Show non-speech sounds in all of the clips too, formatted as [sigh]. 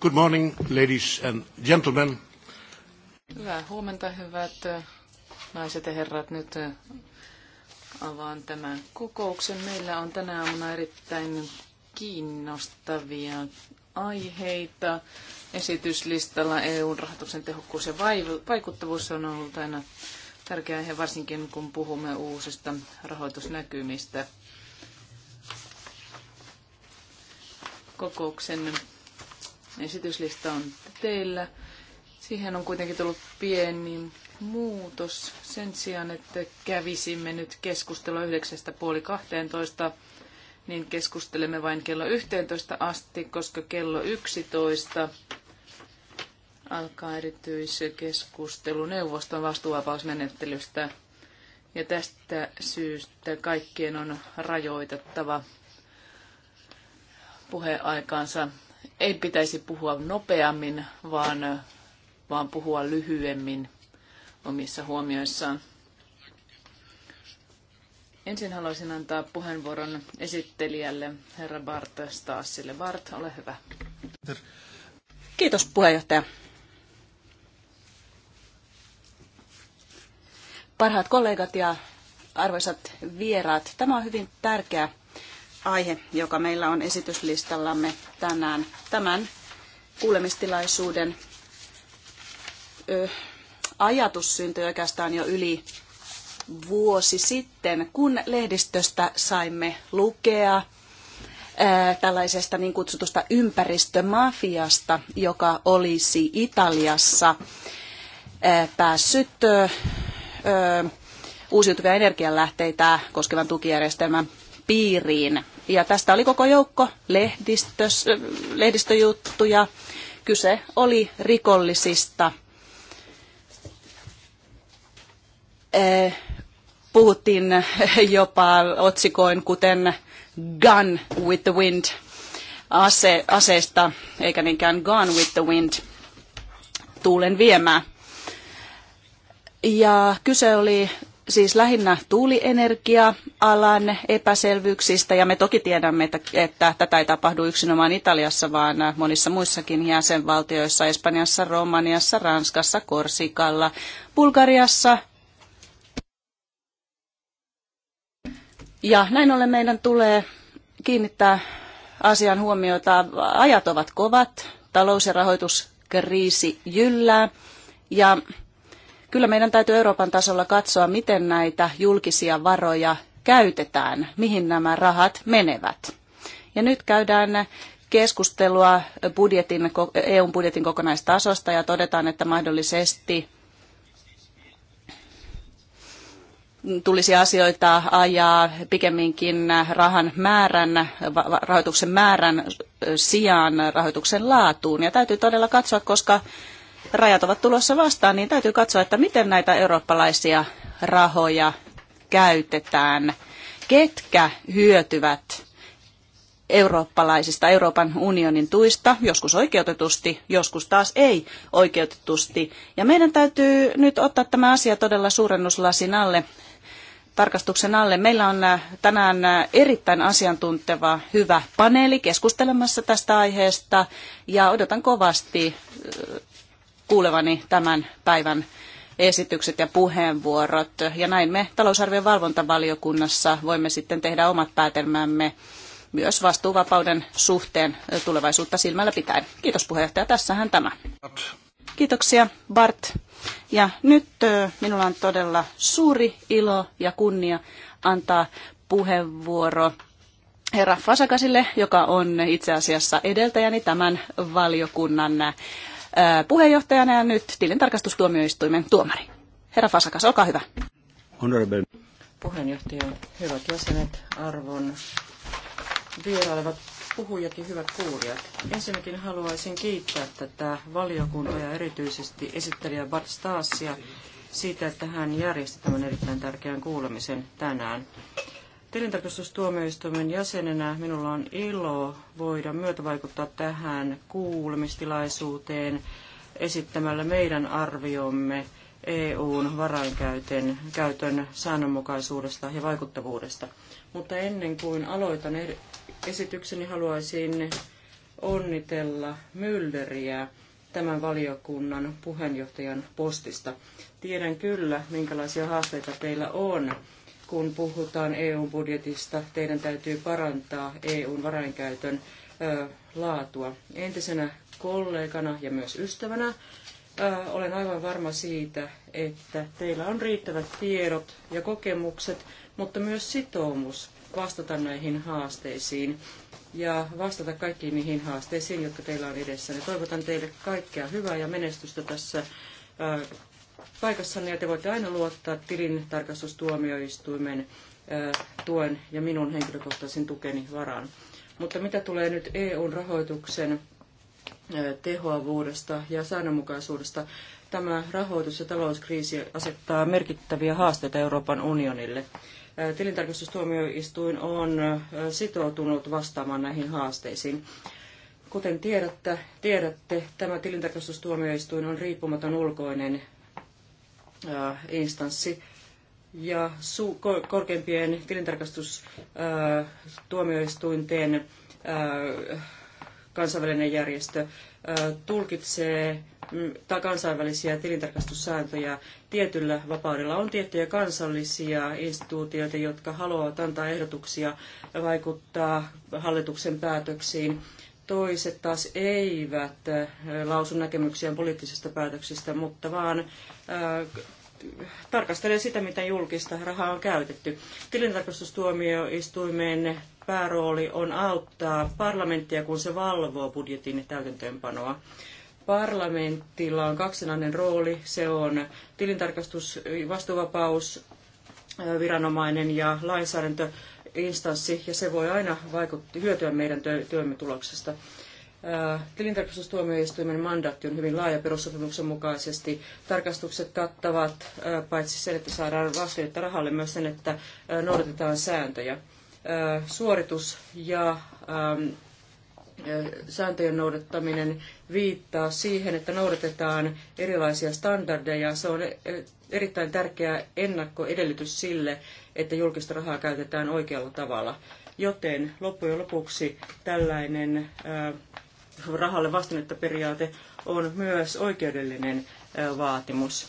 Good morning, ladies and gentlemen. Hyvää huomenta, hyvät äh, naiset ja herrat. Nyt äh, avaan tämän kokouksen. Meillä on tänä aamuna erittäin kiinnostavia aiheita. Esityslistalla EUn rahoituksen tehokkuus ja vaikuttavuus on ollut aina tärkeä aihe, varsinkin kun puhumme uusista rahoitusnäkymistä. Kokouksen Esityslista on teillä. Siihen on kuitenkin tullut pieni muutos sen sijaan, että kävisimme nyt keskustelua puoli kahteentoista niin keskustelemme vain kello 11 asti, koska kello 11 alkaa erityiskeskustelu neuvoston vastuuvapausmenettelystä. Ja tästä syystä kaikkien on rajoitettava puheaikaansa ei pitäisi puhua nopeammin, vaan, vaan puhua lyhyemmin omissa huomioissaan. Ensin haluaisin antaa puheenvuoron esittelijälle, herra Bart Stassille. Bart, ole hyvä. Kiitos puheenjohtaja. Parhaat kollegat ja arvoisat vieraat, tämä on hyvin tärkeä aihe, joka meillä on esityslistallamme tänään. Tämän kuulemistilaisuuden ö, ajatus syntyi oikeastaan jo yli vuosi sitten, kun lehdistöstä saimme lukea tällaisesta niin kutsutusta ympäristömafiasta, joka olisi Italiassa päässyt uusiutuvia energianlähteitä koskevan tukijärjestelmän piiriin. Ja tästä oli koko joukko lehdistös, lehdistöjuttuja. Kyse oli rikollisista. Puhuttiin jopa otsikoin kuten Gun with the Wind ase, aseesta, eikä niinkään Gone with the Wind tuulen viemää. Ja kyse oli siis lähinnä tuulienergia-alan epäselvyyksistä, ja me toki tiedämme, että, että tätä ei tapahdu yksinomaan Italiassa, vaan monissa muissakin jäsenvaltioissa, Espanjassa, Romaniassa, Ranskassa, Korsikalla, Bulgariassa. Ja näin ollen meidän tulee kiinnittää asian huomiota. Ajat ovat kovat, talous- ja rahoituskriisi jyllää, ja Kyllä meidän täytyy Euroopan tasolla katsoa, miten näitä julkisia varoja käytetään, mihin nämä rahat menevät. Ja nyt käydään keskustelua budjetin, eu budjetin kokonaistasosta ja todetaan, että mahdollisesti tulisi asioita ajaa pikemminkin rahan määrän, rahoituksen määrän sijaan rahoituksen laatuun. Ja täytyy todella katsoa, koska rajat ovat tulossa vastaan, niin täytyy katsoa, että miten näitä eurooppalaisia rahoja käytetään. Ketkä hyötyvät eurooppalaisista Euroopan unionin tuista, joskus oikeutetusti, joskus taas ei oikeutetusti. Ja meidän täytyy nyt ottaa tämä asia todella suurennuslasin alle, tarkastuksen alle. Meillä on äh, tänään äh, erittäin asiantunteva, hyvä paneeli keskustelemassa tästä aiheesta ja odotan kovasti äh, kuulevani tämän päivän esitykset ja puheenvuorot. Ja näin me talousarvion valvontavaliokunnassa voimme sitten tehdä omat päätelmämme myös vastuuvapauden suhteen tulevaisuutta silmällä pitäen. Kiitos puheenjohtaja, tässähän tämä. Kiitoksia Bart. Ja nyt minulla on todella suuri ilo ja kunnia antaa puheenvuoro herra Fasakasille, joka on itse asiassa edeltäjäni tämän valiokunnan puheenjohtajana ja nyt tilintarkastustuomioistuimen tuomari. Herra Fasakas, olkaa hyvä. Honorable. Puheenjohtaja, hyvät jäsenet, arvon vierailevat puhujat ja hyvät kuulijat. Ensinnäkin haluaisin kiittää tätä valiokuntaa ja erityisesti esittelijä Bart Stassia siitä, että hän järjesti tämän erittäin tärkeän kuulemisen tänään. Tilintarkastustuomioistuimen jäsenenä minulla on ilo voida myötävaikuttaa tähän kuulemistilaisuuteen esittämällä meidän arviomme EUn varainkäytön käytön säännönmukaisuudesta ja vaikuttavuudesta. Mutta ennen kuin aloitan esitykseni, haluaisin onnitella Mylderiä tämän valiokunnan puheenjohtajan postista. Tiedän kyllä, minkälaisia haasteita teillä on kun puhutaan EU-budjetista, teidän täytyy parantaa EUn varainkäytön laatua. Entisenä kollegana ja myös ystävänä olen aivan varma siitä, että teillä on riittävät tiedot ja kokemukset, mutta myös sitoumus vastata näihin haasteisiin ja vastata kaikkiin niihin haasteisiin, jotka teillä on edessä. toivotan teille kaikkea hyvää ja menestystä tässä paikassanne ja te voitte aina luottaa tilin tarkastustuomioistuimen tuen ja minun henkilökohtaisen tukeni varaan. Mutta mitä tulee nyt EUn rahoituksen tehoavuudesta ja säännönmukaisuudesta, tämä rahoitus- ja talouskriisi asettaa merkittäviä haasteita Euroopan unionille. Tilintarkastustuomioistuin on sitoutunut vastaamaan näihin haasteisiin. Kuten tiedätte, tiedätte, tämä tilintarkastustuomioistuin on riippumaton ulkoinen Äh, instanssi. Ja su- korkeimpien tilintarkastustuomioistuinten äh, äh, kansainvälinen järjestö tulkitsee mm, tai kansainvälisiä tilintarkastussääntöjä. Tietyllä vapaudella on tiettyjä kansallisia instituutioita, jotka haluavat antaa ehdotuksia vaikuttaa hallituksen päätöksiin toiset taas eivät äh, lausu näkemyksiään poliittisista päätöksistä, mutta vaan äh, tarkastelee sitä, mitä julkista rahaa on käytetty. Tilintarkastustuomioistuimen päärooli on auttaa parlamenttia, kun se valvoo budjetin täytäntöönpanoa. Parlamentilla on kaksinainen rooli. Se on tilintarkastus, vastuuvapaus, äh, viranomainen ja lainsäädäntö instanssi ja se voi aina vaikuttaa, hyötyä meidän työmme tuloksesta. Tilintarkastustuomioistuimen mandaatti on hyvin laaja perussopimuksen mukaisesti. Tarkastukset kattavat paitsi sen, että saadaan vastuutta rahalle, myös sen, että noudatetaan sääntöjä. Suoritus ja sääntöjen noudattaminen viittaa siihen, että noudatetaan erilaisia standardeja. Se on e, e, erittäin tärkeä ennakkoedellytys sille, että julkista rahaa käytetään oikealla tavalla. Joten loppujen lopuksi tällainen rahalle vastannetta periaate on myös oikeudellinen vaatimus.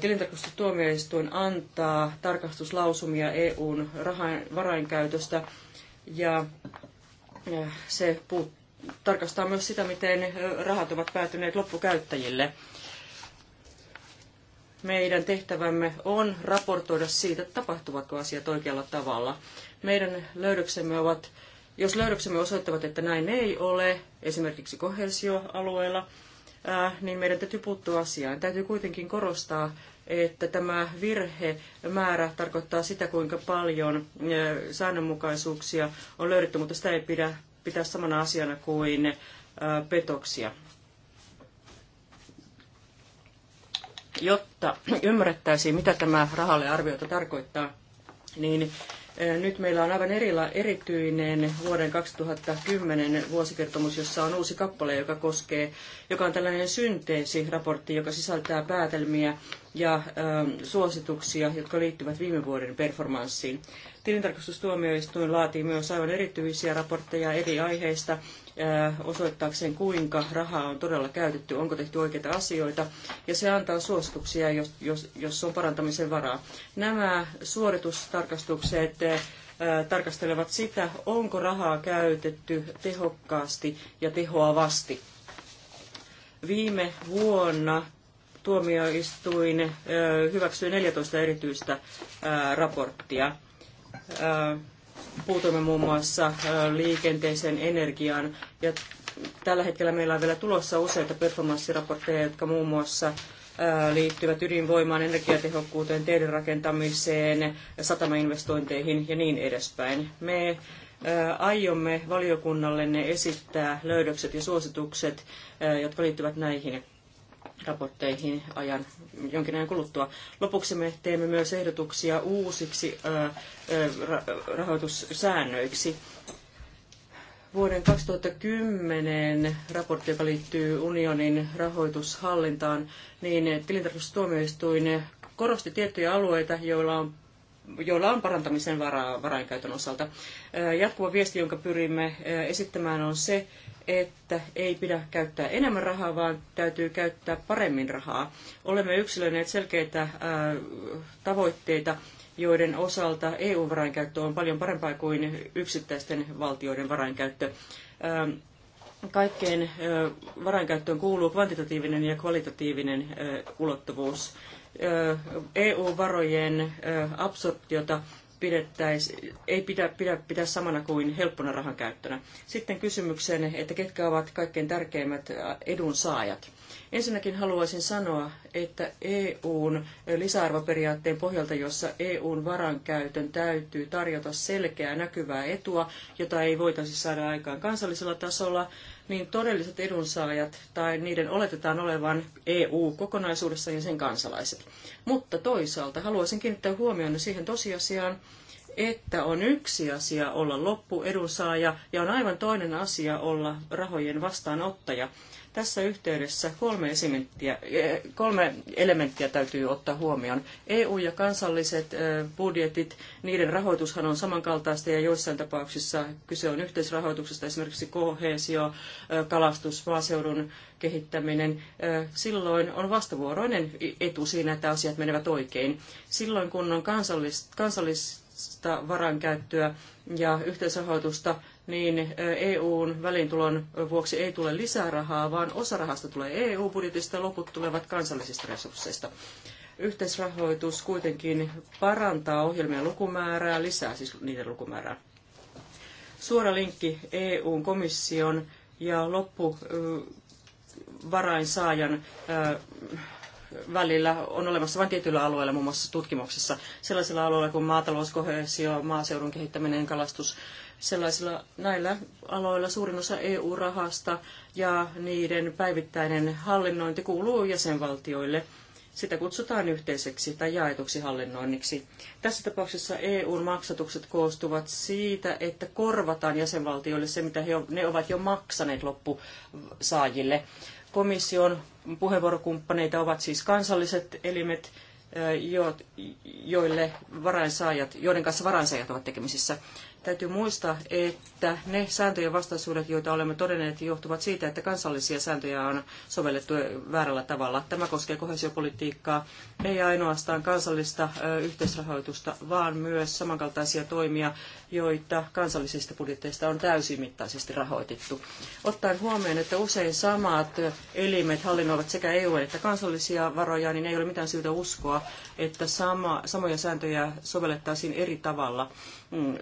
Tilintarkastustuomioistuin antaa tarkastuslausumia EUn rahan varainkäytöstä ja se puut, tarkastaa myös sitä, miten rahat ovat päätyneet loppukäyttäjille. Meidän tehtävämme on raportoida siitä, tapahtuvatko asiat oikealla tavalla. Meidän löydöksemme ovat, jos löydöksemme osoittavat, että näin ei ole, esimerkiksi kohesioalueella, niin meidän täytyy puuttua asiaan. Täytyy kuitenkin korostaa että tämä virhemäärä tarkoittaa sitä, kuinka paljon säännönmukaisuuksia on löydetty, mutta sitä ei pidä pitää samana asiana kuin petoksia. Jotta ymmärrettäisiin, mitä tämä rahalle arviota tarkoittaa, niin nyt meillä on aivan erila, erityinen vuoden 2010 vuosikertomus, jossa on uusi kappale, joka koskee, joka on tällainen synteesiraportti, joka sisältää päätelmiä ja ö, suosituksia, jotka liittyvät viime vuoden performanssiin. Tilintarkastustuomioistuin laatii myös aivan erityisiä raportteja eri aiheista, osoittaakseen, kuinka rahaa on todella käytetty, onko tehty oikeita asioita, ja se antaa suosituksia, jos, jos, jos on parantamisen varaa. Nämä suoritustarkastukset tarkastelevat sitä, onko rahaa käytetty tehokkaasti ja tehoavasti. Viime vuonna tuomioistuin hyväksyi 14 erityistä raporttia puutuimme muun muassa liikenteeseen, energiaan ja tällä hetkellä meillä on vielä tulossa useita performanssiraportteja, jotka muun muassa liittyvät ydinvoimaan, energiatehokkuuteen, teiden rakentamiseen, satamainvestointeihin ja niin edespäin. Me aiomme ne esittää löydökset ja suositukset, jotka liittyvät näihin raportteihin ajan jonkin ajan kuluttua. Lopuksi me teemme myös ehdotuksia uusiksi rahoitussäännöiksi. Vuoden 2010 raportti, joka liittyy unionin rahoitushallintaan, niin tilintarkastustuomioistuin korosti tiettyjä alueita, joilla on joilla on parantamisen varaa varainkäytön osalta. Jatkuva viesti, jonka pyrimme esittämään, on se, että ei pidä käyttää enemmän rahaa, vaan täytyy käyttää paremmin rahaa. Olemme yksilöineet selkeitä tavoitteita, joiden osalta EU-varainkäyttö on paljon parempaa kuin yksittäisten valtioiden varainkäyttö. Kaikkeen varainkäyttöön kuuluu kvantitatiivinen ja kvalitatiivinen ulottuvuus. EU-varojen absorptiota ei pidä, pidä pidä samana kuin helppona rahan käyttönä. Sitten kysymykseen, että ketkä ovat kaikkein tärkeimmät edunsaajat. Ensinnäkin haluaisin sanoa, että EUn lisäarvoperiaatteen pohjalta, jossa EUn varankäytön täytyy tarjota selkeää näkyvää etua, jota ei voitaisi saada aikaan kansallisella tasolla, niin todelliset edunsaajat tai niiden oletetaan olevan EU kokonaisuudessaan ja sen kansalaiset. Mutta toisaalta haluaisin kiinnittää huomioon siihen tosiasiaan, että on yksi asia olla loppuedunsaaja ja on aivan toinen asia olla rahojen vastaanottaja. Tässä yhteydessä kolme, esimerkkiä, eh, kolme elementtiä täytyy ottaa huomioon. EU- ja kansalliset eh, budjetit, niiden rahoitushan on samankaltaista ja joissain tapauksissa kyse on yhteisrahoituksesta, esimerkiksi kohesio, eh, kalastus, maaseudun kehittäminen. Silloin on vastavuoroinen etu siinä, että asiat menevät oikein. Silloin kun on kansallista, kansallista varankäyttöä ja yhteisrahoitusta niin EUn välintulon vuoksi ei tule lisää rahaa, vaan osa rahasta tulee EU-budjetista ja loput tulevat kansallisista resursseista. Yhteisrahoitus kuitenkin parantaa ohjelmien lukumäärää, lisää siis niiden lukumäärää. Suora linkki EUn komission ja loppuvarainsaajan välillä on olemassa vain tietyillä alueilla, muun muassa tutkimuksessa, sellaisilla alueilla kuin maatalous, kohesio, maaseudun kehittäminen, kalastus, Sellaisilla näillä aloilla suurin osa EU-rahasta ja niiden päivittäinen hallinnointi kuuluu jäsenvaltioille. Sitä kutsutaan yhteiseksi tai jaetuksi hallinnoinniksi. Tässä tapauksessa EUn maksatukset koostuvat siitä, että korvataan jäsenvaltioille se, mitä ne ovat jo maksaneet loppusaajille. Komission puheenvuorokumppaneita ovat siis kansalliset elimet, eh, joille varainsaajat, joiden kanssa varainsaajat ovat tekemisissä. Täytyy muistaa, että ne sääntöjen vastaisuudet, joita olemme todenneet, johtuvat siitä, että kansallisia sääntöjä on sovellettu väärällä tavalla. Tämä koskee kohesiopolitiikkaa, ei ainoastaan kansallista yhteisrahoitusta, vaan myös samankaltaisia toimia, joita kansallisista budjetteista on täysimittaisesti rahoitettu. Ottaen huomioon, että usein samat elimet hallinnoivat sekä EU- että kansallisia varoja, niin ei ole mitään syytä uskoa, että sama, samoja sääntöjä sovellettaisiin eri tavalla mm,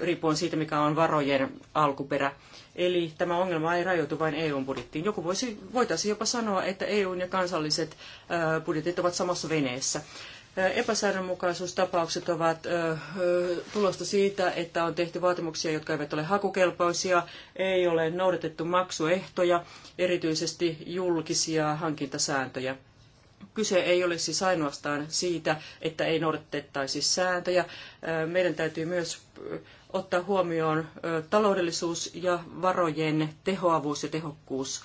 riippuen siitä, mikä on varojen alkuperä. Eli tämä ongelma ei rajoitu vain EUn budjettiin. Joku voisi, voitaisiin jopa sanoa, että EUn ja kansalliset budjetit ovat samassa veneessä. Epäsäännönmukaisuustapaukset ovat tulosta siitä, että on tehty vaatimuksia, jotka eivät ole hakukelpoisia, ei ole noudatettu maksuehtoja, erityisesti julkisia hankintasääntöjä. Kyse ei ole siis ainoastaan siitä, että ei noudatettaisi sääntöjä. Meidän täytyy myös ottaa huomioon taloudellisuus ja varojen tehoavuus ja tehokkuus.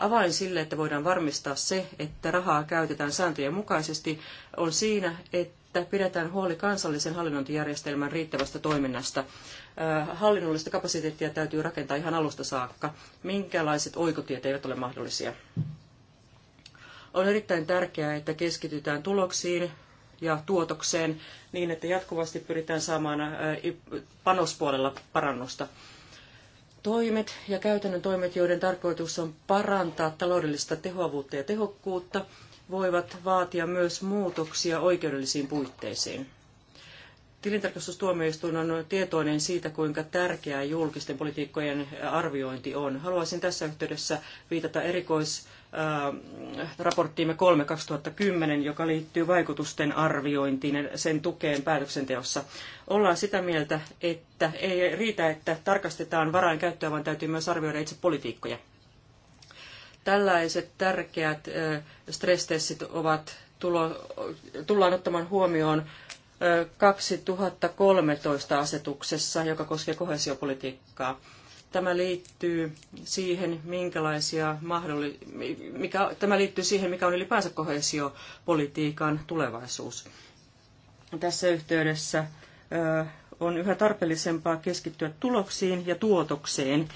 Avain sille, että voidaan varmistaa se, että rahaa käytetään sääntöjen mukaisesti, on siinä, että pidetään huoli kansallisen hallinnointijärjestelmän riittävästä toiminnasta. Hallinnollista kapasiteettia täytyy rakentaa ihan alusta saakka. Minkälaiset oikotiet eivät ole mahdollisia? On erittäin tärkeää, että keskitytään tuloksiin, ja tuotokseen niin, että jatkuvasti pyritään saamaan panospuolella parannusta. Toimet ja käytännön toimet, joiden tarkoitus on parantaa taloudellista tehoavuutta ja tehokkuutta, voivat vaatia myös muutoksia oikeudellisiin puitteisiin. Tilintarkastustuomioistuin on tietoinen siitä, kuinka tärkeää julkisten politiikkojen arviointi on. Haluaisin tässä yhteydessä viitata erikois Äh, raporttiimme 3 2010, joka liittyy vaikutusten arviointiin ja sen tukeen päätöksenteossa. Ollaan sitä mieltä, että ei riitä, että tarkastetaan varainkäyttöä, vaan täytyy myös arvioida itse politiikkoja. Tällaiset tärkeät äh, stressitestit ovat, tulo, tullaan ottamaan huomioon 2013 äh, asetuksessa, joka koskee kohesiopolitiikkaa. Tämä liittyy siihen, minkälaisia mahdolli- mikä, tämä liittyy siihen, mikä on ylipäänsä kohesiopolitiikan tulevaisuus. Tässä yhteydessä on yhä tarpeellisempaa keskittyä tuloksiin ja tuotokseen,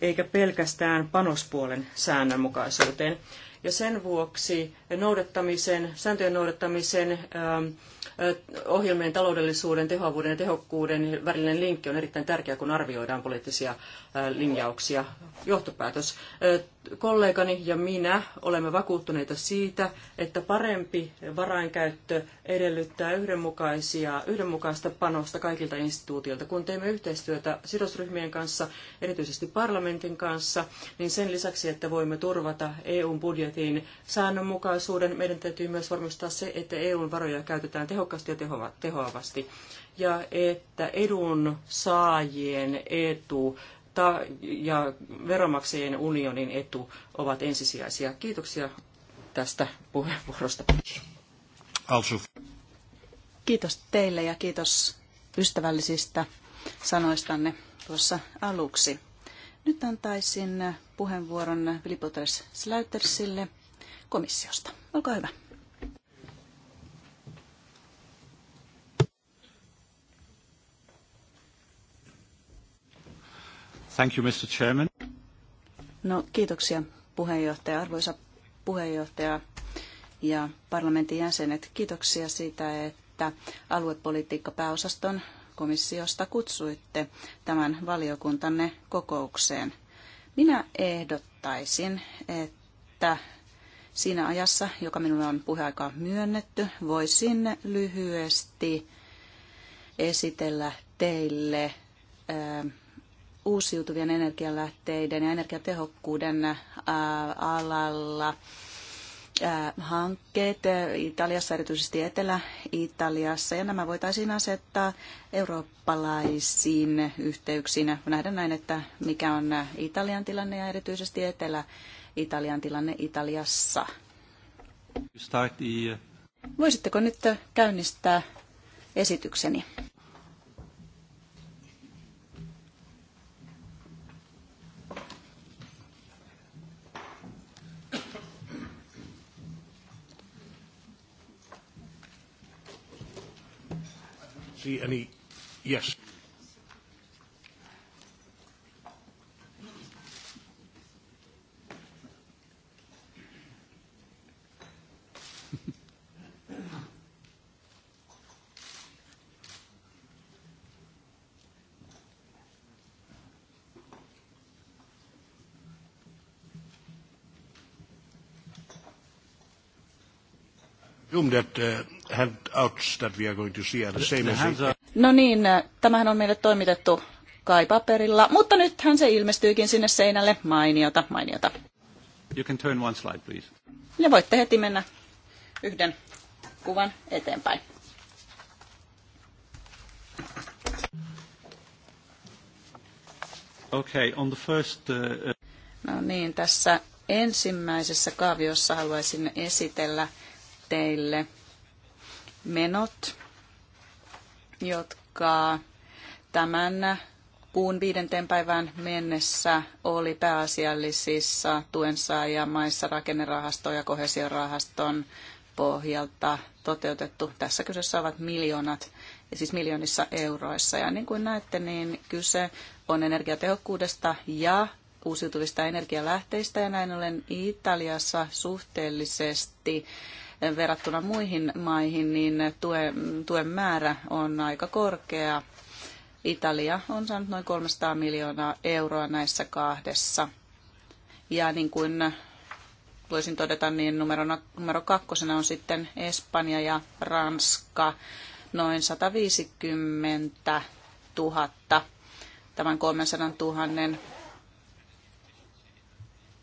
eikä pelkästään panospuolen säännönmukaisuuteen. Ja sen vuoksi noudattamisen, sääntöjen noudattamisen, ähm, äh, ohjelmien taloudellisuuden, tehoavuuden ja tehokkuuden välinen linkki on erittäin tärkeä, kun arvioidaan poliittisia äh, linjauksia. Johtopäätös. Äh, kollegani ja minä olemme vakuuttuneita siitä, että parempi varainkäyttö edellyttää yhdenmukaisia, yhdenmukaista panosta kaikilta instituutioilta. Kun teemme yhteistyötä sidosryhmien kanssa, erityisesti parlamentin kanssa, niin sen lisäksi, että voimme turvata EUn budjetin, budjetin säännönmukaisuuden. Meidän täytyy myös varmistaa se, että EUn varoja käytetään tehokkaasti ja tehoavasti ja että edun saajien etu ja veromaksajien unionin etu ovat ensisijaisia. Kiitoksia tästä puheenvuorosta. Kiitos teille ja kiitos ystävällisistä sanoistanne tuossa aluksi. Nyt antaisin puheenvuoron Vilipotres Slautersille komissiosta. Olkaa hyvä. Thank you, Mr. Chairman. No, kiitoksia puheenjohtaja, arvoisa puheenjohtaja ja parlamentin jäsenet. Kiitoksia siitä, että aluepolitiikka pääosaston komissiosta kutsuitte tämän valiokuntanne kokoukseen. Minä ehdottaisin, että siinä ajassa, joka minulle on puheaika myönnetty, voisin lyhyesti esitellä teille uusiutuvien energialähteiden ja energiatehokkuuden alalla Äh, hankkeet äh, Italiassa, erityisesti Etelä-Italiassa, ja nämä voitaisiin asettaa eurooppalaisiin yhteyksiin. Nähdään näin, että mikä on äh, Italian tilanne ja erityisesti Etelä-Italian tilanne Italiassa. Uh, Voisitteko nyt käynnistää esitykseni? see any... Yes. om det that we are going to see are the same as... No niin, äh, tämähän on meille toimitettu kai paperilla, mutta nythän se ilmestyykin sinne seinälle. Mainiota, mainiota. You can turn one slide, please. Ja voitte heti mennä yhden kuvan eteenpäin. Okay, on the first, uh... uh- no niin, tässä ensimmäisessä kaaviossa haluaisin esitellä teille menot, jotka tämän kuun viidenten päivään mennessä oli pääasiallisissa tuensaajamaissa rakennerahaston ja kohesiorahaston pohjalta toteutettu. Tässä kyseessä ovat miljoonat, siis miljoonissa euroissa. Ja niin kuin näette, niin kyse on energiatehokkuudesta ja uusiutuvista energialähteistä ja näin ollen Italiassa suhteellisesti verrattuna muihin maihin, niin tuen, tuen määrä on aika korkea. Italia on saanut noin 300 miljoonaa euroa näissä kahdessa. Ja niin kuin voisin todeta, niin numerona, numero kakkosena on sitten Espanja ja Ranska, noin 150 000 tämän 300 000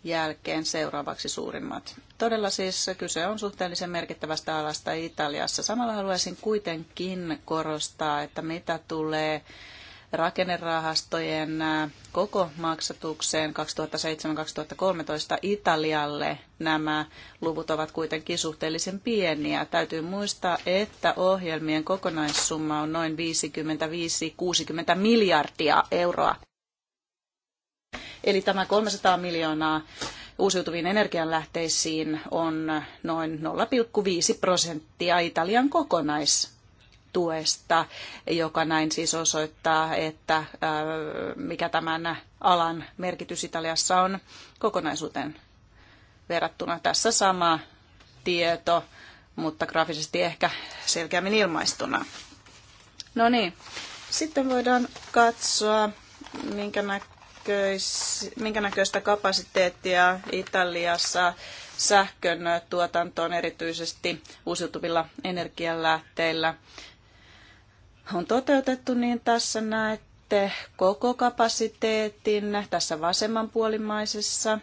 jälkeen seuraavaksi suurimmat. Todella siis kyse on suhteellisen merkittävästä alasta Italiassa. Samalla haluaisin kuitenkin korostaa, että mitä tulee rakennerahastojen koko maksatukseen 2007-2013 Italialle nämä luvut ovat kuitenkin suhteellisen pieniä. Täytyy muistaa, että ohjelmien kokonaissumma on noin 55-60 miljardia euroa. Eli tämä 300 miljoonaa uusiutuviin energianlähteisiin on noin 0,5 prosenttia Italian kokonaistuesta, joka näin siis osoittaa, että äh, mikä tämän alan merkitys Italiassa on kokonaisuuteen verrattuna. Tässä sama tieto, mutta graafisesti ehkä selkeämmin ilmaistuna. No niin, sitten voidaan katsoa, minkä näköinen minkä näköistä kapasiteettia Italiassa sähkön tuotantoon erityisesti uusiutuvilla energialähteillä on toteutettu, niin tässä näette koko kapasiteetin tässä vasemmanpuolimaisessa,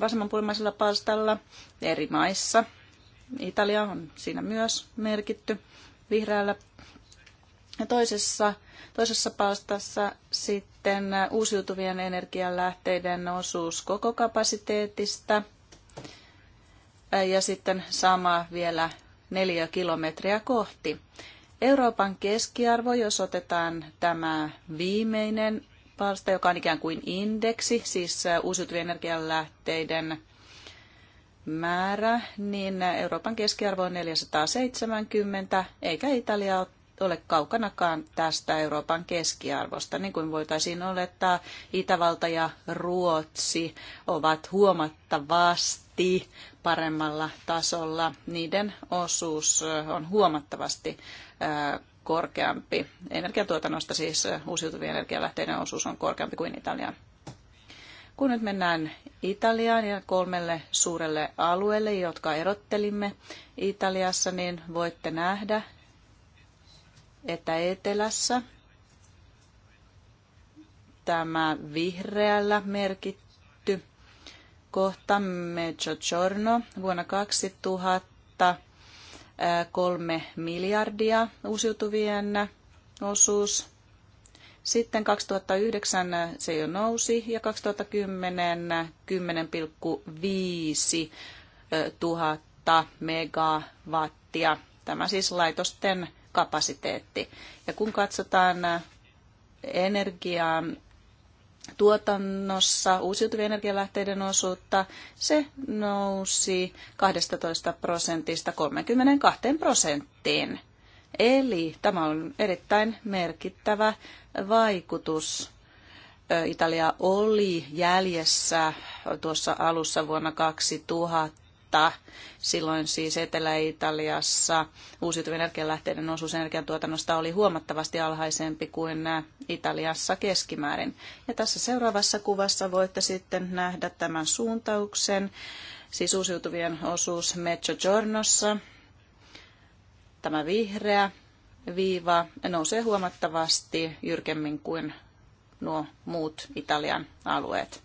vasemmanpuolimaisella palstalla eri maissa. Italia on siinä myös merkitty vihreällä ja toisessa Toisessa palstassa sitten uusiutuvien energialähteiden osuus koko kapasiteetista ja sitten sama vielä neljä kilometriä kohti. Euroopan keskiarvo, jos otetaan tämä viimeinen palsta, joka on ikään kuin indeksi, siis uusiutuvien energialähteiden määrä, niin Euroopan keskiarvo on 470, eikä Italia ole ole kaukanakaan tästä Euroopan keskiarvosta. Niin kuin voitaisiin olettaa, Itävalta ja Ruotsi ovat huomattavasti paremmalla tasolla. Niiden osuus on huomattavasti korkeampi. Energiatuotannosta siis uusiutuvien energialähteiden osuus on korkeampi kuin Italian. Kun nyt mennään Italiaan ja kolmelle suurelle alueelle, jotka erottelimme Italiassa, niin voitte nähdä, että etelässä tämä vihreällä merkitty kohta Mezzogiorno vuonna 2000 kolme miljardia uusiutuvien osuus. Sitten 2009 se jo nousi ja 2010 10,5 tuhatta megawattia. Tämä siis laitosten kapasiteetti. Ja kun katsotaan energiaa tuotannossa uusiutuvien energialähteiden osuutta, se nousi 12 prosentista 32 prosenttiin. Eli tämä on erittäin merkittävä vaikutus. Italia oli jäljessä tuossa alussa vuonna 2000 Silloin siis Etelä-Italiassa uusiutuvien energianlähteiden osuus energiantuotannosta oli huomattavasti alhaisempi kuin Italiassa keskimäärin. Ja tässä seuraavassa kuvassa voitte sitten nähdä tämän suuntauksen, siis uusiutuvien osuus Mezzogiornossa. Tämä vihreä viiva nousee huomattavasti jyrkemmin kuin nuo muut Italian alueet.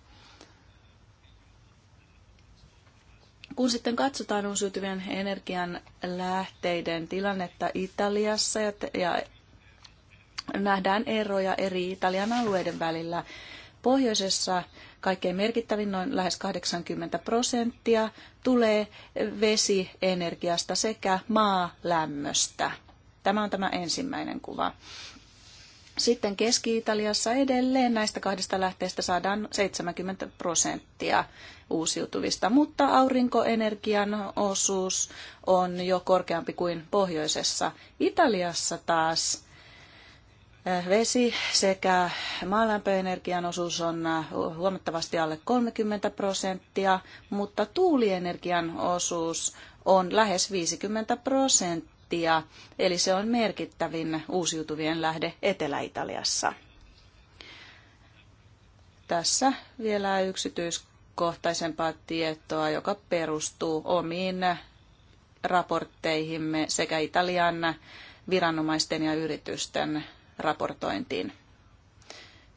Kun sitten katsotaan uusiutuvien energian lähteiden tilannetta Italiassa ja, ja nähdään eroja eri Italian alueiden välillä, pohjoisessa kaikkein merkittävin, noin lähes 80 prosenttia, tulee vesienergiasta sekä maalämmöstä. Tämä on tämä ensimmäinen kuva. Sitten Keski-Italiassa edelleen näistä kahdesta lähteestä saadaan 70 prosenttia uusiutuvista, mutta aurinkoenergian osuus on jo korkeampi kuin pohjoisessa. Italiassa taas eh, vesi sekä maalämpöenergian osuus on eh, huomattavasti alle 30 prosenttia, mutta tuulienergian osuus on lähes 50 prosenttia, eli se on merkittävin uusiutuvien lähde Etelä-Italiassa. Tässä vielä yksityiskohtaisesti yksityiskohtaisempaa tietoa, joka perustuu omiin raportteihimme sekä Italian viranomaisten ja yritysten raportointiin.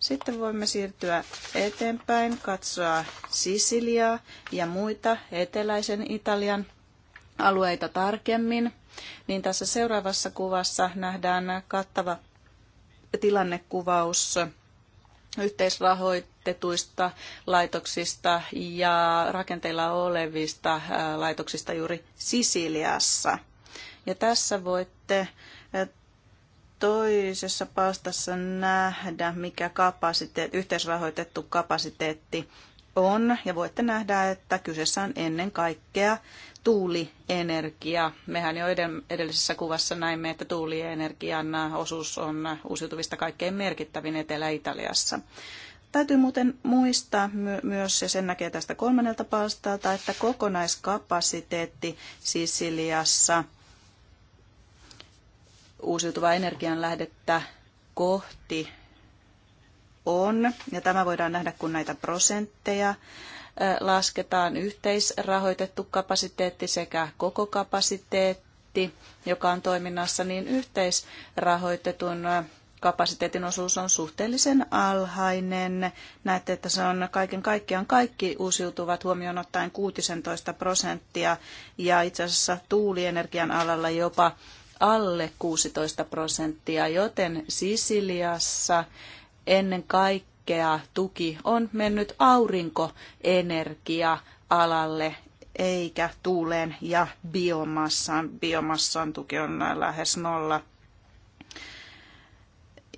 Sitten voimme siirtyä eteenpäin, katsoa Sisiliaa ja muita eteläisen Italian alueita tarkemmin. Niin tässä seuraavassa kuvassa nähdään kattava tilannekuvaus yhteisrahoit omistetuista laitoksista ja rakenteilla olevista äh, laitoksista juuri Sisiliassa. Ja tässä voitte äh, toisessa palstassa nähdä, mikä kapasiteet, yhteisrahoitettu kapasiteetti on. Ja voitte nähdä, että kyseessä on ennen kaikkea tuulienergia. Mehän jo edellisessä kuvassa näimme, että tuulienergian osuus on uusiutuvista kaikkein merkittävin Etelä-Italiassa. Täytyy muuten muistaa my- myös, ja sen näkee tästä kolmannelta palstalta, että kokonaiskapasiteetti Sisiliassa uusiutuvaa lähdettä kohti on, ja tämä voidaan nähdä, kun näitä prosentteja lasketaan yhteisrahoitettu kapasiteetti sekä koko kapasiteetti, joka on toiminnassa, niin yhteisrahoitetun kapasiteetin osuus on suhteellisen alhainen. Näette, että se on kaiken kaikkiaan kaikki uusiutuvat huomioon ottaen 16 prosenttia ja itse asiassa tuulienergian alalla jopa alle 16 prosenttia, joten Sisiliassa ennen kaikkea tuki on mennyt aurinkoenergia-alalle eikä tuuleen ja biomassaan. Biomassan tuki on lähes nolla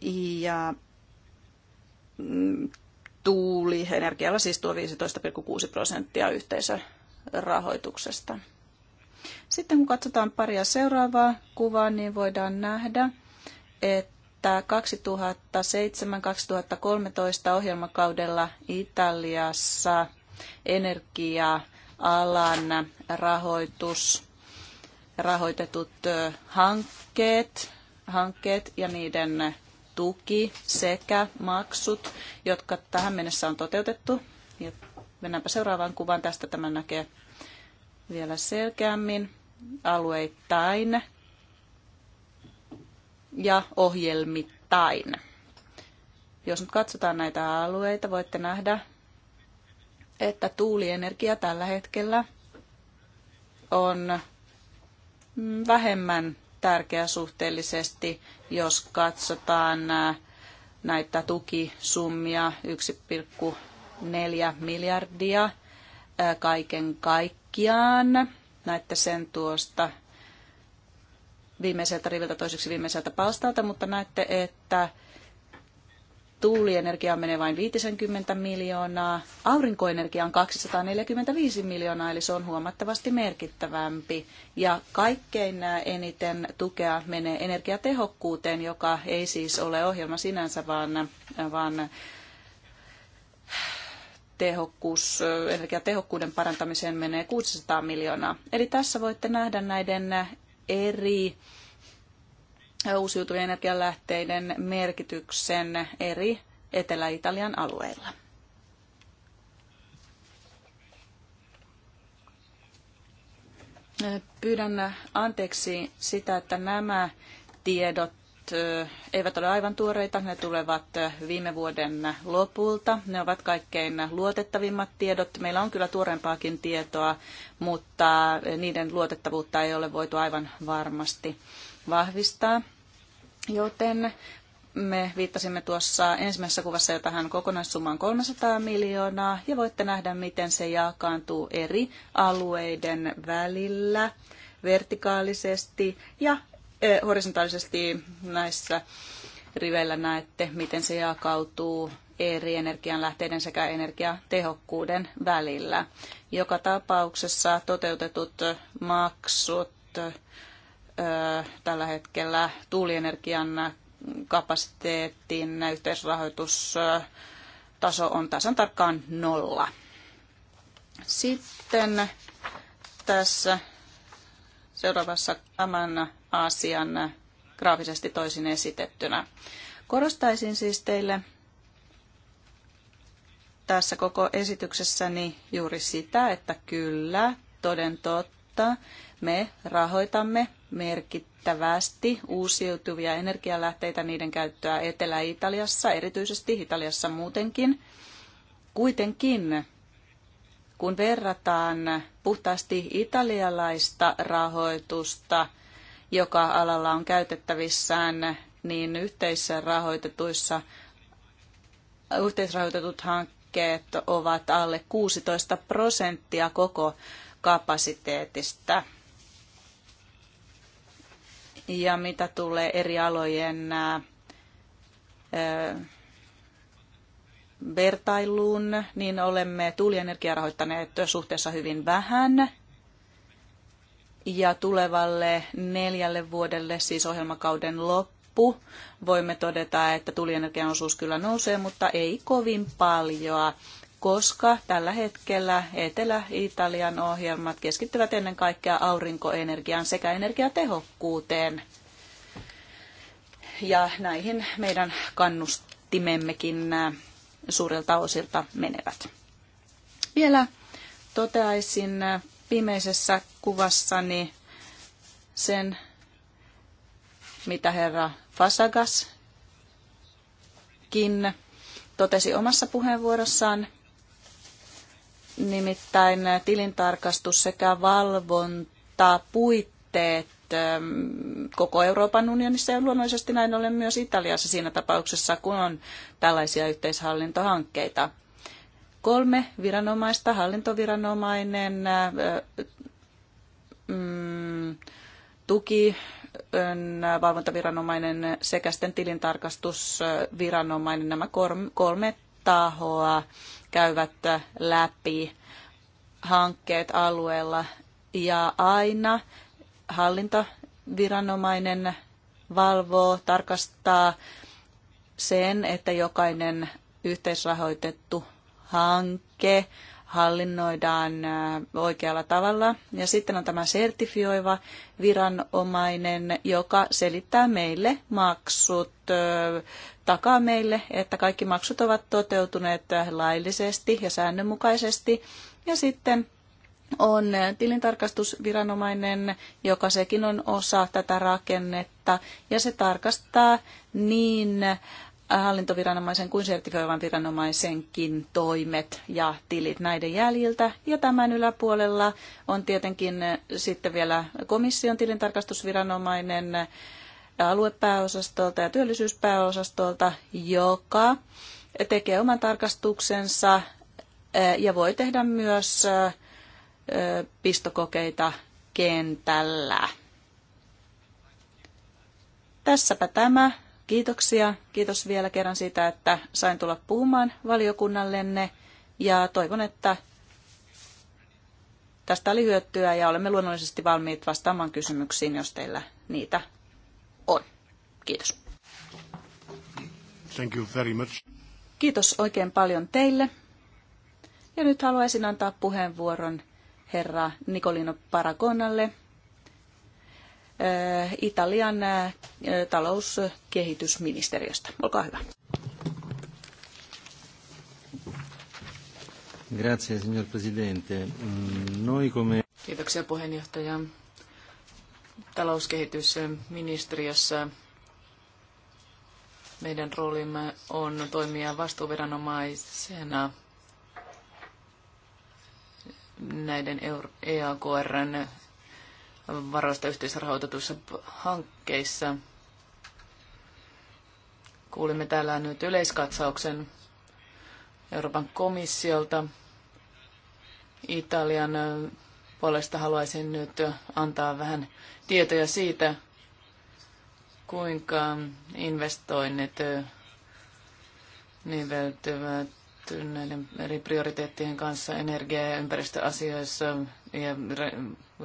ja mm, tuuli energialla siis tuo 15,6 prosenttia yhteisörahoituksesta. Sitten kun katsotaan paria seuraavaa kuvaa, niin voidaan nähdä, että 2007-2013 ohjelmakaudella Italiassa energia-alan rahoitus, rahoitetut hankkeet, hankkeet ja niiden tuki sekä maksut, jotka tähän mennessä on toteutettu. Ja mennäänpä seuraavaan kuvaan. Tästä tämän näkee vielä selkeämmin alueittain ja ohjelmittain. Jos nyt katsotaan näitä alueita, voitte nähdä, että tuulienergia tällä hetkellä on mm, vähemmän tärkeä suhteellisesti jos katsotaan näitä tukisummia 1,4 miljardia kaiken kaikkiaan. Näette sen tuosta viimeiseltä riviltä toiseksi viimeiseltä palstalta, mutta näette, että tuulienergiaan menee vain 50 miljoonaa, aurinkoenergiaan 245 miljoonaa, eli se on huomattavasti merkittävämpi. Ja kaikkein eniten tukea menee energiatehokkuuteen, joka ei siis ole ohjelma sinänsä, vaan, vaan tehokkuus, energiatehokkuuden parantamiseen menee 600 miljoonaa. Eli tässä voitte nähdä näiden eri uusiutuvien energialähteiden merkityksen eri Etelä-Italian alueilla. Pyydän anteeksi sitä, että nämä tiedot eh, eivät ole aivan tuoreita. Ne tulevat eh, viime vuoden lopulta. Ne ovat kaikkein luotettavimmat tiedot. Meillä on kyllä tuorempaakin tietoa, mutta niiden luotettavuutta ei ole voitu aivan varmasti vahvistaa. Joten me viittasimme tuossa ensimmäisessä kuvassa jo tähän kokonaissummaan 300 miljoonaa ja voitte nähdä, miten se jakaantuu eri alueiden välillä vertikaalisesti ja horisontaalisesti näissä riveillä näette, miten se jakautuu eri energianlähteiden sekä energiatehokkuuden välillä. Joka tapauksessa toteutetut maksut tällä hetkellä tuulienergian kapasiteetin yhteisrahoitustaso on tasan tarkkaan nolla. Sitten tässä seuraavassa tämän asian graafisesti toisin esitettynä. Korostaisin siis teille tässä koko esityksessäni juuri sitä, että kyllä, toden totta, mutta me rahoitamme merkittävästi uusiutuvia energialähteitä, niiden käyttöä Etelä-Italiassa, erityisesti Italiassa muutenkin. Kuitenkin, kun verrataan puhtaasti italialaista rahoitusta, joka alalla on käytettävissään, niin yhteisrahoitetuissa yhteisrahoitetut hankkeet ovat alle 16 prosenttia koko kapasiteetista. Ja mitä tulee eri alojen vertailuun, niin olemme tuulienergiaa rahoittaneet suhteessa hyvin vähän. Ja tulevalle neljälle vuodelle, siis ohjelmakauden loppu, voimme todeta, että tuulienergian osuus kyllä nousee, mutta ei kovin paljon koska tällä hetkellä Etelä-Italian ohjelmat keskittyvät ennen kaikkea aurinkoenergiaan sekä energiatehokkuuteen. Ja näihin meidän kannustimemmekin äh, suurilta osilta menevät. Vielä toteaisin äh, viimeisessä kuvassani sen, mitä herra Fasagaskin totesi omassa puheenvuorossaan – nimittäin tilintarkastus sekä valvonta, puitteet ähm, koko Euroopan unionissa ja luonnollisesti näin ollen myös Italiassa siinä tapauksessa, kun on tällaisia yhteishallintohankkeita. Kolme viranomaista, hallintoviranomainen, äh, mm, tuki, äh, valvontaviranomainen sekä sitten tilintarkastusviranomainen, nämä kolme tahoa käyvät läpi hankkeet alueella ja aina hallintoviranomainen valvoo, tarkastaa sen, että jokainen yhteisrahoitettu hanke hallinnoidaan äh, oikealla tavalla. Ja sitten on tämä sertifioiva viranomainen, joka selittää meille maksut, äh, takaa meille, että kaikki maksut ovat toteutuneet äh, laillisesti ja säännönmukaisesti. Ja sitten on tilintarkastusviranomainen, joka sekin on osa tätä rakennetta, ja se tarkastaa niin hallintoviranomaisen kuin sertifioivan viranomaisenkin toimet ja tilit näiden jäljiltä. Ja tämän yläpuolella on tietenkin sitten vielä komission tilintarkastusviranomainen aluepääosastolta ja työllisyyspääosastolta, joka tekee oman tarkastuksensa eh, ja voi tehdä myös eh, pistokokeita kentällä. Tässäpä tämä Kiitoksia. Kiitos vielä kerran siitä, että sain tulla puhumaan valiokunnallenne ja toivon, että tästä oli hyötyä ja olemme luonnollisesti valmiit vastaamaan kysymyksiin, jos teillä niitä on. Kiitos. Thank you very much. Kiitos oikein paljon teille. Ja nyt haluaisin antaa puheenvuoron herra Nikolino Paragonalle, Eh, Italian eh, talouskehitysministeriöstä. Olkaa hyvä. Grazie, signor Presidente. Mm, noi come... Kiitoksia puheenjohtaja. Talouskehitysministeriössä meidän roolimme on toimia vastuuviranomaisena näiden EAKRn varoista yhteisrahoitetuissa hankkeissa. Kuulimme täällä nyt yleiskatsauksen Euroopan komissiolta. Italian puolesta haluaisin nyt antaa vähän tietoja siitä, kuinka investoinnit niveltyvät näiden eri prioriteettien kanssa energia- ja ympäristöasioissa, ja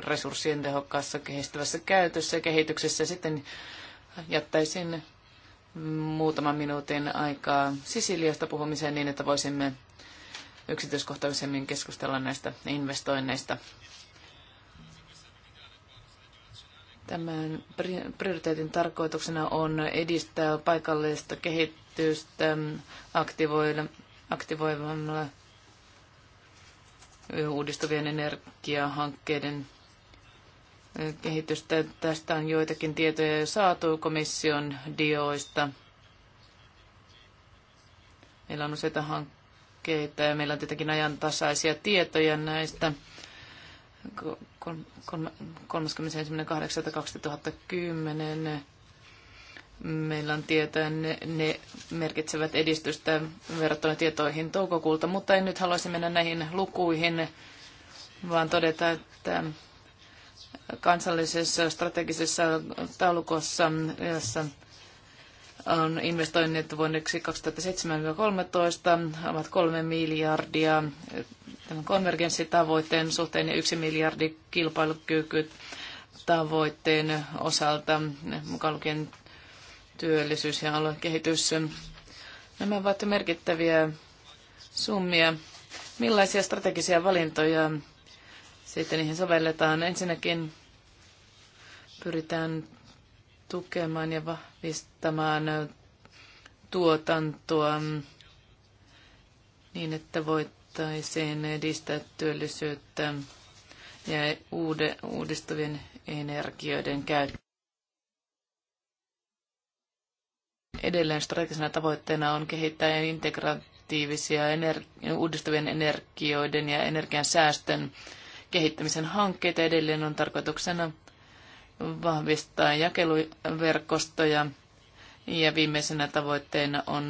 resurssien tehokkaassa kehittävässä käytössä ja kehityksessä. Sitten jättäisin muutaman minuutin aikaa Sisiliasta puhumiseen niin, että voisimme yksityiskohtaisemmin keskustella näistä investoinneista. Tämän prioriteetin tarkoituksena on edistää paikallista kehitystä aktivoimalla uudistuvien energiahankkeiden kehitystä. Tästä on joitakin tietoja jo saatu komission dioista. Meillä on useita hankkeita ja meillä on tietenkin ajantasaisia tietoja näistä. 31.8.2010 Meillä on tietoja, ne, ne merkitsevät edistystä verrattuna tietoihin toukokuulta, mutta en nyt haluaisi mennä näihin lukuihin, vaan todeta, että kansallisessa strategisessa taulukossa, jossa on investoinnit vuonneksi 2007-2013, ovat kolme miljardia tämän konvergenssitavoitteen suhteen ja yksi miljardi kilpailukyky tavoitteen osalta, mukaan lukien työllisyys ja aluekehitys. Nämä ovat merkittäviä summia. Millaisia strategisia valintoja sitten niihin sovelletaan? Ensinnäkin pyritään tukemaan ja vahvistamaan tuotantoa niin, että voitaisiin edistää työllisyyttä ja uudistuvien energioiden käyttöä. Edelleen strategisena tavoitteena on kehittää integratiivisia energi- uudistavien energioiden ja energian säästön kehittämisen hankkeita. Edelleen on tarkoituksena vahvistaa jakeluverkostoja ja viimeisenä tavoitteena on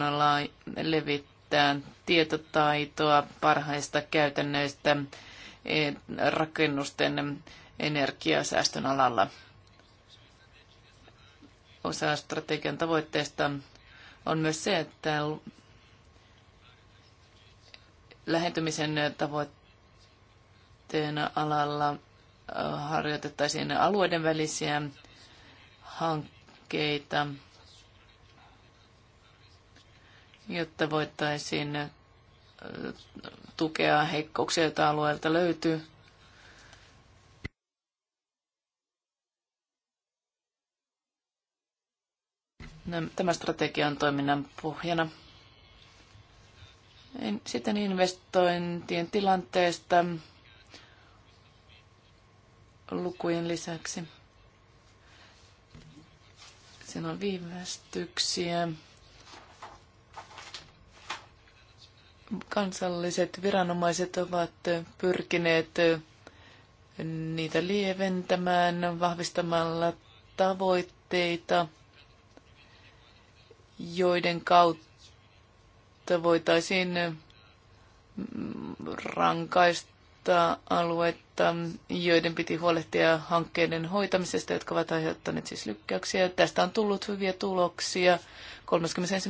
levittää tietotaitoa parhaista käytännöistä eh, rakennusten energiasäästön alalla osa strategian tavoitteista on myös se, että lähentymisen tavoitteena alalla äh, harjoitettaisiin alueiden välisiä hankkeita, jotta voitaisiin äh, tukea heikkouksia, joita alueelta löytyy. Tämä strategia on toiminnan pohjana. Sitten investointien tilanteesta lukujen lisäksi. Siinä on viivästyksiä. Kansalliset viranomaiset ovat pyrkineet niitä lieventämään vahvistamalla tavoitteita – joiden kautta voitaisiin rankaista aluetta, joiden piti huolehtia hankkeiden hoitamisesta, jotka ovat aiheuttaneet siis lykkäyksiä. Tästä on tullut hyviä tuloksia. 31.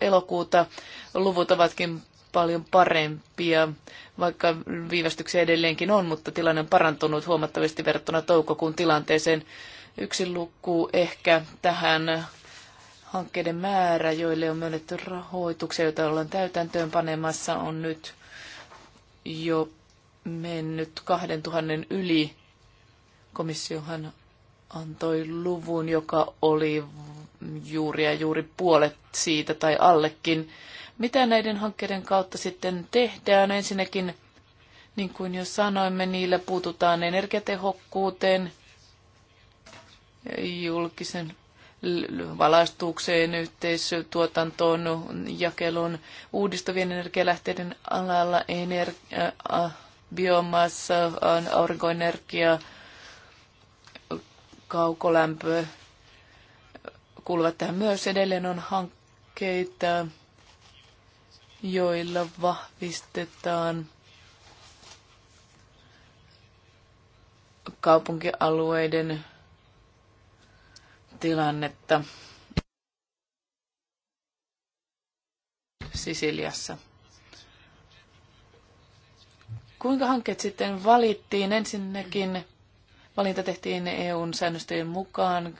elokuuta luvut ovatkin paljon parempia, vaikka viivästyksiä edelleenkin on, mutta tilanne on parantunut huomattavasti verrattuna toukokuun tilanteeseen. Yksi luku ehkä tähän hankkeiden määrä, joille on myönnetty rahoituksia, joita ollaan täytäntöön panemassa, on nyt jo mennyt 2000 yli. Komissiohan antoi luvun, joka oli juuri ja juuri puolet siitä tai allekin. Mitä näiden hankkeiden kautta sitten tehdään? Ensinnäkin, niin kuin jo sanoimme, niillä puututaan energiatehokkuuteen, julkisen valaistukseen, yhteistuotantoon, jakelun uudistuvien energialähteiden alalla, energia, äh, äh, biomassa, äh, aurinkoenergia, kaukolämpö kuuluvat tähän myös. Edelleen on hankkeita, joilla vahvistetaan kaupunkialueiden tilannetta Sisiliassa. Kuinka hankkeet sitten valittiin? Ensinnäkin valinta tehtiin EUn säännöstöjen mukaan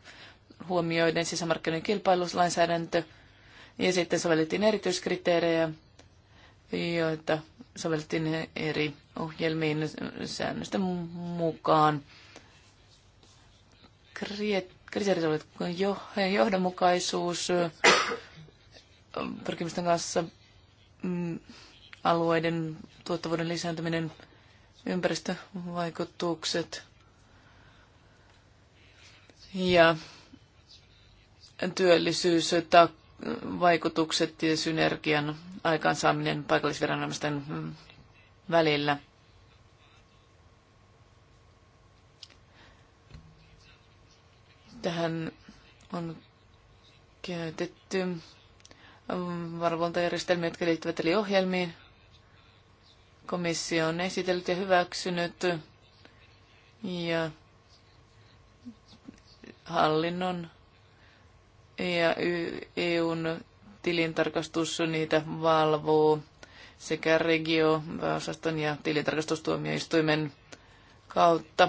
huomioiden sisämarkkinoiden kilpailuslainsäädäntö ja sitten sovellettiin erityiskriteerejä, joita sovellettiin eri ohjelmiin säännösten mukaan. Kriteerit olivat jo, johdonmukaisuus pyrkimysten kanssa, mm, alueiden tuottavuuden lisääntyminen, ympäristövaikutukset ja työllisyys, vaikutukset ja synergian aikaansaaminen paikallisviranomaisten välillä – Tähän on käytetty valvontajärjestelmiä, jotka liittyvät eli ohjelmiin. Komissio on esitellyt ja hyväksynyt ja hallinnon ja EUn tilintarkastus niitä valvoo sekä regio-osaston ja tilintarkastustuomioistuimen kautta.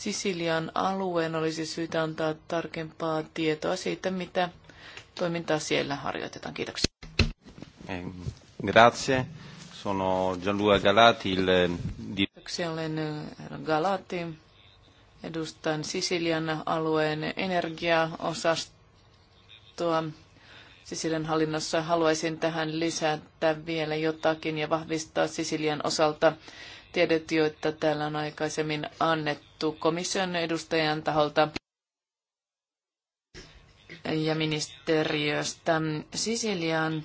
Sisilian alueen olisi syytä antaa tarkempaa tietoa siitä, mitä toimintaa siellä harjoitetaan. Kiitoksia. Eh, grazie. Sono Gianluca Galati. Il... Eh, Kiitoksia. Olen eh, Galati. Edustan Sisilian alueen energiaosastoa. Sisilian hallinnossa haluaisin tähän lisätä vielä jotakin ja vahvistaa Sisilian osalta tiedot, joita täällä on aikaisemmin annettu komission edustajan taholta ja ministeriöstä. Sisilian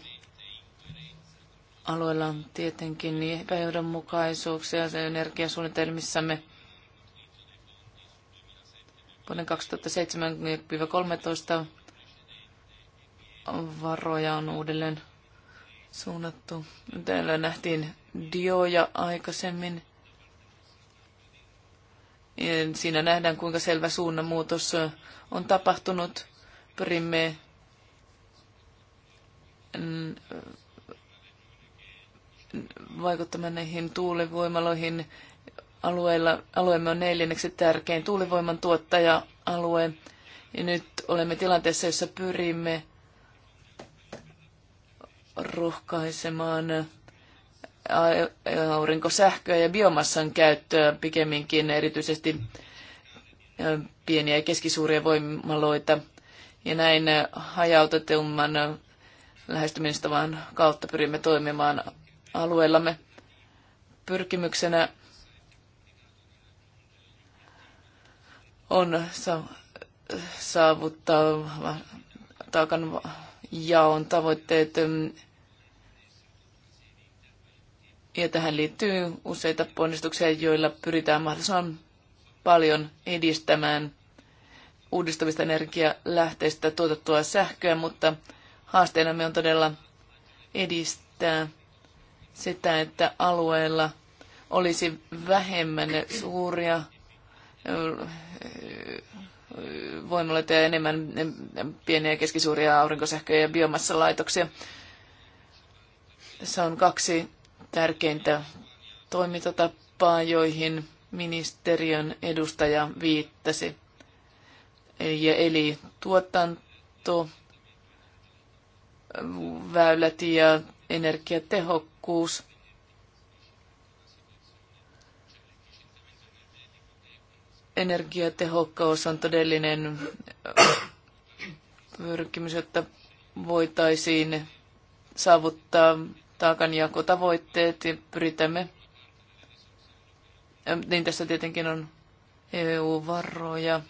alueella on tietenkin epäjohdonmukaisuuksia energiasuunnitelmissamme vuoden 2007-2013 varoja on uudelleen suunnattu. Täällä nähtiin dioja aikaisemmin. Siinä nähdään, kuinka selvä suunnanmuutos on tapahtunut. Pyrimme mm, vaikuttamaan näihin tuulivoimaloihin. Alueella, alueemme on neljänneksi tärkein tuulivoiman tuottaja-alue. Ja nyt olemme tilanteessa, jossa pyrimme rohkaisemaan aurinkosähköä ja biomassan käyttöä pikemminkin erityisesti pieniä ja keskisuuria voimaloita. Ja näin hajautetumman lähestymistavan kautta pyrimme toimimaan alueellamme pyrkimyksenä on saavuttaa taakan jaon tavoitteet mm, ja tähän liittyy useita ponnistuksia, joilla pyritään mahdollisimman paljon edistämään uudistavista energialähteistä tuotettua sähköä, mutta me on todella edistää sitä, että alueella olisi vähemmän suuria voimaloita ja enemmän pieniä ja keskisuuria aurinkosähköjä ja biomassalaitoksia. Tässä on kaksi tärkeintä toimintatapaa, joihin ministeriön edustaja viittasi. Ja eli tuotanto, väylät ja energiatehokkuus. Energiatehokkaus on todellinen pyrkimys, jotta voitaisiin saavuttaa taakanjakotavoitteet ja pyritämme, niin tässä tietenkin on EU-varoja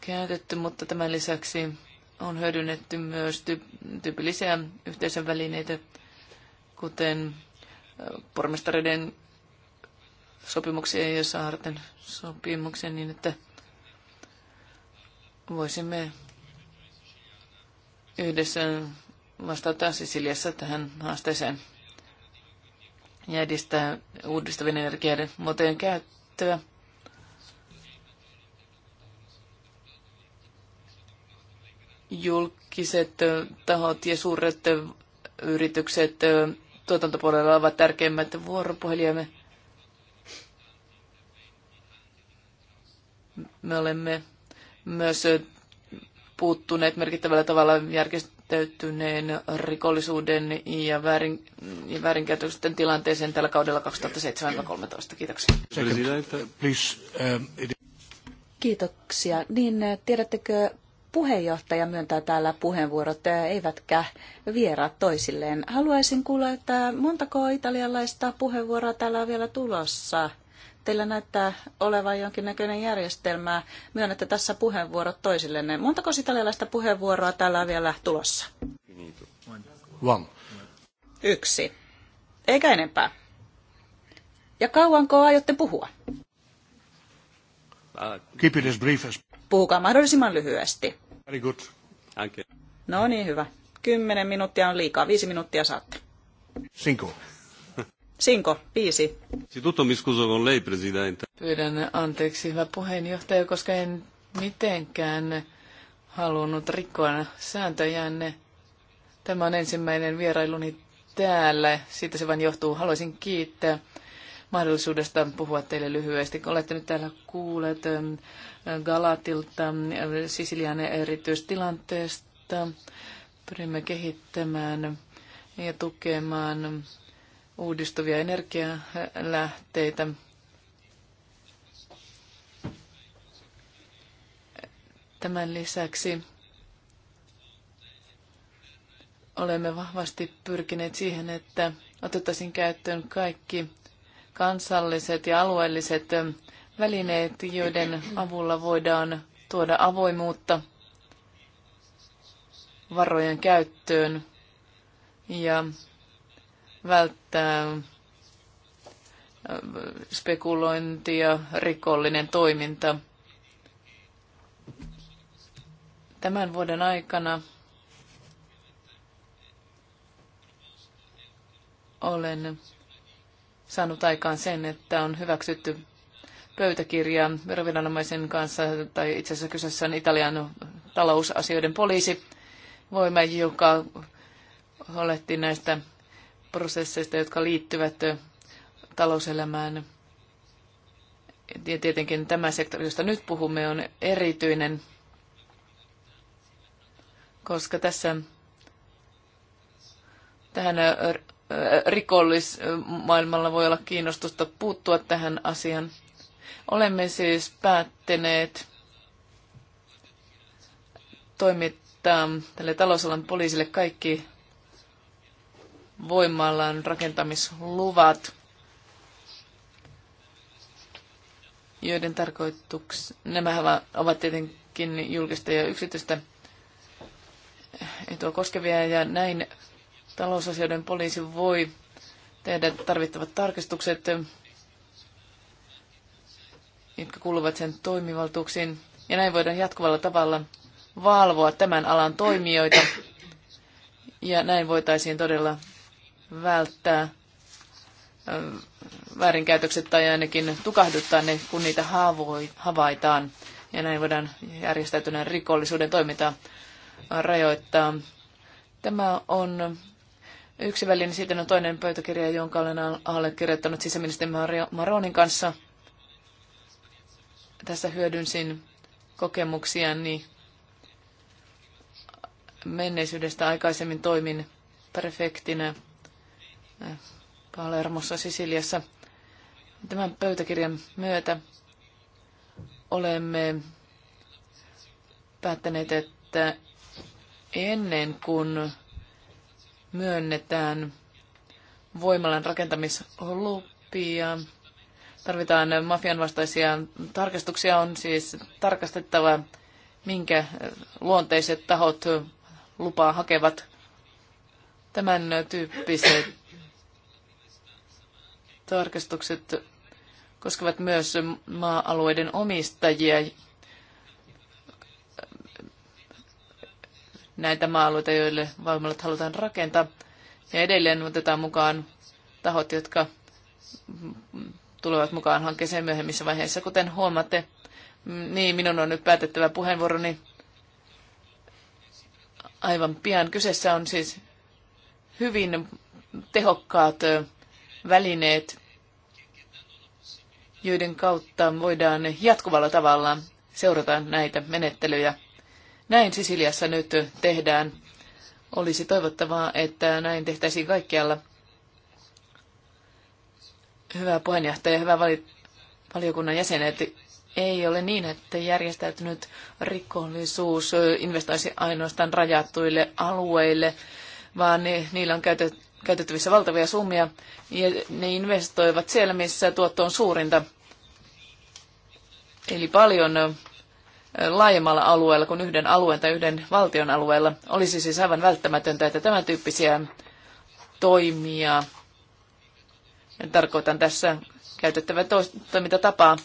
käytetty, mutta tämän lisäksi on hyödynnetty myös tyypillisiä yhteisön välineitä, kuten pormestareiden sopimuksia ja saarten sopimuksia niin, että voisimme yhdessä vastautaan Sisiliassa tähän haasteeseen ja edistää uudistavien energioiden muotojen käyttöä. Julkiset tahot ja suuret yritykset tuotantopuolella ovat tärkeimmät vuoropuhelijamme. Me olemme myös puuttuneet merkittävällä tavalla järjestäytyneen rikollisuuden ja, väärin, ja väärinkäytösten tilanteeseen tällä kaudella 2007-2013. Kiitoksia. Um, Kiitoksia. Niin eh, tiedättekö, puheenjohtaja myöntää täällä puheenvuorot, eh, eivätkä vieraat toisilleen. Haluaisin kuulla, että montako italialaista puheenvuoroa täällä on vielä tulossa? teillä näyttää olevan jonkinnäköinen järjestelmä. Myönnätte tässä puheenvuorot toisillenne. Montako italialaista puheenvuoroa täällä on vielä tulossa? One. Yksi. Eikä enempää. Ja kauanko aiotte puhua? Uh, keep it as brief as... Puhukaa mahdollisimman lyhyesti. Very good. No niin, hyvä. Kymmenen minuuttia on liikaa. Viisi minuuttia saatte. Cinco. Sinko, viisi. Pyydän anteeksi, hyvä puheenjohtaja, koska en mitenkään halunnut rikkoa sääntöjänne. Tämä on ensimmäinen vierailuni täällä. Siitä se vain johtuu. Haluaisin kiittää mahdollisuudesta puhua teille lyhyesti. Olette nyt täällä kuulleet ähm, Galatilta Sisilian erityistilanteesta. Pyrimme kehittämään ja tukemaan uudistuvia energialähteitä. Tämän lisäksi olemme vahvasti pyrkineet siihen, että otettaisiin käyttöön kaikki kansalliset ja alueelliset välineet, joiden avulla voidaan tuoda avoimuutta varojen käyttöön ja välttää äh, spekulointi ja rikollinen toiminta. Tämän vuoden aikana olen saanut aikaan sen, että on hyväksytty pöytäkirja veroviranomaisen kanssa, tai itse asiassa kyseessä on Italian talousasioiden poliisi, voima, joka huolehtii näistä prosesseista, jotka liittyvät talouselämään. Ja tietenkin tämä sektori, josta nyt puhumme, on erityinen, koska tässä tähän rikollismaailmalla voi olla kiinnostusta puuttua tähän asiaan. Olemme siis päättäneet toimittaa tälle talousalan poliisille kaikki voimallaan rakentamisluvat, joiden tarkoituksena nämä ovat tietenkin julkista ja yksityistä etua koskevia ja näin talousasioiden poliisi voi tehdä tarvittavat tarkistukset, jotka kuuluvat sen toimivaltuuksiin. Ja näin voidaan jatkuvalla tavalla valvoa tämän alan toimijoita. Ja näin voitaisiin todella välttää väärinkäytökset tai ainakin tukahduttaa ne, kun niitä havaitaan. Ja näin voidaan järjestäytyneen rikollisuuden toimintaa rajoittaa. Tämä on yksi väline, sitten on toinen pöytäkirja, jonka olen allekirjoittanut sisäministeri Maronin kanssa. Tässä hyödynsin kokemuksiani menneisyydestä aikaisemmin toimin prefektinä Palermossa Sisiliassa. Tämän pöytäkirjan myötä olemme päättäneet, että ennen kuin myönnetään voimalan rakentamislupia, tarvitaan mafian vastaisia tarkastuksia. On siis tarkastettava, minkä luonteiset tahot lupaa hakevat. Tämän tyyppiset tarkastukset koskevat myös maa-alueiden omistajia. Näitä maa-alueita, joille valmalat halutaan rakentaa. Ja edelleen otetaan mukaan tahot, jotka tulevat mukaan hankkeeseen myöhemmissä vaiheissa. Kuten huomaatte, niin minun on nyt päätettävä puheenvuoroni aivan pian. Kyseessä on siis hyvin tehokkaat välineet, joiden kautta voidaan jatkuvalla tavalla seurata näitä menettelyjä. Näin Sisiliassa nyt tehdään. Olisi toivottavaa, että näin tehtäisiin kaikkialla. Hyvä puheenjohtaja, hyvä vali- valiokunnan jäsenet. Ei ole niin, että järjestäytynyt rikollisuus investoisi ainoastaan rajattuille alueille, vaan niillä on käytettävissä valtavia summia ja ne investoivat siellä, missä tuotto on suurinta. Eli paljon laajemmalla alueella kuin yhden alueen tai yhden valtion alueella. Olisi siis aivan välttämätöntä, että tämän tyyppisiä toimia, ja tarkoitan tässä käytettävää toimintatapaa,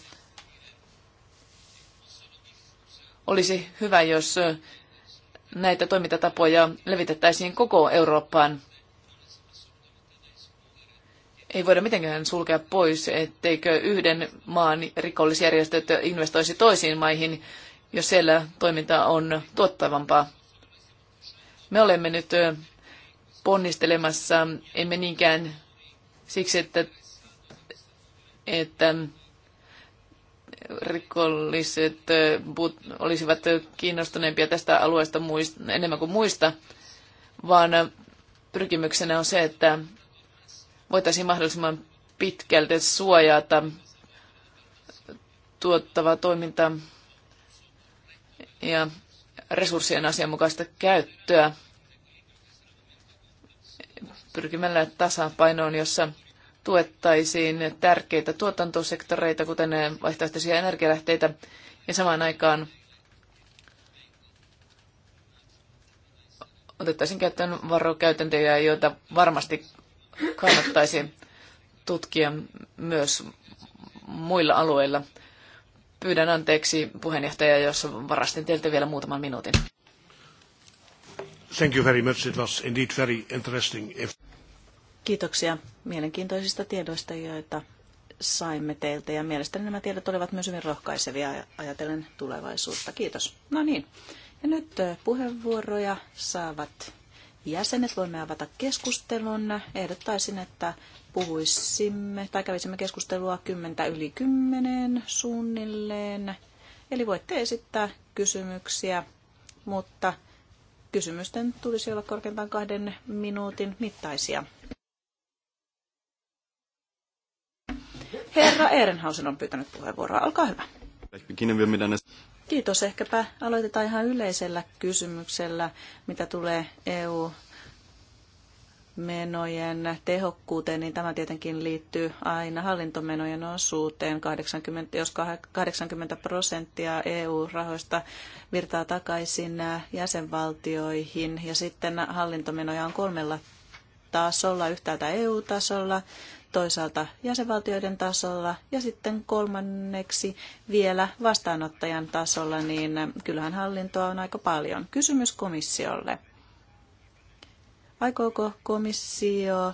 olisi hyvä, jos näitä toimintatapoja levitettäisiin koko Eurooppaan ei voida mitenkään sulkea pois, etteikö yhden maan rikollisjärjestöt investoisi toisiin maihin, jos siellä toiminta on tuottavampaa. Me olemme nyt ponnistelemassa, emme niinkään siksi, että, että rikolliset olisivat kiinnostuneempia tästä alueesta enemmän kuin muista, vaan pyrkimyksenä on se, että voitaisiin mahdollisimman pitkälti suojata tuottavaa toimintaa ja resurssien asianmukaista käyttöä pyrkimällä tasapainoon, jossa tuettaisiin tärkeitä tuotantosektoreita, kuten vaihtoehtoisia energialähteitä, ja samaan aikaan otettaisiin käyttöön varokäytäntöjä, joita varmasti kannattaisi tutkia myös muilla alueilla. Pyydän anteeksi puheenjohtaja, jos varastin teiltä vielä muutaman minuutin. Thank you very much. It was indeed very interesting. Kiitoksia mielenkiintoisista tiedoista, joita saimme teiltä. Ja mielestäni nämä tiedot olivat myös hyvin rohkaisevia ajatellen tulevaisuutta. Kiitos. No niin. Ja nyt eh, puheenvuoroja saavat jäsenet. Voimme avata keskustelun. Ehdottaisin, että puhuisimme tai kävisimme keskustelua 10 yli 10 suunnilleen. Eli voitte esittää kysymyksiä, mutta kysymysten tulisi olla korkeintaan kahden minuutin mittaisia. Herra Ehrenhausen on pyytänyt puheenvuoroa. Olkaa hyvä. Kiitos. Ehkäpä aloitetaan ihan yleisellä kysymyksellä, mitä tulee EU menojen tehokkuuteen, niin tämä tietenkin liittyy aina hallintomenojen osuuteen. 80, jos 80 prosenttia EU-rahoista virtaa takaisin jäsenvaltioihin ja sitten hallintomenoja on kolmella tasolla, yhtäältä EU-tasolla, toisaalta jäsenvaltioiden tasolla ja sitten kolmanneksi vielä vastaanottajan tasolla, niin kyllähän hallintoa on aika paljon. Kysymys komissiolle. Aikooko komissio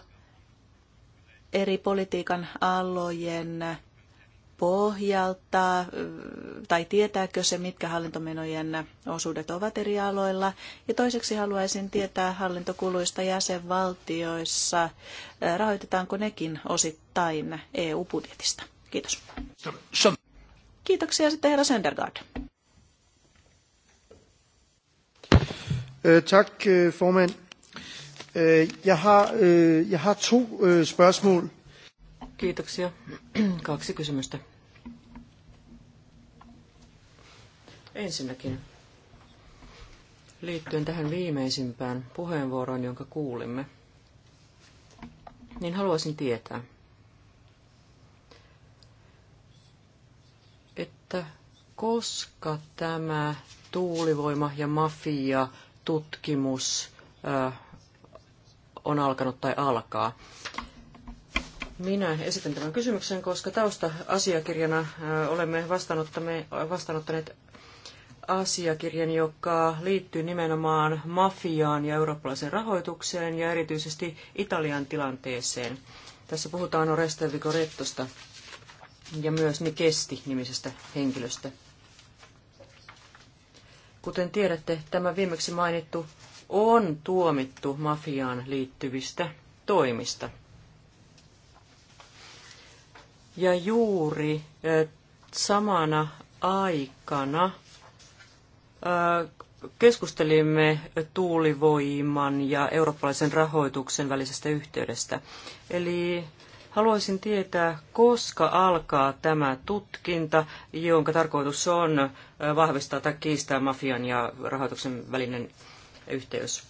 eri politiikan alojen pohjalta tai tietääkö se, mitkä hallintomenojen osuudet ovat eri aloilla. Ja toiseksi haluaisin tietää hallintokuluista jäsenvaltioissa. Rahoitetaanko nekin osittain EU-budjetista? Kiitos. Kiitoksia sitten herra Söndergaard. Tak, formand. Jeg har, jeg har to spørgsmål. Kiitoksia. [clears throat] Kaksi kysymystä. Ensinnäkin liittyen tähän viimeisimpään puheenvuoroon, jonka kuulimme, niin haluaisin tietää, että koska tämä tuulivoima- ja mafia-tutkimus on alkanut tai alkaa. Minä esitän tämän kysymyksen, koska tausta-asiakirjana olemme vastaanottaneet asiakirjan, joka liittyy nimenomaan mafiaan ja eurooppalaiseen rahoitukseen ja erityisesti Italian tilanteeseen. Tässä puhutaan Oreste Vicorettosta ja myös Nikesti-nimisestä henkilöstä. Kuten tiedätte, tämä viimeksi mainittu on tuomittu mafiaan liittyvistä toimista – ja juuri samana aikana keskustelimme tuulivoiman ja eurooppalaisen rahoituksen välisestä yhteydestä. Eli haluaisin tietää, koska alkaa tämä tutkinta, jonka tarkoitus on vahvistaa tai kiistää mafian ja rahoituksen välinen yhteys.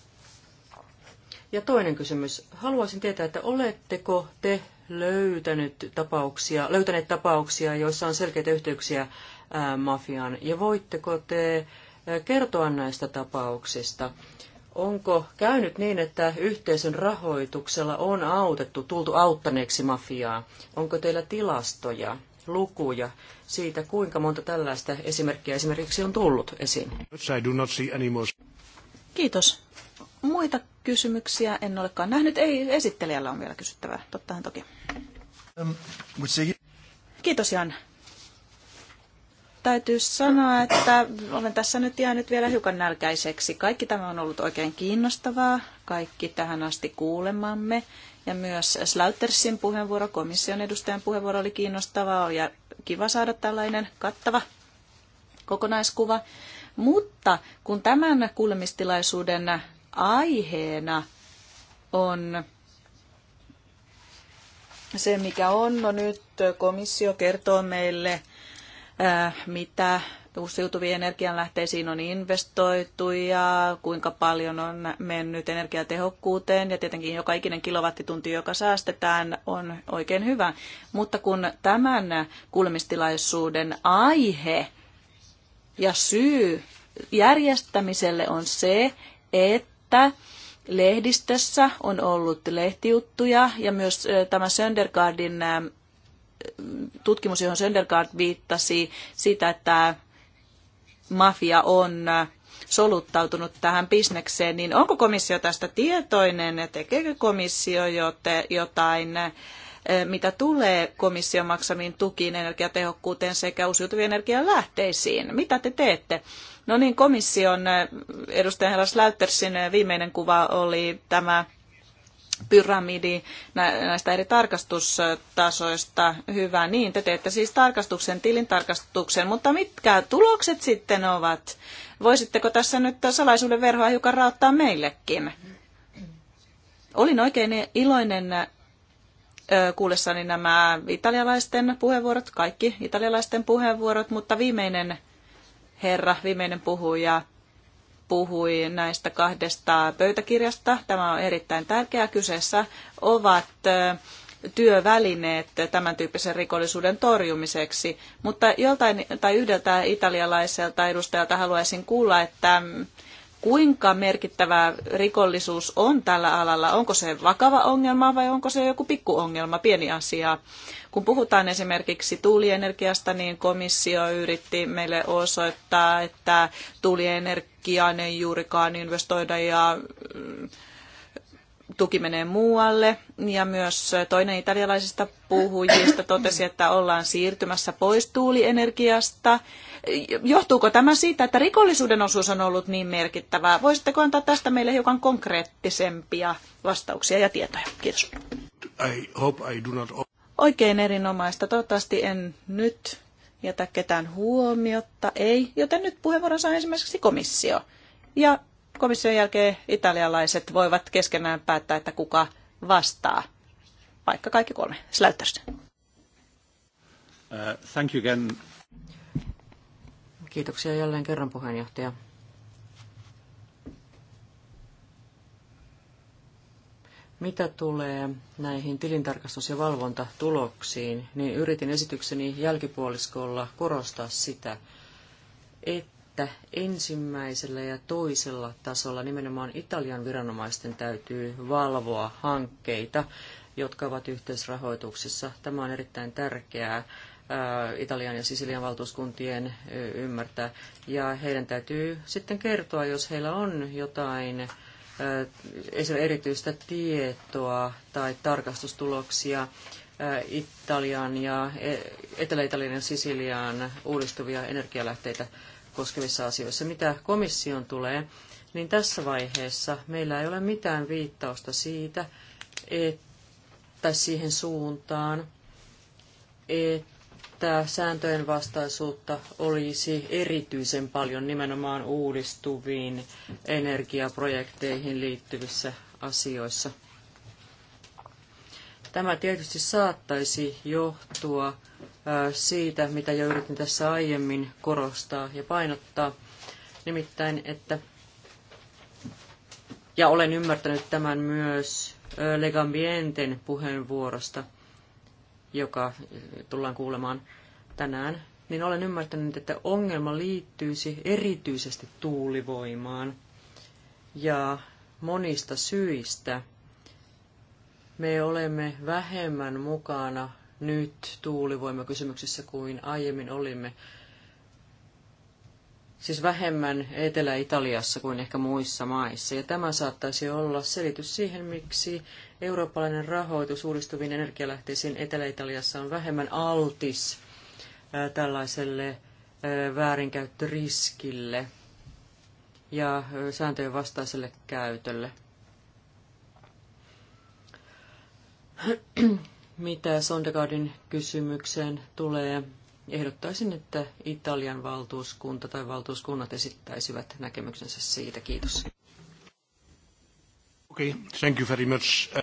Ja toinen kysymys. Haluaisin tietää, että oletteko te löytänyt tapauksia, löytäneet tapauksia, joissa on selkeitä yhteyksiä mafiaan. Ja voitteko te kertoa näistä tapauksista? Onko käynyt niin, että yhteisön rahoituksella on autettu, tultu auttaneeksi mafiaa? Onko teillä tilastoja, lukuja siitä, kuinka monta tällaista esimerkkiä esimerkiksi on tullut esiin? Kiitos muita kysymyksiä en olekaan nähnyt. Ei, esittelijällä on vielä kysyttävää, tottahan toki. Um, Kiitos Jan. Täytyy sanoa, että olen tässä nyt jäänyt vielä hiukan nälkäiseksi. Kaikki tämä on ollut oikein kiinnostavaa, kaikki tähän asti kuulemamme. Ja myös Slautersin puheenvuoro, komission edustajan puheenvuoro oli kiinnostavaa ja kiva saada tällainen kattava kokonaiskuva. Mutta kun tämän kuulemistilaisuuden aiheena on se, mikä on. No nyt komissio kertoo meille, äh, mitä uusiutuviin energianlähteisiin on investoitu ja kuinka paljon on mennyt energiatehokkuuteen. Ja tietenkin joka ikinen kilowattitunti, joka säästetään, on oikein hyvä. Mutta kun tämän kuulemistilaisuuden aihe ja syy järjestämiselle on se, että että lehdistössä on ollut lehtijuttuja ja myös tämä Söndergaardin tutkimus, johon Söndergaard viittasi sitä, että mafia on soluttautunut tähän bisnekseen, niin onko komissio tästä tietoinen ja tekeekö komissio jotain, mitä tulee komission maksamiin tukiin energiatehokkuuteen sekä uusiutuvien energian lähteisiin? Mitä te teette? No niin, komission eh, edustaja Helas Läyttersin eh, viimeinen kuva oli tämä pyramidi näistä eri tarkastustasoista. Hyvä, niin te teette siis tarkastuksen, tilintarkastuksen, mutta mitkä tulokset sitten ovat? Voisitteko tässä nyt salaisuuden verhoa hiukan raottaa meillekin? Olin oikein iloinen eh, kuullessani nämä italialaisten puheenvuorot, kaikki italialaisten puheenvuorot, mutta viimeinen herra, viimeinen puhuja, puhui näistä kahdesta pöytäkirjasta. Tämä on erittäin tärkeä. Kyseessä ovat työvälineet tämän tyyppisen rikollisuuden torjumiseksi. Mutta joltain tai yhdeltä italialaiselta edustajalta haluaisin kuulla, että kuinka merkittävää rikollisuus on tällä alalla. Onko se vakava ongelma vai onko se joku pikkuongelma, pieni asia? Kun puhutaan esimerkiksi tuulienergiasta, niin komissio yritti meille osoittaa, että tuulienergiaan ei juurikaan investoida ja mm, tuki menee muualle. Ja myös toinen italialaisista puhujista totesi, että ollaan siirtymässä pois tuulienergiasta. Johtuuko tämä siitä, että rikollisuuden osuus on ollut niin merkittävää? Voisitteko antaa tästä meille hiukan konkreettisempia vastauksia ja tietoja? Kiitos. I hope I do not... Oikein erinomaista. Toivottavasti en nyt jätä ketään huomiota. Ei, joten nyt puheenvuoron saa esimerkiksi komissio. Ja komission jälkeen italialaiset voivat keskenään päättää, että kuka vastaa, vaikka kaikki kolme. Släyttärs. Uh, thank you again. Kiitoksia jälleen kerran puheenjohtaja. Mitä tulee näihin tilintarkastus- ja valvontatuloksiin, niin yritin esitykseni jälkipuoliskolla korostaa sitä, että että ensimmäisellä ja toisella tasolla nimenomaan Italian viranomaisten täytyy valvoa hankkeita, jotka ovat yhteisrahoituksessa. Tämä on erittäin tärkeää. Italian ja Sisilian valtuuskuntien ymmärtää. Ja heidän täytyy sitten kertoa, jos heillä on jotain erityistä tietoa tai tarkastustuloksia Italian ja e- Etelä-Italian ja Sisiliaan uudistuvia energialähteitä koskevissa asioissa. Mitä komission tulee, niin tässä vaiheessa meillä ei ole mitään viittausta siitä, että siihen suuntaan, että sääntöjen vastaisuutta olisi erityisen paljon nimenomaan uudistuviin energiaprojekteihin liittyvissä asioissa. Tämä tietysti saattaisi johtua siitä, mitä jo yritin tässä aiemmin korostaa ja painottaa, nimittäin, että ja olen ymmärtänyt tämän myös Legambienten puheenvuorosta, joka tullaan kuulemaan tänään, niin olen ymmärtänyt, että ongelma liittyisi erityisesti tuulivoimaan. Ja monista syistä – me olemme vähemmän mukana nyt tuulivoimakysymyksissä kuin aiemmin olimme. Siis vähemmän Etelä-Italiassa kuin ehkä muissa maissa. Ja tämä saattaisi olla selitys siihen, miksi eurooppalainen rahoitus uudistuviin energialähteisiin Etelä-Italiassa on vähemmän altis tällaiselle väärinkäyttöriskille ja sääntöjen vastaiselle käytölle. [clears throat] Mitä Sondegardin kysymykseen tulee, ehdottaisin, että Italian valtuuskunta tai valtuuskunnat esittäisivät näkemyksensä siitä. Kiitos. Okay, thank you very much.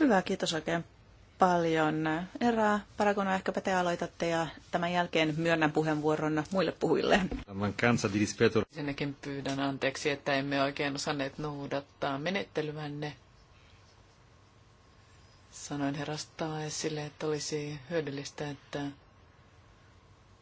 Hyvä, kiitos oikein paljon. Erra Paragona, ehkäpä te aloitatte ja tämän jälkeen myönnän puheenvuoron muille puhujille. Ensinnäkin pyydän anteeksi, että emme oikein osanneet noudattaa menettelymänne Sanoin herrastaa sille, että olisi hyödyllistä, että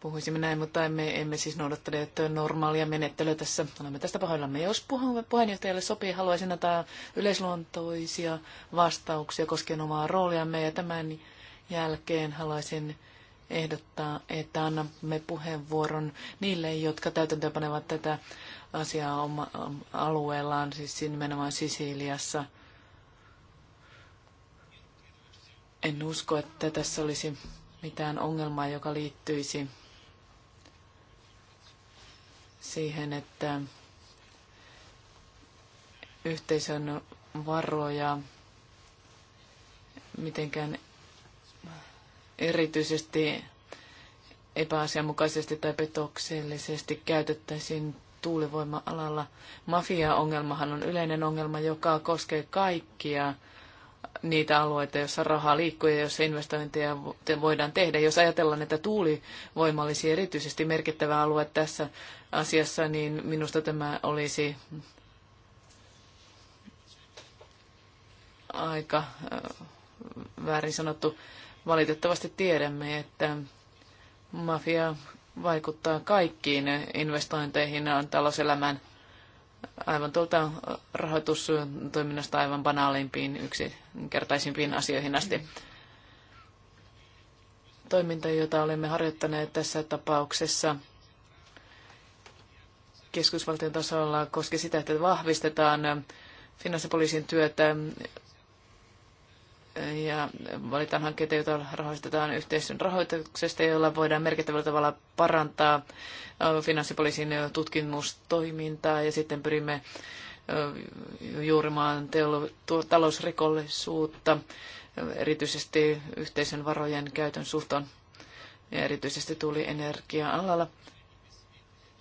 puhuisimme näin, mutta emme, emme siis noudattaneet normaalia menettelyä tässä. Olemme tästä pahoillamme. Jos puheenjohtajalle sopii, haluaisin antaa yleisluontoisia vastauksia koskien omaa rooliamme ja tämän jälkeen haluaisin ehdottaa, että annamme puheenvuoron niille, jotka täytäntöönpanevat tätä asiaa oma alueellaan, siis nimenomaan Sisiliassa – En usko, että tässä olisi mitään ongelmaa, joka liittyisi siihen, että yhteisön varoja mitenkään erityisesti epäasianmukaisesti tai petoksellisesti käytettäisiin tuulivoima-alalla. Mafia-ongelmahan on yleinen ongelma, joka koskee kaikkia niitä alueita, joissa rahaa liikkuu ja joissa investointeja voidaan tehdä. Jos ajatellaan, että tuulivoima olisi erityisesti merkittävä alue tässä asiassa, niin minusta tämä olisi aika äh, väärin sanottu. Valitettavasti tiedämme, että mafia vaikuttaa kaikkiin investointeihin, talouselämään aivan tuolta rahoitustoiminnasta aivan banaalimpiin yksinkertaisimpiin asioihin asti. Toiminta, jota olemme harjoittaneet tässä tapauksessa keskusvaltion tasolla, koski sitä, että vahvistetaan finanssipoliisin työtä ja valitaan hankkeita, joita rahoitetaan yhteisön rahoituksesta, jolla voidaan merkittävällä tavalla parantaa finanssipoliisin tutkimustoimintaa ja sitten pyrimme juurimaan talousrikollisuutta erityisesti yhteisön varojen käytön suhteen ja erityisesti tuli energia-alalla.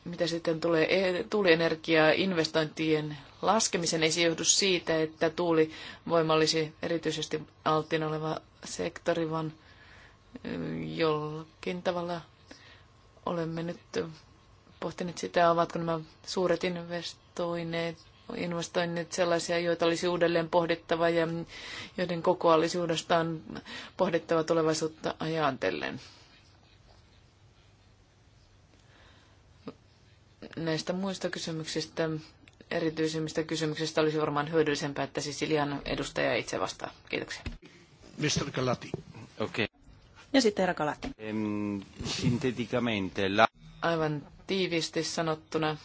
Mitä sitten tulee e-, tuulienergiaa investointien laskemisen, ei se johdu siitä, että tuulivoima olisi erityisesti alttiin oleva sektori, vaan jollakin tavalla olemme nyt pohtineet sitä, ovatko nämä suuret investoineet investoinnit sellaisia, joita olisi uudelleen pohdittava ja joiden kokoallisuudestaan pohdittava tulevaisuutta ajatellen. näistä muista kysymyksistä, erityisimmistä kysymyksistä, olisi varmaan hyödyllisempää, että Sisilian edustaja itse vastaa. Kiitoksia. Mr. Galati. Okei. Okay. Ja sitten herra Galati. Em, sinteticamente la... Aivan tiivisti sanottuna.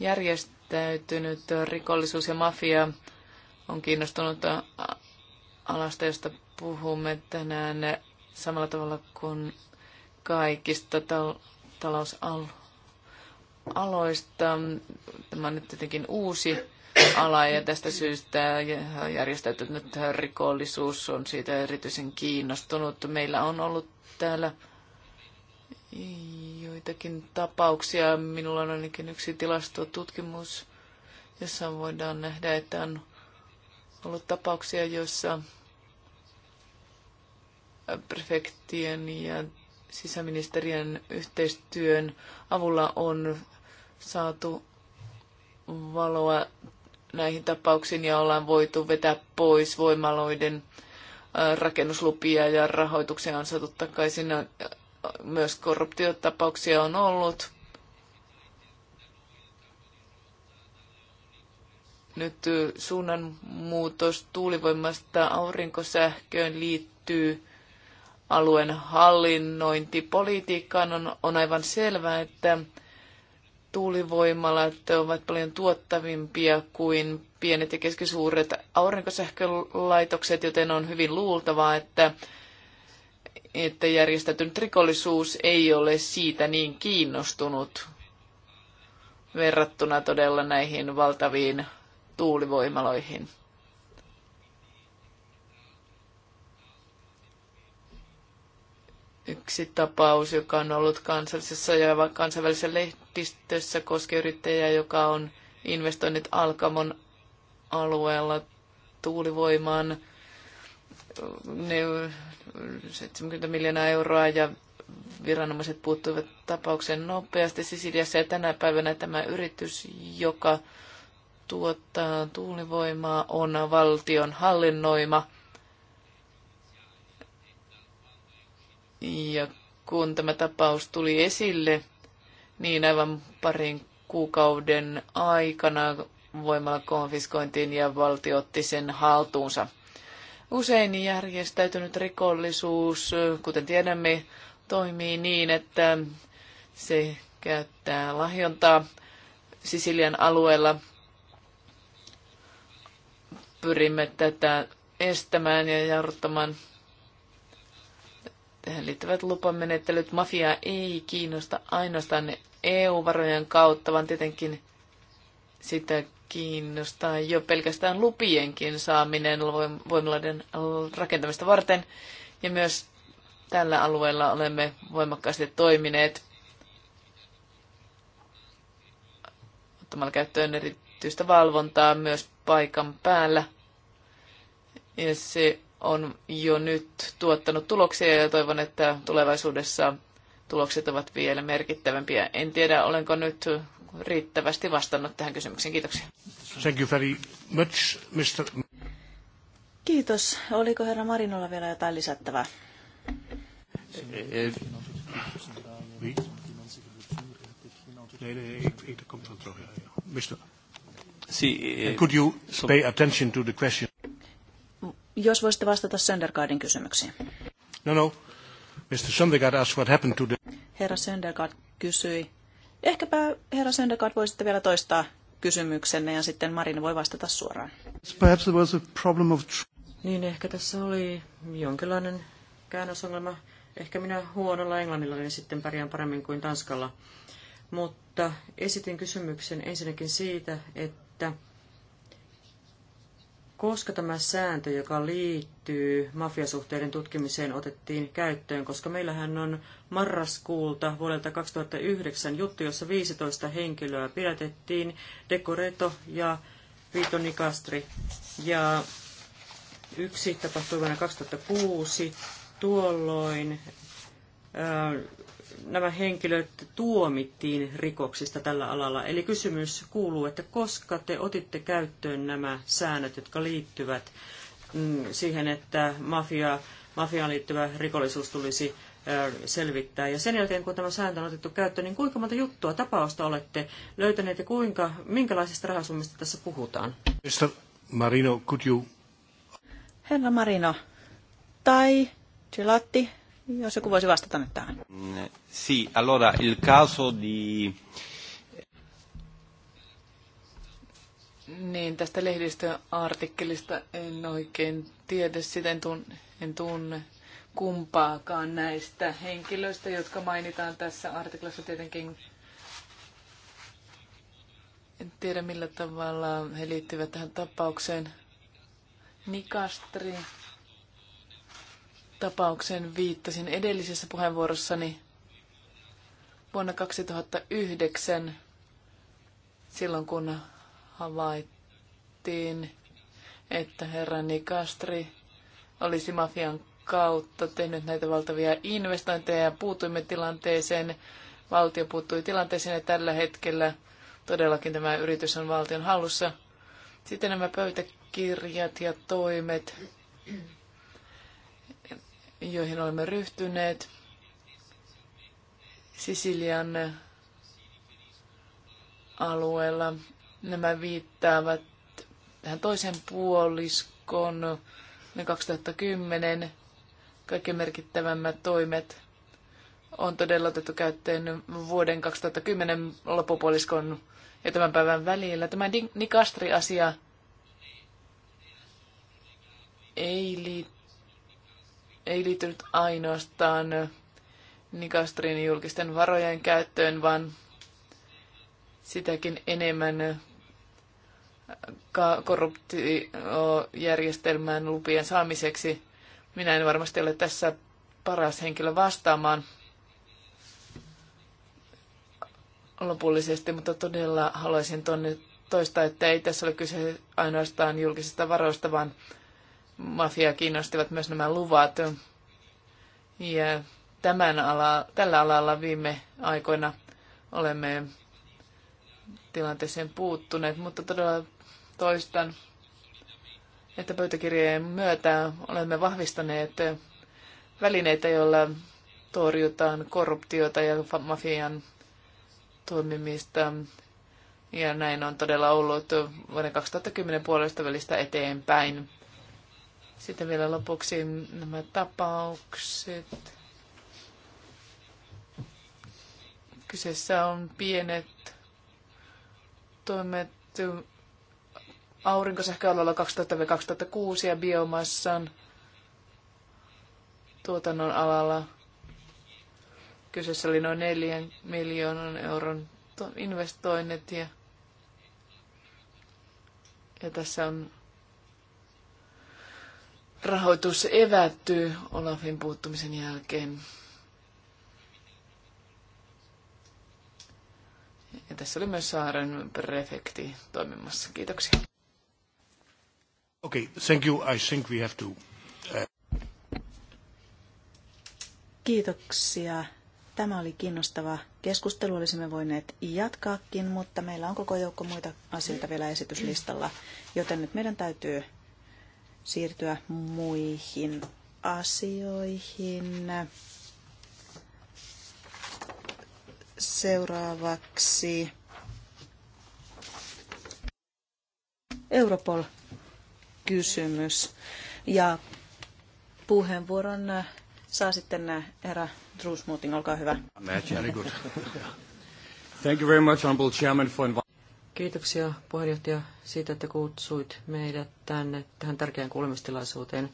Järjestäytynyt rikollisuus ja mafia on kiinnostunut alasta, josta puhumme tänään samalla tavalla kuin kaikista tal- talousalueista aloista. Tämä on nyt tietenkin uusi ala ja tästä syystä järjestäytynyt rikollisuus on siitä erityisen kiinnostunut. Meillä on ollut täällä joitakin tapauksia. Minulla on ainakin yksi tilastotutkimus, jossa voidaan nähdä, että on ollut tapauksia, joissa prefektien ja sisäministeriön yhteistyön avulla on saatu valoa näihin tapauksiin ja ollaan voitu vetää pois voimaloiden rakennuslupia ja rahoituksia on saatu takaisin. Myös korruptiotapauksia on ollut. Nyt suunnanmuutos tuulivoimasta aurinkosähköön liittyy alueen hallinnointipolitiikkaan. On, on aivan selvää, että tuulivoimalat ovat paljon tuottavimpia kuin pienet ja keskisuuret aurinkosähkölaitokset, joten on hyvin luultavaa, että, että järjestäytynyt rikollisuus ei ole siitä niin kiinnostunut verrattuna todella näihin valtaviin tuulivoimaloihin. yksi tapaus, joka on ollut kansallisessa ja kansainvälisessä lehdistössä koskee yrittäjää, joka on investoinut Alkamon alueella tuulivoimaan ne 70 miljoonaa euroa ja viranomaiset puuttuivat tapaukseen nopeasti Sisiliassa ja tänä päivänä tämä yritys, joka tuottaa tuulivoimaa, on valtion hallinnoima Ja kun tämä tapaus tuli esille, niin aivan parin kuukauden aikana voimalla konfiskointiin ja valtio otti sen haltuunsa. Usein järjestäytynyt rikollisuus, kuten tiedämme, toimii niin, että se käyttää lahjontaa Sisilian alueella. Pyrimme tätä estämään ja jarruttamaan Tähän liittyvät lupamenettelyt. Mafia ei kiinnosta ainoastaan EU-varojen kautta, vaan tietenkin sitä kiinnostaa jo pelkästään lupienkin saaminen voimaloiden rakentamista varten. Ja myös tällä alueella olemme voimakkaasti toimineet ottamalla käyttöön erityistä valvontaa myös paikan päällä. Ja se on jo nyt tuottanut tuloksia ja toivon, että tulevaisuudessa tulokset ovat vielä merkittävämpiä. En tiedä, olenko nyt riittävästi vastannut tähän kysymykseen. Kiitoksia. Thank you very much, Mr. Kiitos. Oliko herra Marinolla vielä jotain lisättävää? Could you pay attention to the question? Jos voisitte vastata Söndergaardin kysymyksiin. No no. Mr. Söndergaard asked what happened to the... Herra Söndergaard kysyi. Ehkäpä herra Söndergaard voisitte vielä toistaa kysymyksenne ja sitten Marin voi vastata suoraan. Perhaps there was a problem of... Niin ehkä tässä oli jonkinlainen käännösongelma. Ehkä minä huonolla englannilla niin sitten pärjään paremmin kuin tanskalla. Mutta esitin kysymyksen ensinnäkin siitä, että koska tämä sääntö, joka liittyy mafiasuhteiden tutkimiseen, otettiin käyttöön, koska meillähän on marraskuulta vuodelta 2009 juttu, jossa 15 henkilöä pidätettiin, Decoreto ja Vito Nicastri. Ja yksi tapahtui vuonna 2006, tuolloin äh, nämä henkilöt tuomittiin rikoksista tällä alalla. Eli kysymys kuuluu, että koska te otitte käyttöön nämä säännöt, jotka liittyvät mm, siihen, että mafia, mafiaan liittyvä rikollisuus tulisi selvittää. Ja sen jälkeen, kun tämä sääntö on otettu käyttöön, niin kuinka monta juttua, tapausta olette löytäneet ja kuinka, minkälaisista rahasummista tässä puhutaan? Mr. Marino, could you... Herra Marino, tai Gelatti, jos joku voisi vastata nyt tähän. Sì, allora il caso di... Niin, tästä lehdistöartikkelista en oikein tiedä, sitä en tunne, en tunne kumpaakaan näistä henkilöistä, jotka mainitaan tässä artiklassa tietenkin. En tiedä millä tavalla he liittyvät tähän tapaukseen. Nikastri Tapaukseen viittasin edellisessä puheenvuorossani vuonna 2009, silloin kun havaittiin, että herra Nikastri olisi mafian kautta tehnyt näitä valtavia investointeja ja puutuimme tilanteeseen. Valtio puuttui tilanteeseen ja tällä hetkellä todellakin tämä yritys on valtion hallussa. Sitten nämä pöytäkirjat ja toimet joihin olemme ryhtyneet. Sisilian alueella nämä viittaavat tähän toisen puoliskon 2010 kaikki merkittävämmät toimet on todella otettu käyttöön vuoden 2010 loppupuoliskon ja tämän päivän välillä. Tämä Nikastri-asia ei liitty ei liittynyt ainoastaan Nikastrin julkisten varojen käyttöön, vaan sitäkin enemmän korruptiojärjestelmään lupien saamiseksi. Minä en varmasti ole tässä paras henkilö vastaamaan lopullisesti, mutta todella haluaisin tuonne toistaa, että ei tässä ole kyse ainoastaan julkisista varoista, vaan mafiaa kiinnostivat myös nämä luvat. Ja tämän ala, tällä alalla viime aikoina olemme tilanteeseen puuttuneet, mutta todella toistan, että pöytäkirjojen myötä olemme vahvistaneet välineitä, joilla torjutaan korruptiota ja mafian toimimista. Ja näin on todella ollut vuoden 2010 puolesta välistä eteenpäin. Sitten vielä lopuksi nämä tapaukset. Kyseessä on pienet toimet aurinkosähköalalla 2000-2006 ja biomassan tuotannon alalla. Kyseessä oli noin 4 miljoonan euron investoinnit ja, ja tässä on rahoitus evättyy Olafin puuttumisen jälkeen. Ja tässä oli myös saaren prefekti toimimassa. Kiitoksia. Okay, thank you. I think we have to... Uh, Kiitoksia. Tämä oli kiinnostava keskustelu. Olisimme voineet jatkaakin, mutta meillä on koko joukko muita asioita vielä esityslistalla, joten nyt meidän täytyy siirtyä muihin asioihin. Seuraavaksi Europol-kysymys. Ja puheenvuoron saa sitten herra Drusmutin, olkaa hyvä. Thank you very much, Honorable Chairman, for inviting Kiitoksia puheenjohtaja siitä, että kutsuit meidät tänne tähän tärkeään kuulemistilaisuuteen.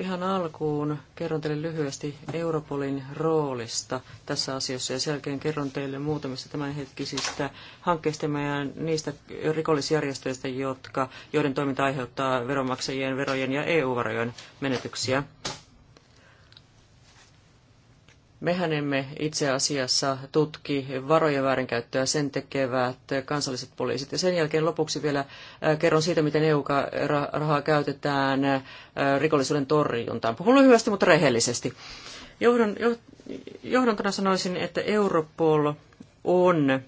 Ihan alkuun kerron teille lyhyesti Europolin roolista tässä asiassa ja sen jälkeen kerron teille muutamista tämänhetkisistä hankkeista ja niistä rikollisjärjestöistä, jotka, joiden toiminta aiheuttaa veronmaksajien, verojen ja EU-varojen menetyksiä. Mehän emme itse asiassa tutki varojen väärinkäyttöä, sen tekevät kansalliset poliisit. Ja sen jälkeen lopuksi vielä äh, kerron siitä, miten EU-rahaa käytetään äh, rikollisuuden torjuntaan. Puhun lyhyesti, mutta rehellisesti. Johdon, johdontona sanoisin, että Europol on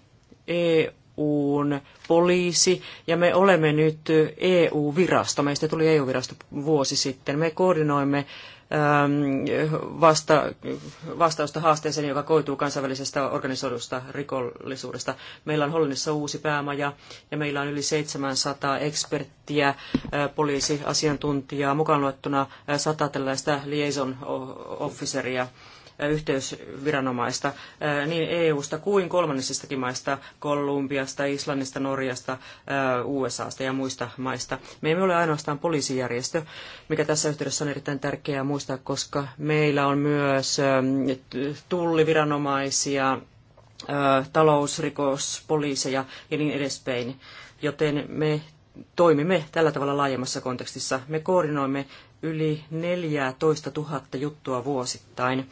EUn poliisi ja me olemme nyt EU-virasto. Meistä tuli EU-virasto vuosi sitten. Me koordinoimme Ähm, vasta, vastausta haasteeseen, joka koituu kansainvälisestä organisoidusta rikollisuudesta. Meillä on Hollannissa uusi päämaja ja meillä on yli 700 eksperttiä, äh, poliisiasiantuntijaa, mukaan luettuna 100 äh, tällaista liaison officeria yhteysviranomaista niin EU-sta kuin kolmannisistakin maista, Kolumbiasta, Islannista, Norjasta, USAsta ja muista maista. Me emme ole ainoastaan poliisijärjestö, mikä tässä yhteydessä on erittäin tärkeää muistaa, koska meillä on myös tulliviranomaisia, talousrikospoliiseja ja niin edespäin. Joten me toimimme tällä tavalla laajemmassa kontekstissa. Me koordinoimme yli 14 000 juttua vuosittain.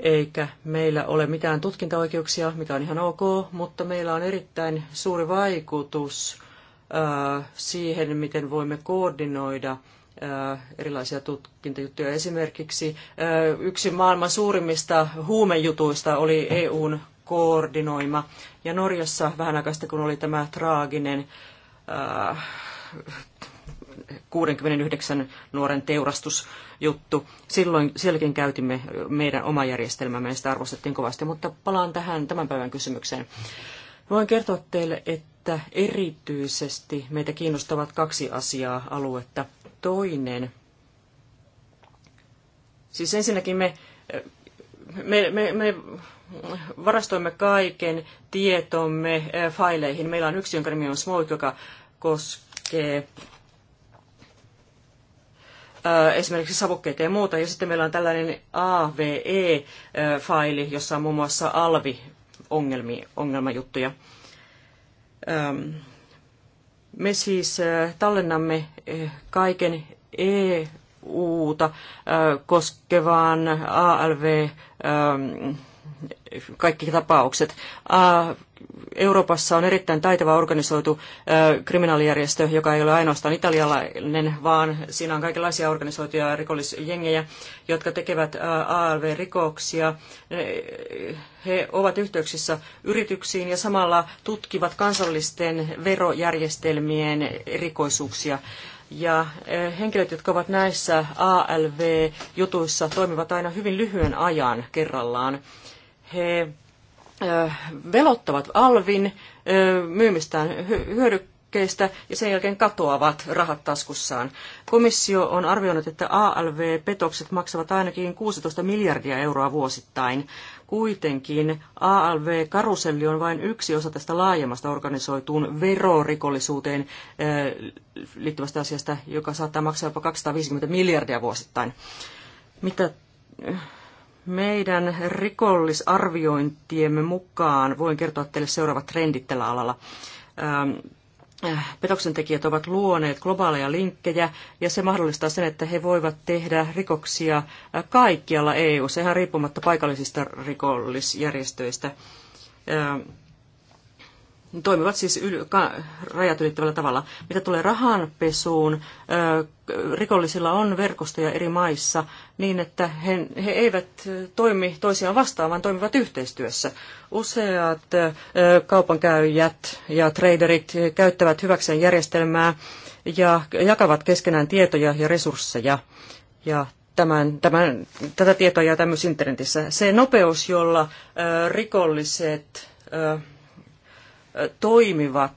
Eikä meillä ole mitään tutkintaoikeuksia, mikä on ihan ok, mutta meillä on erittäin suuri vaikutus siihen, miten voimme koordinoida erilaisia tutkintajuttuja. Esimerkiksi yksi maailman suurimmista huumejutuista oli EUn koordinoima. Ja Norjassa vähän aikaa sitten kun oli tämä traaginen äh, 69 nuoren teurastusjuttu. Silloin sielläkin käytimme meidän oma järjestelmämme ja sitä arvostettiin kovasti, mutta palaan tähän tämän päivän kysymykseen. Voin kertoa teille, että erityisesti meitä kiinnostavat kaksi asiaa aluetta. Toinen, siis ensinnäkin me, me, me, me varastoimme kaiken tietomme eh, faileihin. Meillä on yksi, jonka nimi on Smoke, joka koskee Äh, esimerkiksi savukkeita ja muuta. Ja sitten meillä on tällainen AVE-faili, äh, jossa on muun muassa alvi-ongelmajuttuja. Ähm, me siis äh, tallennamme kaiken EU-ta koskevaan ALV ähm, kaikki tapaukset. Euroopassa on erittäin taitava organisoitu kriminaalijärjestö, joka ei ole ainoastaan italialainen, vaan siinä on kaikenlaisia organisoituja rikollisjengejä, jotka tekevät ALV-rikoksia. He ovat yhteyksissä yrityksiin ja samalla tutkivat kansallisten verojärjestelmien erikoisuuksia. Ja henkilöt, jotka ovat näissä ALV-jutuissa, toimivat aina hyvin lyhyen ajan kerrallaan. He velottavat alvin myymistään hyödykkeistä ja sen jälkeen katoavat rahat taskussaan. Komissio on arvioinut, että ALV-petokset maksavat ainakin 16 miljardia euroa vuosittain. Kuitenkin ALV-karuselli on vain yksi osa tästä laajemmasta organisoituun verorikollisuuteen liittyvästä asiasta, joka saattaa maksaa jopa 250 miljardia vuosittain. Mitä meidän rikollisarviointiemme mukaan voin kertoa teille seuraavat trendit tällä alalla. Ähm, äh, petoksentekijät ovat luoneet globaaleja linkkejä ja se mahdollistaa sen, että he voivat tehdä rikoksia äh, kaikkialla EU, ihan riippumatta paikallisista rikollisjärjestöistä ähm, toimivat siis yl, ka, rajat ylittävällä tavalla. Mitä tulee rahanpesuun, ö, rikollisilla on verkostoja eri maissa niin, että he, he eivät toimi toisiaan vastaan, vaan toimivat yhteistyössä. Useat ö, kaupankäyjät ja traderit käyttävät hyväkseen järjestelmää ja jakavat keskenään tietoja ja resursseja. Ja tämän, tämän, tätä tietoa jää tämmöisessä internetissä. Se nopeus, jolla ö, rikolliset... Ö, toimivat.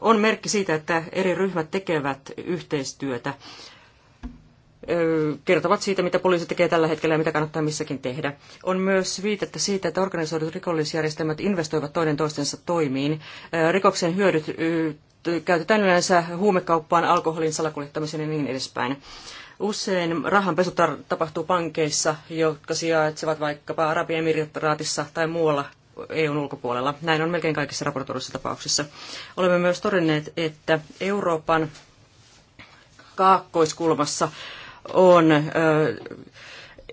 On merkki siitä, että eri ryhmät tekevät yhteistyötä, kertovat siitä, mitä poliisi tekee tällä hetkellä ja mitä kannattaa missäkin tehdä. On myös viitettä siitä, että organisoidut rikollisjärjestelmät investoivat toinen toistensa toimiin. Rikoksen hyödyt käytetään yleensä huumekauppaan, alkoholin salakuljettamiseen ja niin edespäin. Usein rahanpesu tapahtuu pankeissa, jotka sijaitsevat vaikkapa Arabiemiritaraatissa tai muualla EUn ulkopuolella. Näin on melkein kaikissa raportoiduissa tapauksissa. Olemme myös todenneet, että Euroopan kaakkoiskulmassa on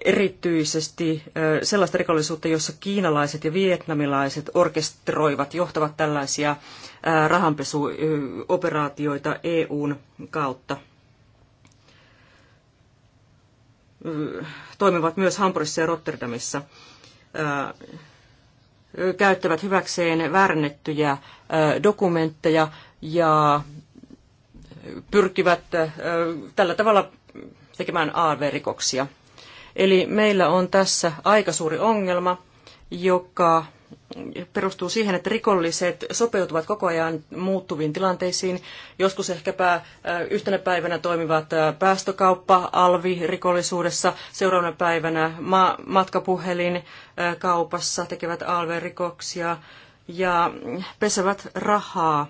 erityisesti sellaista rikollisuutta, jossa kiinalaiset ja vietnamilaiset orkestroivat, johtavat tällaisia rahanpesuoperaatioita EUn kautta. Toimivat myös Hampurissa ja Rotterdamissa käyttävät hyväkseen väärennettyjä dokumentteja ja pyrkivät tällä tavalla tekemään AV-rikoksia. Eli meillä on tässä aika suuri ongelma, joka perustuu siihen, että rikolliset sopeutuvat koko ajan muuttuviin tilanteisiin. Joskus ehkäpä yhtenä päivänä toimivat päästökauppa, alvi rikollisuudessa, seuraavana päivänä matkapuhelin kaupassa tekevät alverikoksia ja pesevät rahaa.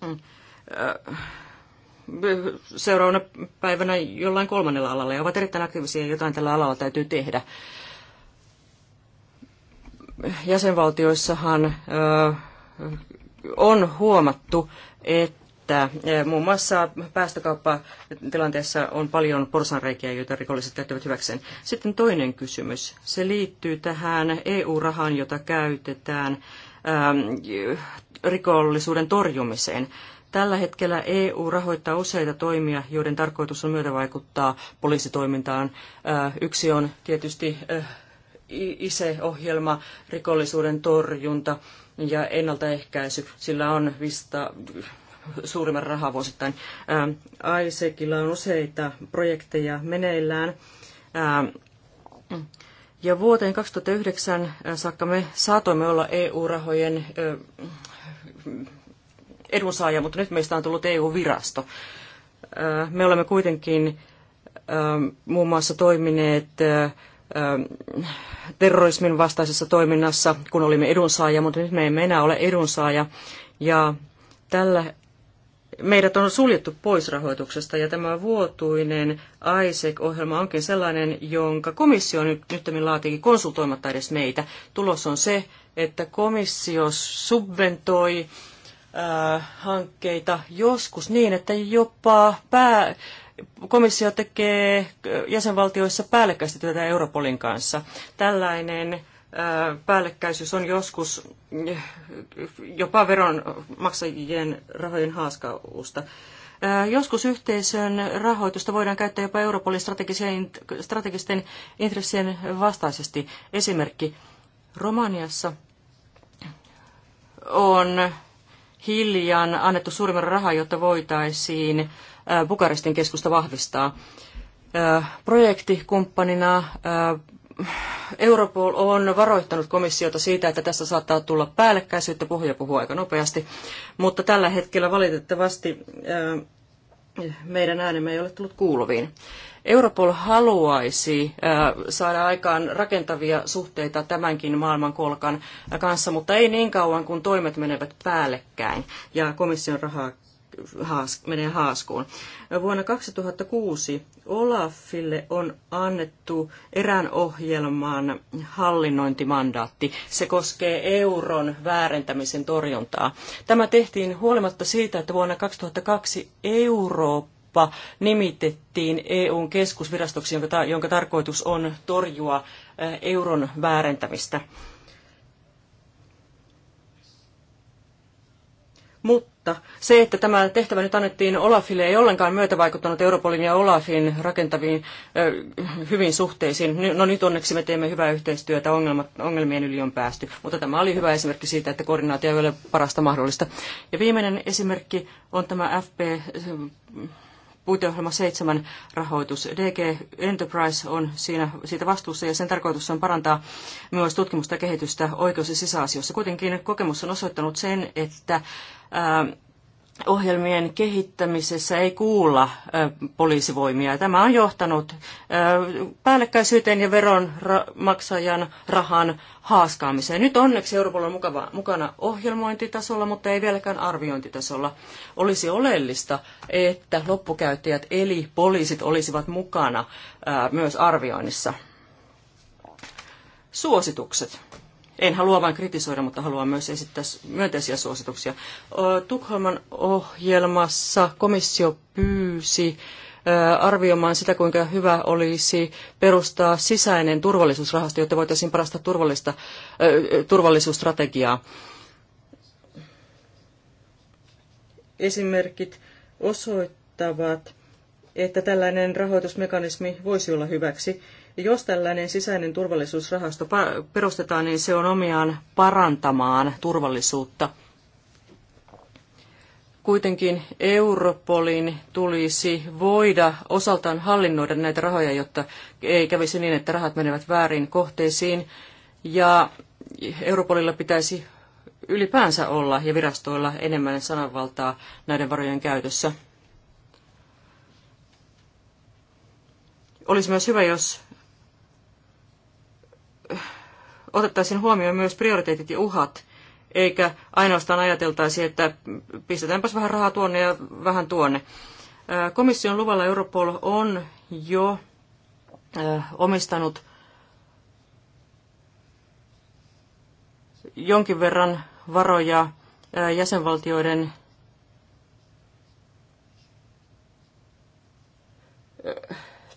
Mm, seuraavana päivänä jollain kolmannella alalla ja ovat erittäin aktiivisia ja jotain tällä alalla täytyy tehdä jäsenvaltioissahan on huomattu, että muun muassa päästökauppatilanteessa on paljon porsanreikiä, joita rikolliset käyttävät hyväkseen. Sitten toinen kysymys. Se liittyy tähän EU-rahaan, jota käytetään rikollisuuden torjumiseen. Tällä hetkellä EU rahoittaa useita toimia, joiden tarkoitus on myötävaikuttaa poliisitoimintaan. Yksi on tietysti ISE-ohjelma, rikollisuuden torjunta ja ennaltaehkäisy. Sillä on vista suurimman rahan vuosittain. Ähm, ISEKilla on useita projekteja meneillään. Ähm, ja vuoteen 2009 äh, saakka me saatoimme olla EU-rahojen äh, edunsaaja, mutta nyt meistä on tullut EU-virasto. Äh, me olemme kuitenkin ähm, muun muassa toimineet Ähm, terrorismin vastaisessa toiminnassa, kun olimme edunsaaja, mutta nyt me emme enää ole edunsaaja. Ja tällä meidät on suljettu pois rahoituksesta ja tämä vuotuinen ISEC-ohjelma onkin sellainen, jonka komissio nyt, nyt laatiikin konsultoimatta edes meitä. Tulos on se, että komissio subventoi äh, hankkeita joskus niin, että jopa pää, komissio tekee jäsenvaltioissa päällekkäistä työtä Europolin kanssa. Tällainen päällekkäisyys on joskus eh, jopa veronmaksajien rahojen haaskausta. Joskus yhteisön rahoitusta voidaan käyttää jopa Europolin strategisten intressien vastaisesti. Esimerkki Romaniassa on hiljan annettu suurimman rahaa, jotta voitaisiin Äh, Bukarestin keskusta vahvistaa. Äh, projektikumppanina äh, Europol on varoittanut komissiota siitä, että tässä saattaa tulla päällekkäisyyttä. Puhuja puhuu aika nopeasti, mutta tällä hetkellä valitettavasti meidän äänemme ei ole tullut kuuluviin. Europol haluaisi saada aikaan rakentavia suhteita tämänkin maailmankolkan kanssa, mutta ei niin kauan, kun toimet menevät päällekkäin ja komission rahaa haas, menee haaskuun. Vuonna 2006 Olafille on annettu erään ohjelman hallinnointimandaatti. Se koskee euron väärentämisen torjuntaa. Tämä tehtiin huolimatta siitä, että vuonna 2002 Eurooppa nimitettiin EUn keskusvirastoksi, jonka, tarkoitus on torjua euron väärentämistä. Mutta se, että tämä tehtävä nyt annettiin Olafille, ei ollenkaan myötävaikuttanut Europolin ja Olafin rakentaviin ö, hyvin suhteisiin. No nyt onneksi me teemme hyvää yhteistyötä, ongelmat, ongelmien yli on päästy. Mutta tämä oli hyvä esimerkki siitä, että koordinaatio ei ole parasta mahdollista. Ja viimeinen esimerkki on tämä FP puiteohjelma 7 rahoitus. DG Enterprise on siinä, siitä vastuussa ja sen tarkoitus on parantaa myös tutkimusta ja kehitystä oikeus- ja sisäasioissa. Kuitenkin kokemus on osoittanut sen, että ää, ohjelmien kehittämisessä ei kuulla poliisivoimia. Tämä on johtanut päällekkäisyyteen ja veronmaksajan rahan haaskaamiseen. Nyt onneksi Euroopalla on mukava, mukana ohjelmointitasolla, mutta ei vieläkään arviointitasolla. Olisi oleellista, että loppukäyttäjät eli poliisit olisivat mukana myös arvioinnissa. Suositukset. En halua vain kritisoida, mutta haluan myös esittää myönteisiä suosituksia. Tukholman ohjelmassa komissio pyysi arvioimaan sitä, kuinka hyvä olisi perustaa sisäinen turvallisuusrahasto, jotta voitaisiin parasta turvallista, turvallisuusstrategiaa. Esimerkit osoittavat, että tällainen rahoitusmekanismi voisi olla hyväksi jos tällainen sisäinen turvallisuusrahasto perustetaan, niin se on omiaan parantamaan turvallisuutta. Kuitenkin Europolin tulisi voida osaltaan hallinnoida näitä rahoja, jotta ei kävisi niin, että rahat menevät väärin kohteisiin. Ja Europolilla pitäisi ylipäänsä olla ja virastoilla enemmän sananvaltaa näiden varojen käytössä. Olisi myös hyvä, jos otettaisiin huomioon myös prioriteetit ja uhat, eikä ainoastaan ajateltaisi, että pistetäänpäs vähän rahaa tuonne ja vähän tuonne. Komission luvalla Europol on jo omistanut jonkin verran varoja jäsenvaltioiden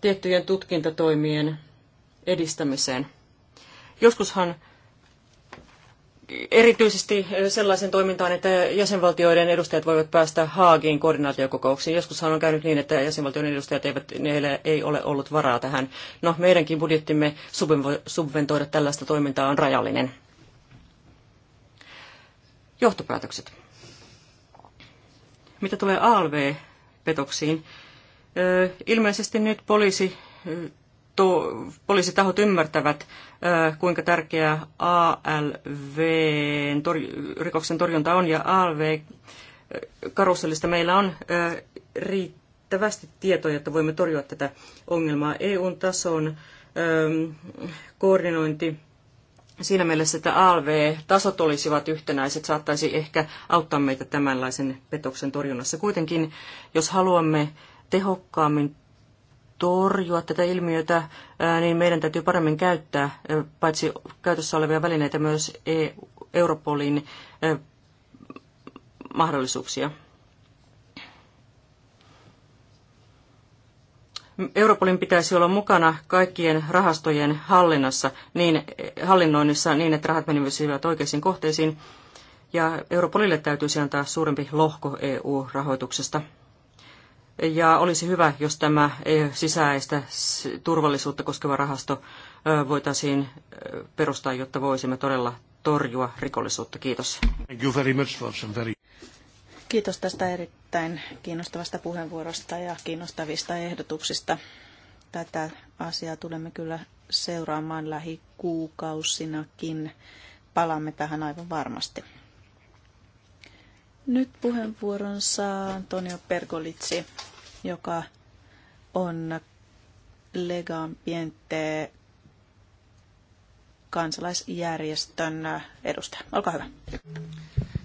tiettyjen tutkintatoimien edistämiseen. Joskushan erityisesti sellaisen toimintaan, että jäsenvaltioiden edustajat voivat päästä Haagiin koordinaatiokokouksiin. Joskushan on käynyt niin, että jäsenvaltioiden edustajat eivät, ei ole ollut varaa tähän. No, meidänkin budjettimme subventoida tällaista toimintaa on rajallinen. Johtopäätökset. Mitä tulee ALV-petoksiin? Ilmeisesti nyt poliisi poliisitahtu, poliisitahot ymmärtävät, kuinka tärkeää ALVn rikoksen torjunta on ja ALV-karusellista meillä on riittävästi tietoja, että voimme torjua tätä ongelmaa EUn tason koordinointi siinä mielessä, että ALV-tasot olisivat yhtenäiset, saattaisi ehkä auttaa meitä tämänlaisen petoksen torjunnassa. Kuitenkin, jos haluamme tehokkaammin torjua tätä ilmiötä, niin meidän täytyy paremmin käyttää paitsi käytössä olevia välineitä myös e- Europolin mahdollisuuksia. Europolin pitäisi olla mukana kaikkien rahastojen hallinnassa, niin, hallinnoinnissa niin, että rahat menisivät oikeisiin kohteisiin, ja Europolille täytyisi antaa suurempi lohko EU-rahoituksesta. Ja olisi hyvä, jos tämä sisäistä turvallisuutta koskeva rahasto voitaisiin perustaa, jotta voisimme todella torjua rikollisuutta. Kiitos. Kiitos tästä erittäin kiinnostavasta puheenvuorosta ja kiinnostavista ehdotuksista. Tätä asiaa tulemme kyllä seuraamaan lähikuukausinakin. Palaamme tähän aivan varmasti. Nyt puheenvuoron saa Antonio Pergolitsi, joka on Piente kansalaisjärjestön edustaja. Olkaa hyvä.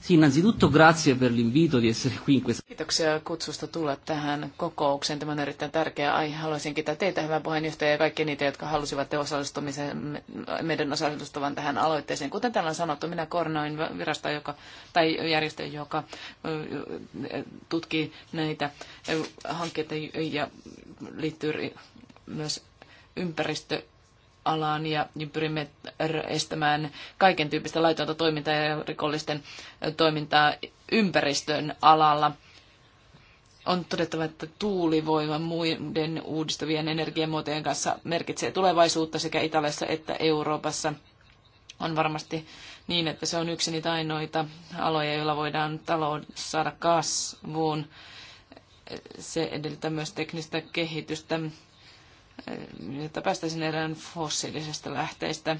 Sì, innanzitutto grazie per l'invito di essere qui in questa... Kiitoksia kutsusta tulla tähän kokoukseen. Tämä on erittäin tärkeä aihe. Haluaisin kiittää teitä, hyvä puheenjohtaja, ja kaikkia niitä, jotka halusivat te osallistumisen, meidän osallistuvan tähän aloitteeseen. Kuten täällä on sanottu, minä koordinoin virasta joka, tai järjestö, joka tutkii näitä hankkeita ja liittyy myös ympäristö alaan ja pyrimme estämään kaiken tyyppistä laitonta toimintaa ja rikollisten toimintaa ympäristön alalla. On todettava, että tuulivoima muiden uudistuvien energiamuotojen kanssa merkitsee tulevaisuutta sekä Italiassa että Euroopassa. On varmasti niin, että se on yksi niitä ainoita aloja, joilla voidaan talous saada kasvuun. Se edellyttää myös teknistä kehitystä jotta äh, päästäisiin erään fossiilisesta lähteestä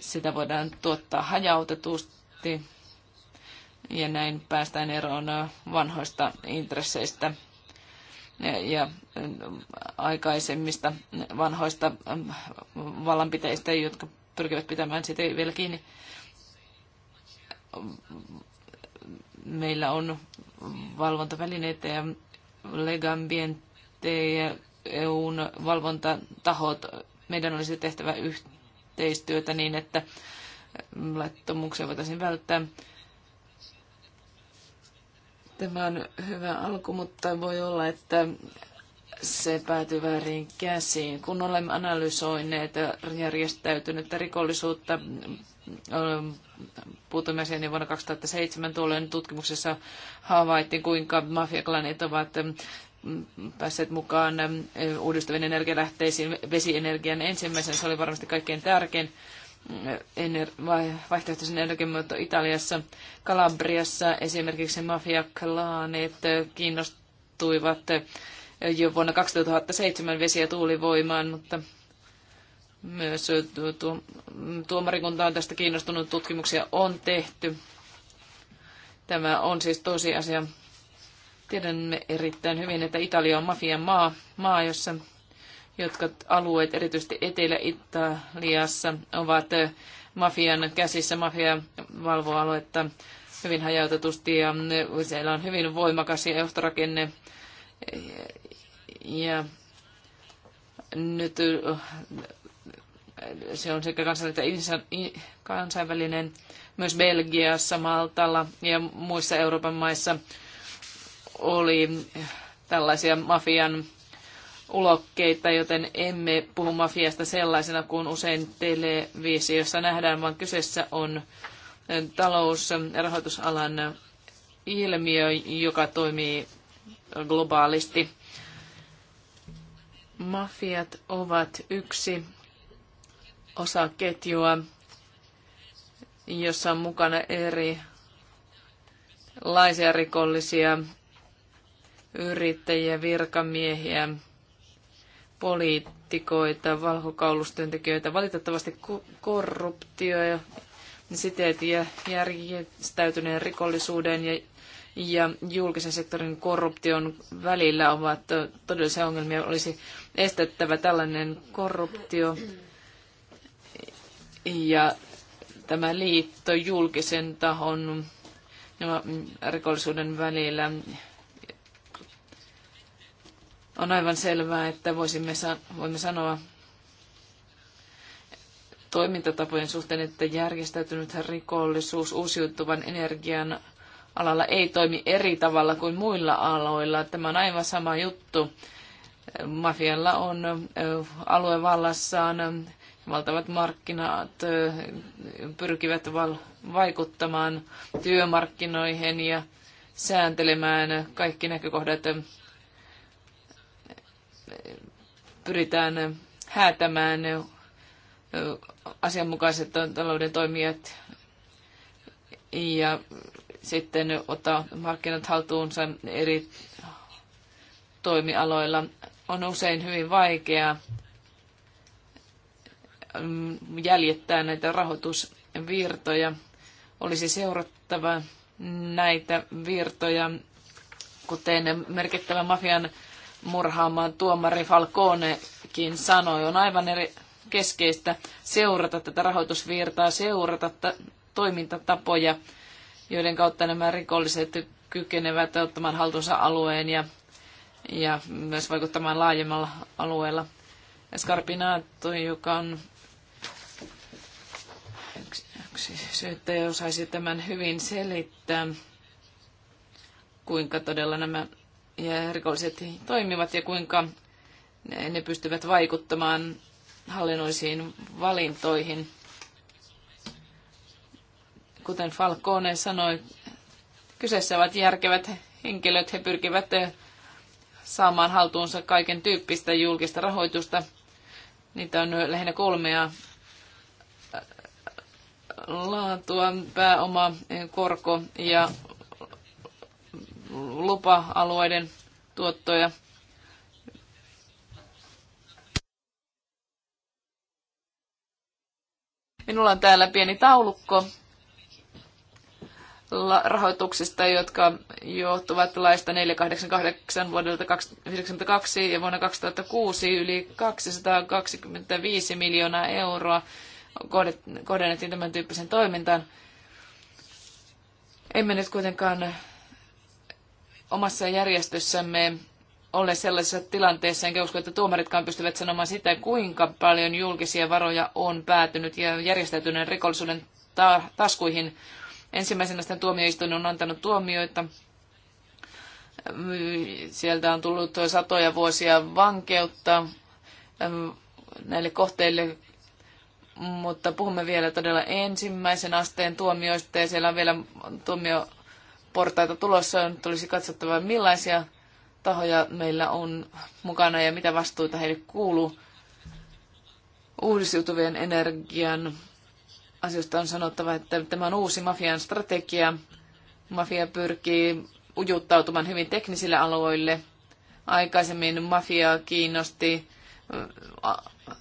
Sitä voidaan tuottaa hajautetusti ja näin päästään eroon äh, vanhoista intresseistä ja äh, aikaisemmista vanhoista vallanpiteistä, jotka pyrkivät pitämään sitä vielä kiinni. Meillä on valvontavälineitä ja legambienteja EUn valvontatahot, meidän olisi tehtävä yhteistyötä niin, että laittomuuksia voitaisiin välttää. Tämä on hyvä alku, mutta voi olla, että se päätyy väärin käsiin. Kun olemme analysoineet järjestäytynyttä rikollisuutta, ähm, puutumme niin vuonna 2007 tuolloin tutkimuksessa havaittiin, kuinka mafiaklanit ovat ähm, päässeet mukaan ähm, uudistuvien energialähteisiin vesienergian ensimmäisen. Se oli varmasti kaikkein tärkein äh, vaihtoehtoisen energiamuoto Italiassa. Kalabriassa esimerkiksi mafiaklaanit äh, kiinnostuivat äh, jo vuonna 2007 vesi- ja tuulivoimaan, mutta myös tuomarikunta on tästä kiinnostunut, tutkimuksia on tehty. Tämä on siis tosiasia. Tiedämme erittäin hyvin, että Italia on mafian maa, maa jossa jotka alueet, erityisesti Etelä-Italiassa, ovat eh, mafian käsissä. Mafia valvoo aluetta hyvin hajautetusti ja eh, siellä on hyvin voimakas johtorakenne. Eh, ja nyt se on sekä kansallinen että kansainvälinen, myös Belgiassa, Maltalla ja muissa Euroopan maissa – oli tällaisia mafian ulokkeita, joten emme puhu mafiasta sellaisena kuin usein televisiossa nähdään, vaan kyseessä on talous- ja rahoitusalan ilmiö, joka toimii globaalisti. Mafiat ovat yksi osa ketjua, jossa on mukana eri laisia rikollisia yrittäjiä, virkamiehiä, poliitikoita, valhokaulustyöntekijöitä, valitettavasti korruptio ja siteet ja järjestäytyneen rikollisuuden ja, ja julkisen sektorin korruption välillä ovat todellisia ongelmia. Olisi estettävä tällainen korruptio ja tämä liitto julkisen tahon rikollisuuden välillä on aivan selvää, että voisimme voimme sanoa toimintatapojen suhteen, että järjestäytynyt rikollisuus uusiutuvan energian alalla ei toimi eri tavalla kuin muilla aloilla. Tämä on aivan sama juttu. Mafialla on aluevallassaan valtavat markkinat pyrkivät vaikuttamaan työmarkkinoihin ja sääntelemään kaikki näkökohdat pyritään häätämään asianmukaiset talouden toimijat ja sitten ottaa markkinat haltuunsa eri toimialoilla on usein hyvin vaikeaa mm, jäljittää näitä rahoitusvirtoja. Olisi seurattava näitä virtoja, kuten merkittävä mafian murhaamaan tuomari Falconekin sanoi. On aivan eri keskeistä seurata tätä rahoitusvirtaa, seurata toimintatapoja, joiden kautta nämä rikolliset kykenevät ottamaan haltuunsa alueen ja, ja myös vaikuttamaan laajemmalla alueella. Skarpinaatto, joka on yksi, yksi syyttäjä, osaisi tämän hyvin selittää, kuinka todella nämä ja rikolliset toimivat ja kuinka ne pystyvät vaikuttamaan hallinnollisiin valintoihin. Kuten Falcone sanoi, kyseessä ovat järkevät henkilöt. He pyrkivät saamaan haltuunsa kaiken tyyppistä julkista rahoitusta. Niitä on lähinnä kolmea laatua, pääoma, korko ja lupa-alueiden tuottoja. Minulla on täällä pieni taulukko rahoituksista, jotka johtuvat laista 488 vuodelta 1992 ja vuonna 2006 yli 225 miljoonaa euroa kohdennettiin tämän tyyppisen toimintaan. Emme nyt kuitenkaan omassa järjestössämme ole sellaisessa tilanteessa, enkä usko, että tuomaritkaan pystyvät sanomaan sitä, kuinka paljon julkisia varoja on päätynyt ja järjestäytyneen rikollisuuden ta- taskuihin. Ensimmäisenä sitä tuomioistuin on antanut tuomioita. Sieltä on tullut satoja vuosia vankeutta ähm, näille kohteille, mutta puhumme vielä todella ensimmäisen asteen tuomioista ja siellä on vielä tuomio portaita tulossa. olisi katsottava, millaisia tahoja meillä on mukana ja mitä vastuuta heille kuuluu. Uudistuutuvien energian asioista on sanottava, että tämä on uusi mafian strategia. Mafia pyrkii ujuttautumaan hyvin teknisille aloille, Aikaisemmin mafia kiinnosti äh, äh,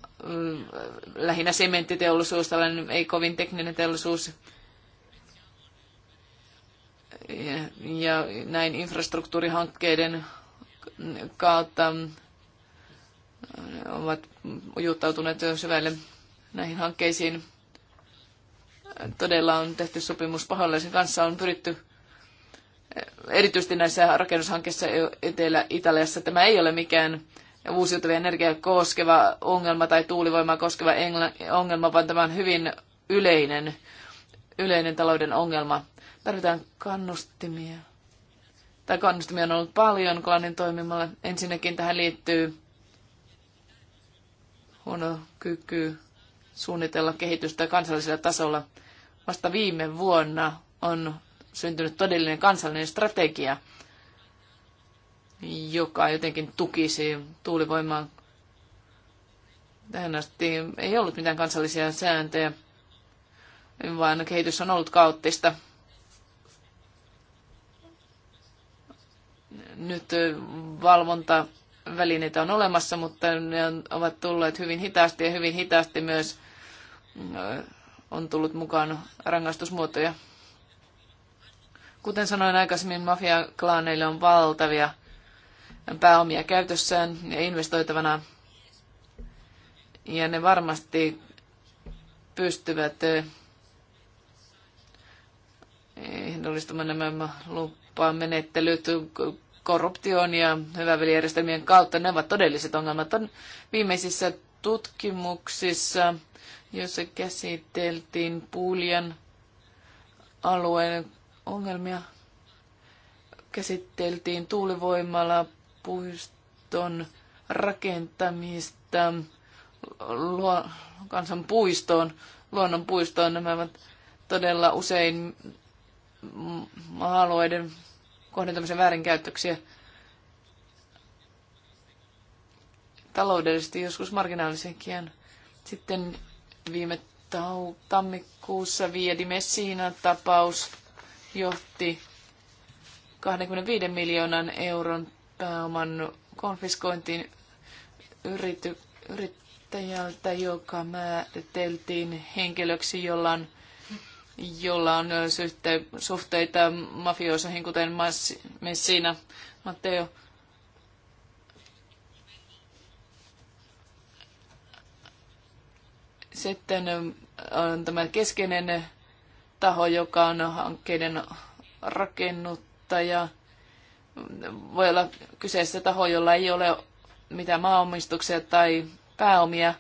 lähinnä sementtiteollisuus, tällainen ei kovin tekninen teollisuus ja näin infrastruktuurihankkeiden kautta äh, ovat ujuttautuneet syvälle näihin hankkeisiin. Todella on tehty sopimus paholaisen kanssa, on pyritty äh, erityisesti näissä rakennushankkeissa e- Etelä-Italiassa. Tämä ei ole mikään uusiutuvia energiaa koskeva ongelma tai tuulivoimaa koskeva ongelma, vaan tämä on hyvin yleinen, yleinen talouden ongelma. Tarvitaan kannustimia. Tai kannustimia on ollut paljon klanin toimimalla. Ensinnäkin tähän liittyy huono kyky suunnitella kehitystä kansallisella tasolla. Vasta viime vuonna on syntynyt todellinen kansallinen strategia, joka jotenkin tukisi tuulivoimaa. Tähän asti ei ollut mitään kansallisia sääntöjä, vaan kehitys on ollut kaoottista. nyt valvontavälineitä on olemassa, mutta ne ovat tulleet hyvin hitaasti ja hyvin hitaasti myös on tullut mukaan rangaistusmuotoja. Kuten sanoin aikaisemmin, mafiaklaaneille on valtavia pääomia käytössään ja investoitavana. Ja ne varmasti pystyvät ehdollistamaan nämä lupamenettelyt korruption ja hyvävelijärjestelmien kautta. Ne ovat todelliset ongelmat. On viimeisissä tutkimuksissa, jossa käsiteltiin Puuljan alueen ongelmia, käsiteltiin tuulivoimalla puiston rakentamista luo, kansanpuistoon, luonnonpuistoon. Nämä ovat todella usein maa-alueiden kohdentamisen väärinkäytöksiä. Taloudellisesti joskus marginaalisenkin. Sitten viime tammikuussa Viedi Messina tapaus johti 25 miljoonan euron pääoman konfiskointiin yrity, yrittäjältä, joka määriteltiin henkilöksi, jolla on jolla on suhteita mafioisoihin, kuten Messina, Matteo. Sitten on tämä keskeinen taho, joka on hankkeiden rakennuttaja. Voi olla kyseessä taho, jolla ei ole mitään maaomistuksia tai pääomia.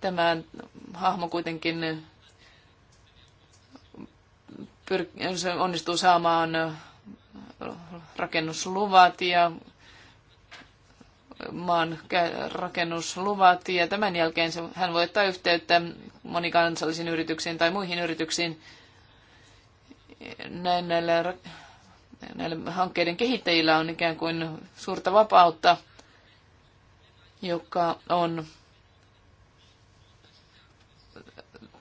Tämä hahmo kuitenkin pyr- se onnistuu saamaan rakennusluvat ja maan rakennusluvat ja tämän jälkeen hän voi ottaa yhteyttä monikansallisiin yrityksiin tai muihin yrityksiin näin näillä, näillä hankkeiden kehittäjillä on ikään kuin suurta vapautta, joka on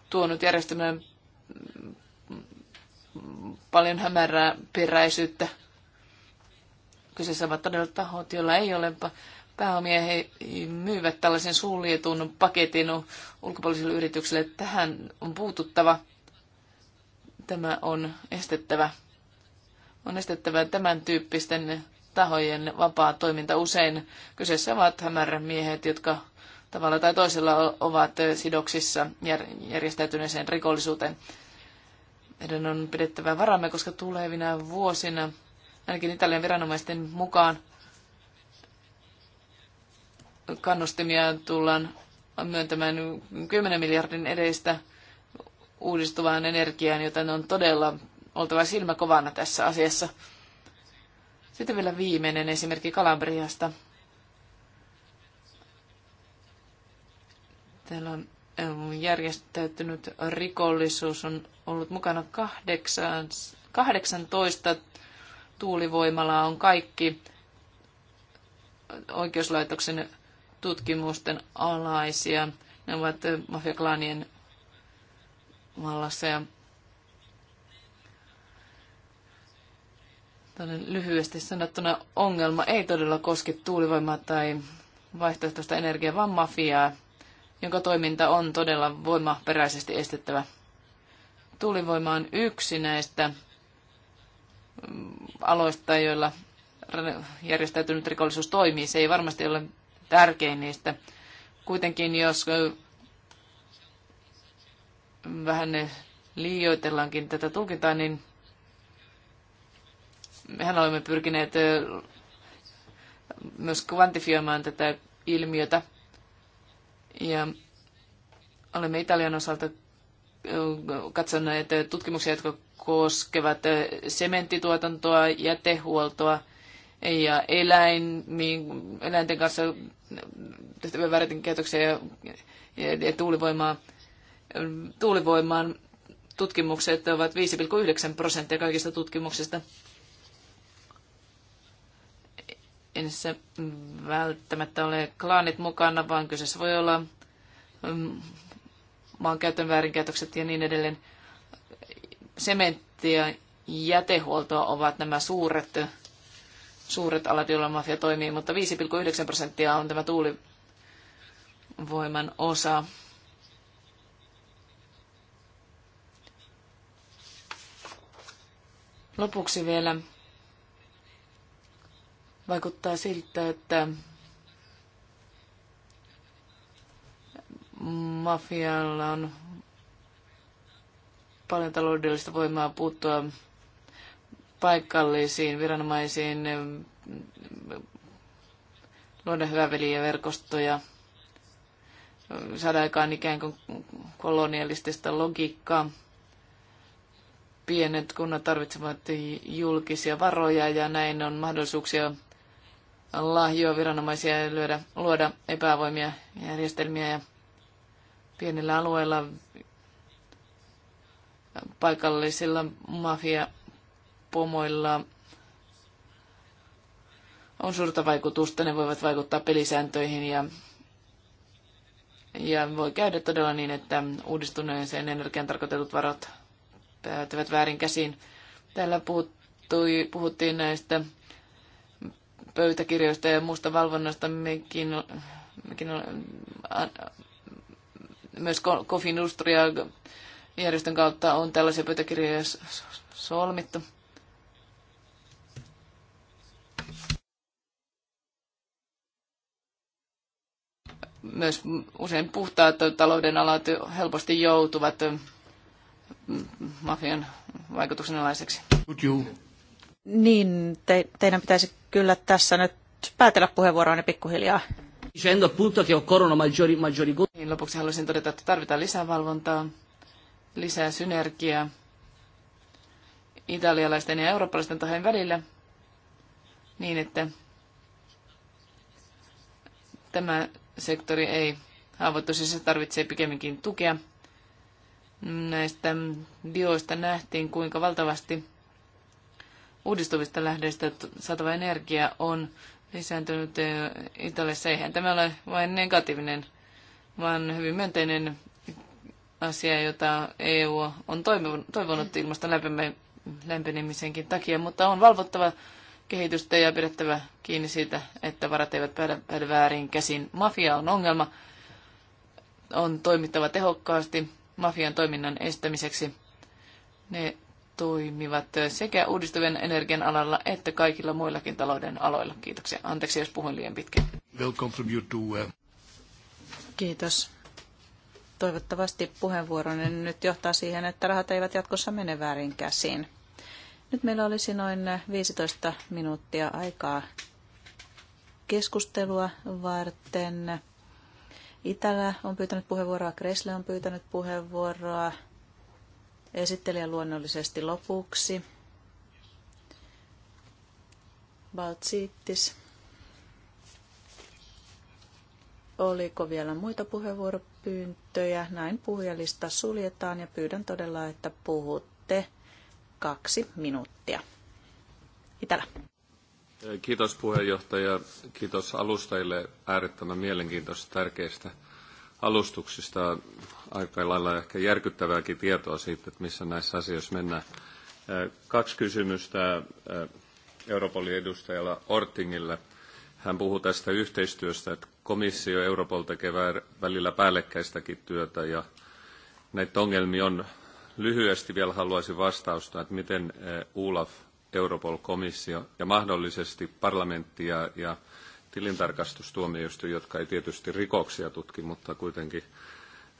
tuonut järjestelmän paljon hämärää peräisyyttä. Kyseessä ovat todella tahot, joilla ei ole pääomia. He myyvät tällaisen suljetun paketin ulkopuolisille yrityksille. Tähän on puututtava. Tämä on estettävä. On estettävä tämän tyyppisten tahojen vapaa toiminta. Usein kyseessä ovat hämärän miehet, jotka tavalla tai toisella ovat sidoksissa järjestäytyneeseen rikollisuuteen. Meidän on pidettävä varamme, koska tulevina vuosina, ainakin Italian viranomaisten mukaan, kannustimia tullaan myöntämään 10 miljardin edestä uudistuvaan energiaan, joten on todella oltava kovana tässä asiassa. Sitten vielä viimeinen esimerkki Kalabriasta. Täällä on järjestäytynyt rikollisuus on ollut mukana 18 tuulivoimalaa on kaikki oikeuslaitoksen tutkimusten alaisia. Ne ovat eh, mafiaklaanien vallassa lyhyesti sanottuna ongelma ei todella koske tuulivoimaa tai vaihtoehtoista energiaa, vaan mafiaa jonka toiminta on todella voimaperäisesti estettävä. Tuulivoima on yksi näistä mm, aloista, joilla järjestäytynyt rikollisuus toimii. Se ei varmasti ole tärkein niistä. Kuitenkin jos vähän liioitellaankin tätä tulkintaa, niin mehän olemme pyrkineet myös kvantifioimaan tätä ilmiötä ja olemme Italian osalta katsoneet tutkimuksia, jotka koskevat sementtituotantoa, jätehuoltoa ja eläimiin, eläinten kanssa tehtäviä väärinkäytöksiä ja, ja, ja tuulivoimaa. Tuulivoimaan tutkimukset ovat 5,9 prosenttia kaikista tutkimuksista ensissä välttämättä ole klaanit mukana, vaan kyseessä voi olla mm, maankäytön väärinkäytökset ja niin edelleen. Sementti ja jätehuolto ovat nämä suuret, suuret alat, joilla mafia toimii, mutta 5,9 prosenttia on tämä tuulivoiman osa. Lopuksi vielä Vaikuttaa siltä, että mafialla on paljon taloudellista voimaa puuttua paikallisiin viranomaisiin, luoda hyvää verkostoja, saada aikaan ikään kuin kolonialistista logiikkaa. Pienet kunnat tarvitsevat julkisia varoja ja näin on mahdollisuuksia lahjoa viranomaisia ja lyödä, luoda epävoimia järjestelmiä ja pienillä alueilla paikallisilla mafiapomoilla on suurta vaikutusta. Ne voivat vaikuttaa pelisääntöihin ja, ja voi käydä todella niin, että uudistuneeseen energian tarkoitetut varat päätyvät väärin käsiin. Täällä puhuttui, puhuttiin näistä pöytäkirjoista ja muusta valvonnasta mekin, mekin myös kofinustria järjestön kautta on tällaisia pöytäkirjoja solmittu. Myös usein puhtaat talouden alat helposti joutuvat mafian vaikutuksen alaiseksi. Would you niin, te, teidän pitäisi kyllä tässä nyt päätellä puheenvuoroani niin pikkuhiljaa. appunto Niin, lopuksi haluaisin todeta, että tarvitaan lisää valvontaa, lisää synergiaa italialaisten ja eurooppalaisten tahojen välillä niin, että tämä sektori ei haavoittuisi, se tarvitsee pikemminkin tukea. Näistä dioista nähtiin, kuinka valtavasti uudistuvista lähdeistä saatava energia on lisääntynyt eh, Italiassa. Eihän tämä ole vain negatiivinen, vaan hyvin myönteinen asia, jota EU on toivonut ilmaston lämpenemisenkin takia, mutta on valvottava kehitystä ja pidettävä kiinni siitä, että varat eivät päädy väärin käsin. Mafia on ongelma. On toimittava tehokkaasti mafian toiminnan estämiseksi. Ne toimivat sekä uudistuvien energian alalla että kaikilla muillakin talouden aloilla. Kiitoksia. Anteeksi, jos puhuin liian pitkään. Uh, Kiitos. Toivottavasti puheenvuoroni nyt johtaa siihen, että rahat eivät jatkossa mene väärin käsiin. Nyt meillä olisi noin 15 minuuttia aikaa keskustelua varten. Itälä on pyytänyt puheenvuoroa, Kresle on pyytänyt puheenvuoroa, Esittelijä luonnollisesti lopuksi. Baltsiittis. Oliko vielä muita puheenvuoropyyntöjä? Näin puhujalista suljetaan ja pyydän todella, että puhutte kaksi minuuttia. Itälä. Kiitos puheenjohtaja. Kiitos alustajille äärettömän mielenkiintoisista tärkeistä alustuksista aika lailla ehkä järkyttävääkin tietoa siitä, että missä näissä asioissa mennään. Kaksi kysymystä Europolin edustajalla Ortingille. Hän puhuu tästä yhteistyöstä, että komissio ja Europol tekevät välillä päällekkäistäkin työtä ja näitä ongelmia on. Lyhyesti vielä haluaisin vastausta, että miten ULAF, Europol, komissio ja mahdollisesti parlamentti ja, ja tilintarkastustuomioistuin, jotka ei tietysti rikoksia tutki, mutta kuitenkin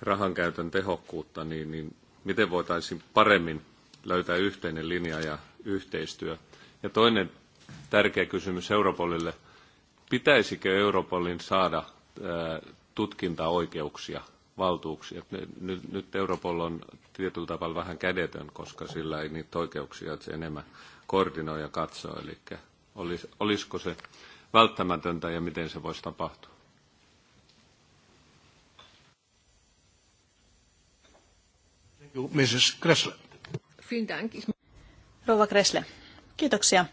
rahankäytön tehokkuutta, niin, niin miten voitaisiin paremmin löytää yhteinen linja ja yhteistyö. Ja toinen tärkeä kysymys Europolille, pitäisikö Europolin saada tutkintaoikeuksia, valtuuksia? Nyt, nyt Europol on tietyllä tavalla vähän kädetön, koska sillä ei niitä oikeuksia, että se enemmän koordinoi ja katsoo. Eli olis, olisiko se välttämätöntä ja miten se voisi tapahtua? Mrs. Kressle. Rouva Kressle, kiitoksia.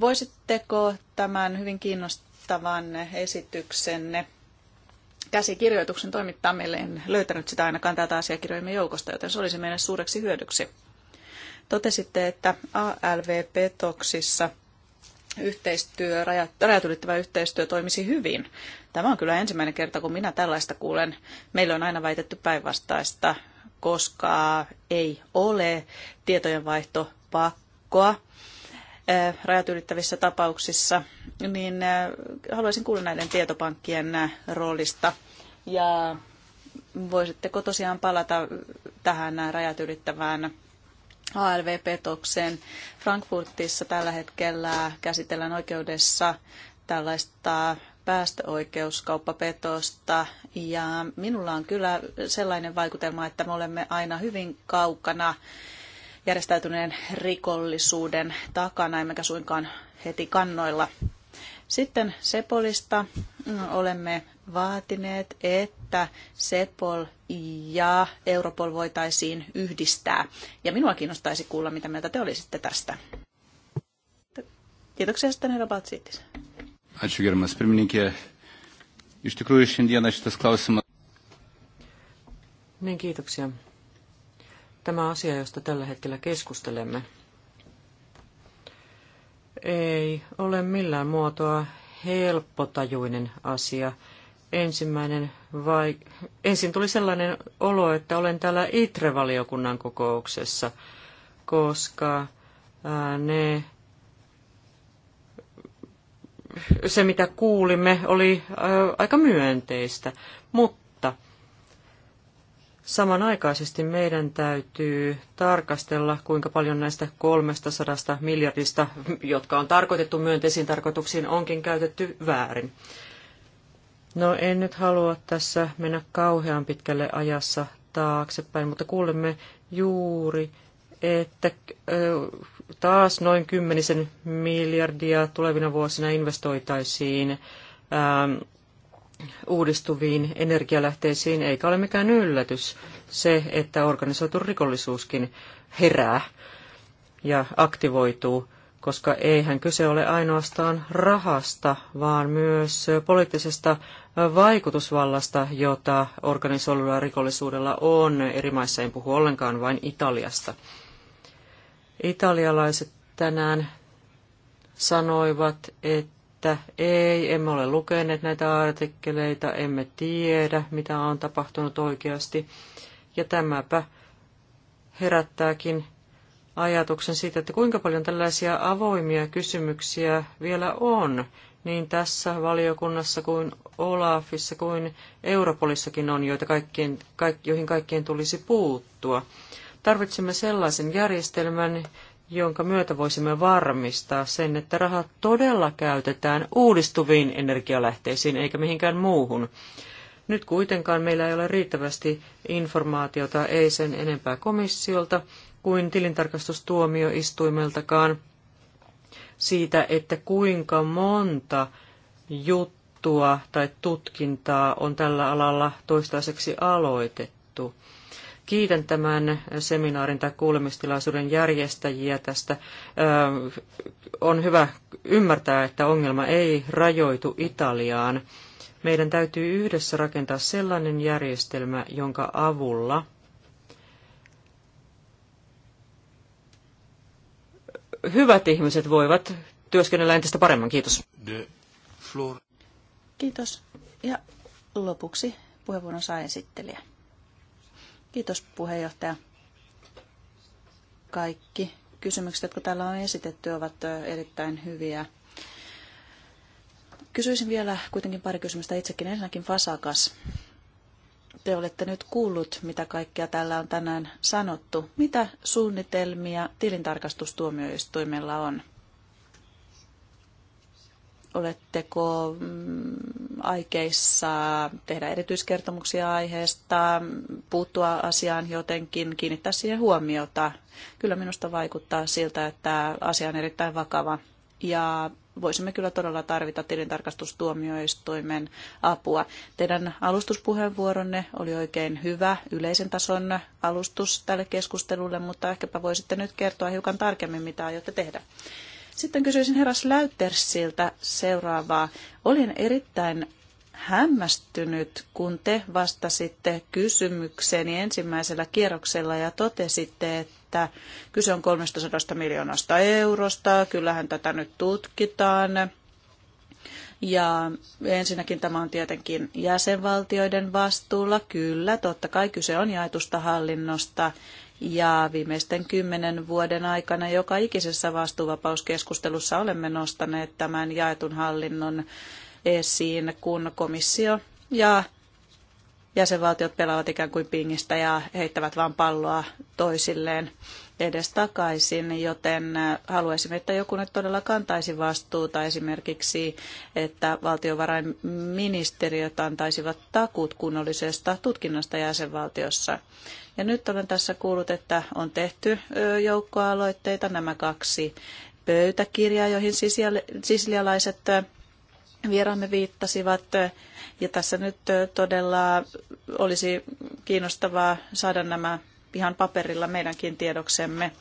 Voisitteko tämän hyvin kiinnostavan esityksenne käsikirjoituksen toimittaa meille? En löytänyt sitä ainakaan täältä asiakirjojemme joukosta, joten se olisi meille suureksi hyödyksi. Totesitte, että ALV-petoksissa – yhteistyö, rajat, ylittävä yhteistyö toimisi hyvin. Tämä on kyllä ensimmäinen kerta, kun minä tällaista kuulen. Meillä on aina väitetty päinvastaista, koska ei ole pakkoa rajat ylittävissä tapauksissa, niin haluaisin kuulla näiden tietopankkien roolista. Ja voisitteko tosiaan palata tähän rajat ylittävään ARV-petokseen. Frankfurtissa tällä hetkellä käsitellään oikeudessa tällaista päästöoikeuskauppapetosta ja minulla on kyllä sellainen vaikutelma, että me olemme aina hyvin kaukana järjestäytyneen rikollisuuden takana, emmekä suinkaan heti kannoilla. Sitten Sepolista mm, olemme vaatineet, että Sepol ja Europol voitaisiin yhdistää. Ja minua kiinnostaisi kuulla, mitä mieltä te olisitte tästä. Kiitoksia sitten Eero Baltsiitis. Ačiū gerbiamas pirmininkė. Iš tikrųjų šiandieną šitas klausimas. Niin, kiitoksia. Tämä asia, josta tällä hetkellä keskustelemme, ei ole millään muotoa helppotajuinen asia – ensimmäinen vai... Ensin tuli sellainen olo, että olen täällä ITRE-valiokunnan kokouksessa, koska ne... se, mitä kuulimme, oli aika myönteistä, mutta samanaikaisesti meidän täytyy tarkastella, kuinka paljon näistä 300 miljardista, jotka on tarkoitettu myönteisiin tarkoituksiin, onkin käytetty väärin. No en nyt halua tässä mennä kauhean pitkälle ajassa taaksepäin, mutta kuulemme juuri, että taas noin kymmenisen miljardia tulevina vuosina investoitaisiin ähm, uudistuviin energialähteisiin, eikä ole mikään yllätys se, että organisoitu rikollisuuskin herää ja aktivoituu koska eihän kyse ole ainoastaan rahasta, vaan myös poliittisesta vaikutusvallasta, jota organisoidulla rikollisuudella on. Eri maissa en puhu ollenkaan vain Italiasta. Italialaiset tänään sanoivat, että ei, emme ole lukeneet näitä artikkeleita, emme tiedä, mitä on tapahtunut oikeasti. Ja tämäpä herättääkin ajatuksen siitä, että kuinka paljon tällaisia avoimia kysymyksiä vielä on, niin tässä valiokunnassa kuin Olafissa kuin Europolissakin on, joita kaikkien, kaik, joihin kaikkien tulisi puuttua. Tarvitsemme sellaisen järjestelmän, jonka myötä voisimme varmistaa sen, että rahat todella käytetään uudistuviin energialähteisiin eikä mihinkään muuhun. Nyt kuitenkaan meillä ei ole riittävästi informaatiota, ei sen enempää komissiolta kuin tilintarkastustuomioistuimeltakaan siitä, että kuinka monta juttua tai tutkintaa on tällä alalla toistaiseksi aloitettu. Kiitän tämän seminaarin tai kuulemistilaisuuden järjestäjiä tästä. on hyvä ymmärtää, että ongelma ei rajoitu Italiaan. Meidän täytyy yhdessä rakentaa sellainen järjestelmä, jonka avulla – hyvät ihmiset voivat työskennellä entistä paremmin. Kiitos. Kiitos. Ja lopuksi puheenvuoron saa esittelijä. Kiitos puheenjohtaja. Kaikki kysymykset, jotka täällä on esitetty, ovat erittäin hyviä. Kysyisin vielä kuitenkin pari kysymystä itsekin. Ensinnäkin Fasakas te olette nyt kuullut, mitä kaikkea täällä on tänään sanottu. Mitä suunnitelmia tilintarkastustuomioistuimella on? Oletteko mm, aikeissa tehdä erityiskertomuksia aiheesta, puuttua asiaan jotenkin, kiinnittää siihen huomiota? Kyllä minusta vaikuttaa siltä, että asia on erittäin vakava ja voisimme kyllä todella tarvita tilintarkastustuomioistuimen apua. Teidän alustuspuheenvuoronne oli oikein hyvä yleisen tason alustus tälle keskustelulle, mutta ehkäpä voisitte nyt kertoa hiukan tarkemmin, mitä aiotte tehdä. Sitten kysyisin herra Släytersiltä seuraavaa. Olin erittäin hämmästynyt, kun te vastasitte kysymykseeni ensimmäisellä kierroksella ja totesitte, että että kyse on 300 miljoonasta eurosta. Kyllähän tätä nyt tutkitaan. Ja ensinnäkin tämä on tietenkin jäsenvaltioiden vastuulla. Kyllä, totta kai kyse on jaetusta hallinnosta. Ja viimeisten kymmenen vuoden aikana joka ikisessä vastuuvapauskeskustelussa olemme nostaneet tämän jaetun hallinnon esiin, kun komissio ja jäsenvaltiot pelaavat ikään kuin pingistä ja heittävät vain palloa toisilleen edestakaisin, joten haluaisimme, että joku nyt todella kantaisi vastuuta esimerkiksi, että valtiovarainministeriöt antaisivat takut kunnollisesta tutkinnasta jäsenvaltiossa. Ja nyt olen tässä kuullut, että on tehty joukkoaloitteita nämä kaksi pöytäkirjaa, joihin sisilialaiset vieraamme viittasivat. Ja tässä nyt todella olisi kiinnostavaa saada nämä ihan paperilla meidänkin tiedoksemme.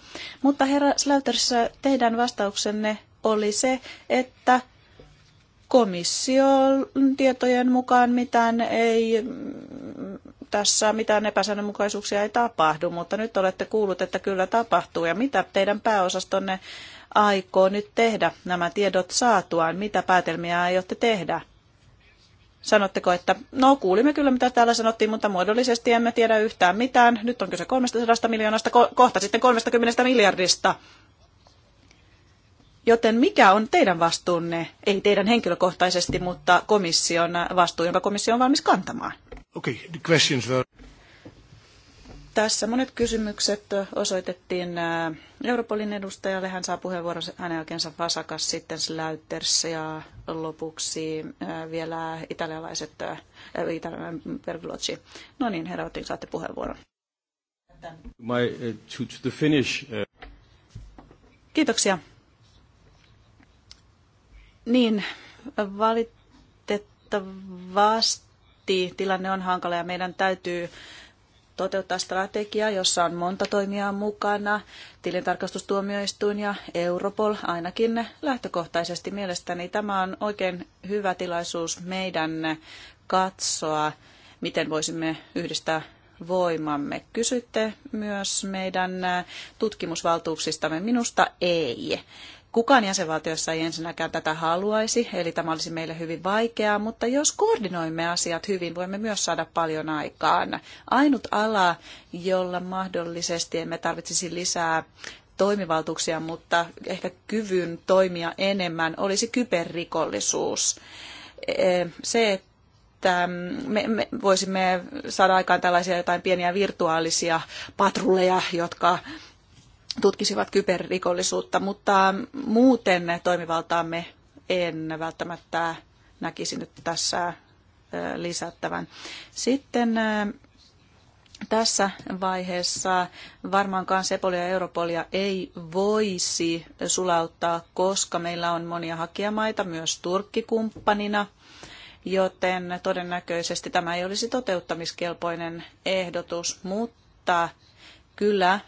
Mutta herra Slauters, teidän vastauksenne oli se, että komission tietojen mukaan mitään ei mm, tässä mitään epäsäännönmukaisuuksia ei tapahdu, mutta nyt olette kuullut, että kyllä tapahtuu. Ja mitä teidän pääosastonne aikoo nyt tehdä nämä tiedot saatuaan? Mitä päätelmiä aiotte tehdä? Sanotteko, että no kuulimme kyllä mitä täällä sanottiin, mutta muodollisesti emme tiedä yhtään mitään. Nyt on kyse 300 miljoonasta, kohta sitten 30 miljardista. Joten mikä on teidän vastuunne, ei teidän henkilökohtaisesti, mutta komission vastuu, jonka komissio on valmis kantamaan? Okay, the questions were... Tässä monet kysymykset osoitettiin Europolin edustajalle. Hän saa puheenvuoron hänen jälkeensä Vasakas, sitten Slauters ja lopuksi vielä italialaiset, äh, italialainen No niin, herra Otin, saatte puheenvuoron. My, uh, to, to the finish. Uh, Kiitoksia. Niin, valitettavasti tilanne on hankala ja meidän täytyy toteuttaa strategiaa, jossa on monta toimijaa mukana, tilintarkastustuomioistuin ja Europol ainakin lähtökohtaisesti. Mielestäni tämä on oikein hyvä tilaisuus meidän katsoa, miten voisimme yhdistää voimamme. Kysytte myös meidän tutkimusvaltuuksistamme. Minusta ei. Kukaan jäsenvaltiossa ei ensinnäkään tätä haluaisi, eli tämä olisi meille hyvin vaikeaa, mutta jos koordinoimme asiat hyvin, voimme myös saada paljon aikaan. Ainut ala, jolla mahdollisesti emme tarvitsisi lisää toimivaltuuksia, mutta ehkä kyvyn toimia enemmän, olisi kyberrikollisuus. E, se, että että me, me voisimme saada aikaan tällaisia jotain pieniä virtuaalisia patrulleja, jotka tutkisivat kyberrikollisuutta, mutta muuten toimivaltaamme en välttämättä näkisi nyt tässä lisättävän. Sitten tässä vaiheessa varmaankaan Sepolia ja Europolia ei voisi sulauttaa, koska meillä on monia hakijamaita, myös Turkki kumppanina, joten todennäköisesti tämä ei olisi toteuttamiskelpoinen ehdotus, mutta kyllä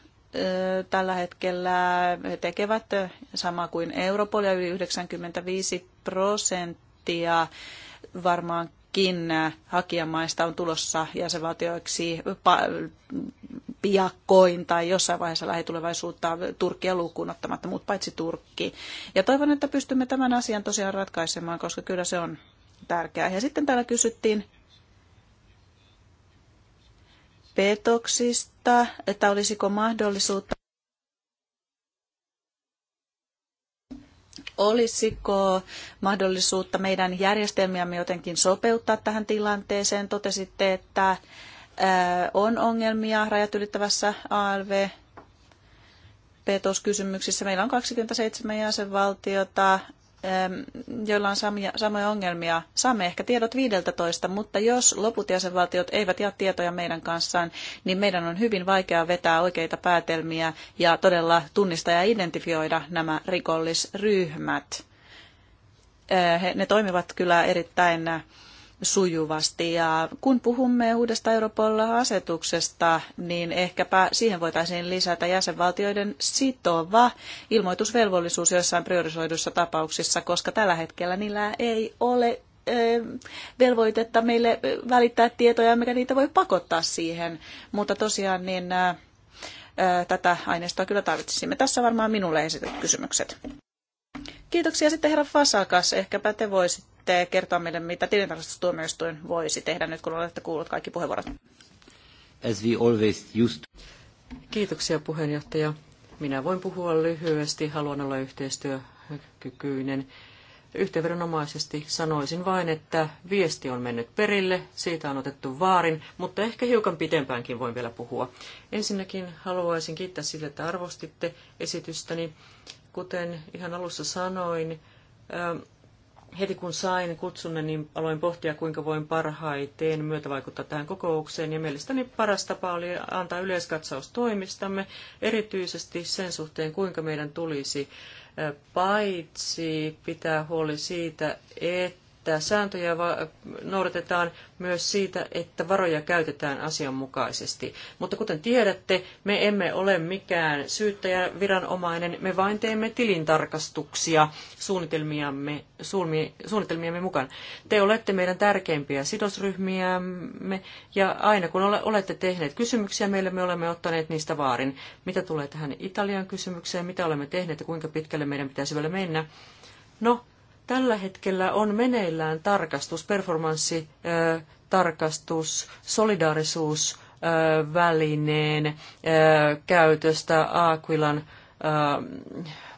tällä hetkellä tekevät sama kuin Europol ja yli 95 prosenttia varmaankin hakijamaista on tulossa jäsenvaltioiksi piakkoin tai jossain vaiheessa lähitulevaisuutta Turkia lukuun ottamatta, mutta paitsi Turkki. Ja toivon, että pystymme tämän asian tosiaan ratkaisemaan, koska kyllä se on tärkeää. Ja sitten täällä kysyttiin petoksista, että olisiko mahdollisuutta olisiko mahdollisuutta meidän järjestelmiämme jotenkin sopeuttaa tähän tilanteeseen? Totesitte, että on ongelmia rajat ylittävässä ALV petoskysymyksissä. Meillä on 27 jäsenvaltiota joilla on samia, samoja ongelmia, saamme ehkä tiedot 15, mutta jos loput jäsenvaltiot eivät jaa tietoja meidän kanssaan, niin meidän on hyvin vaikea vetää oikeita päätelmiä ja todella tunnistaa ja identifioida nämä rikollisryhmät. Ne toimivat kyllä erittäin sujuvasti. Ja kun puhumme uudesta Europol-asetuksesta, niin ehkäpä siihen voitaisiin lisätä jäsenvaltioiden sitova ilmoitusvelvollisuus joissain priorisoiduissa tapauksissa, koska tällä hetkellä niillä ei ole velvoitetta meille välittää tietoja, mikä niitä voi pakottaa siihen. Mutta tosiaan niin tätä aineistoa kyllä tarvitsisimme. Tässä varmaan minulle esitetyt kysymykset. Kiitoksia sitten herra Fasakas. Ehkäpä te voisitte kertoa meille, mitä tilintarkastustuomioistuin voisi tehdä nyt, kun olette kuullut kaikki puheenvuorot. As we always used. Kiitoksia puheenjohtaja. Minä voin puhua lyhyesti, haluan olla yhteistyökykyinen yhteenvedonomaisesti sanoisin vain, että viesti on mennyt perille, siitä on otettu vaarin, mutta ehkä hiukan pitempäänkin voin vielä puhua. Ensinnäkin haluaisin kiittää siitä, että arvostitte esitystäni. Kuten ihan alussa sanoin, ähm, heti kun sain kutsunne, niin aloin pohtia, kuinka voin parhaiten myötävaikuttaa tähän kokoukseen. Ja mielestäni paras tapa oli antaa yleiskatsaus toimistamme, erityisesti sen suhteen, kuinka meidän tulisi paitsi pitää huoli siitä, että että sääntöjä noudatetaan myös siitä, että varoja käytetään asianmukaisesti. Mutta kuten tiedätte, me emme ole mikään syyttäjäviranomainen, me vain teemme tilintarkastuksia suunnitelmiamme, suunnitelmiamme mukaan. Te olette meidän tärkeimpiä sidosryhmiämme ja aina kun olette tehneet kysymyksiä meille, me olemme ottaneet niistä vaarin. Mitä tulee tähän Italian kysymykseen, mitä olemme tehneet ja kuinka pitkälle meidän pitäisi vielä mennä? No, Tällä hetkellä on meneillään tarkastus, performanssitarkastus, solidaarisuusvälineen käytöstä Aquilan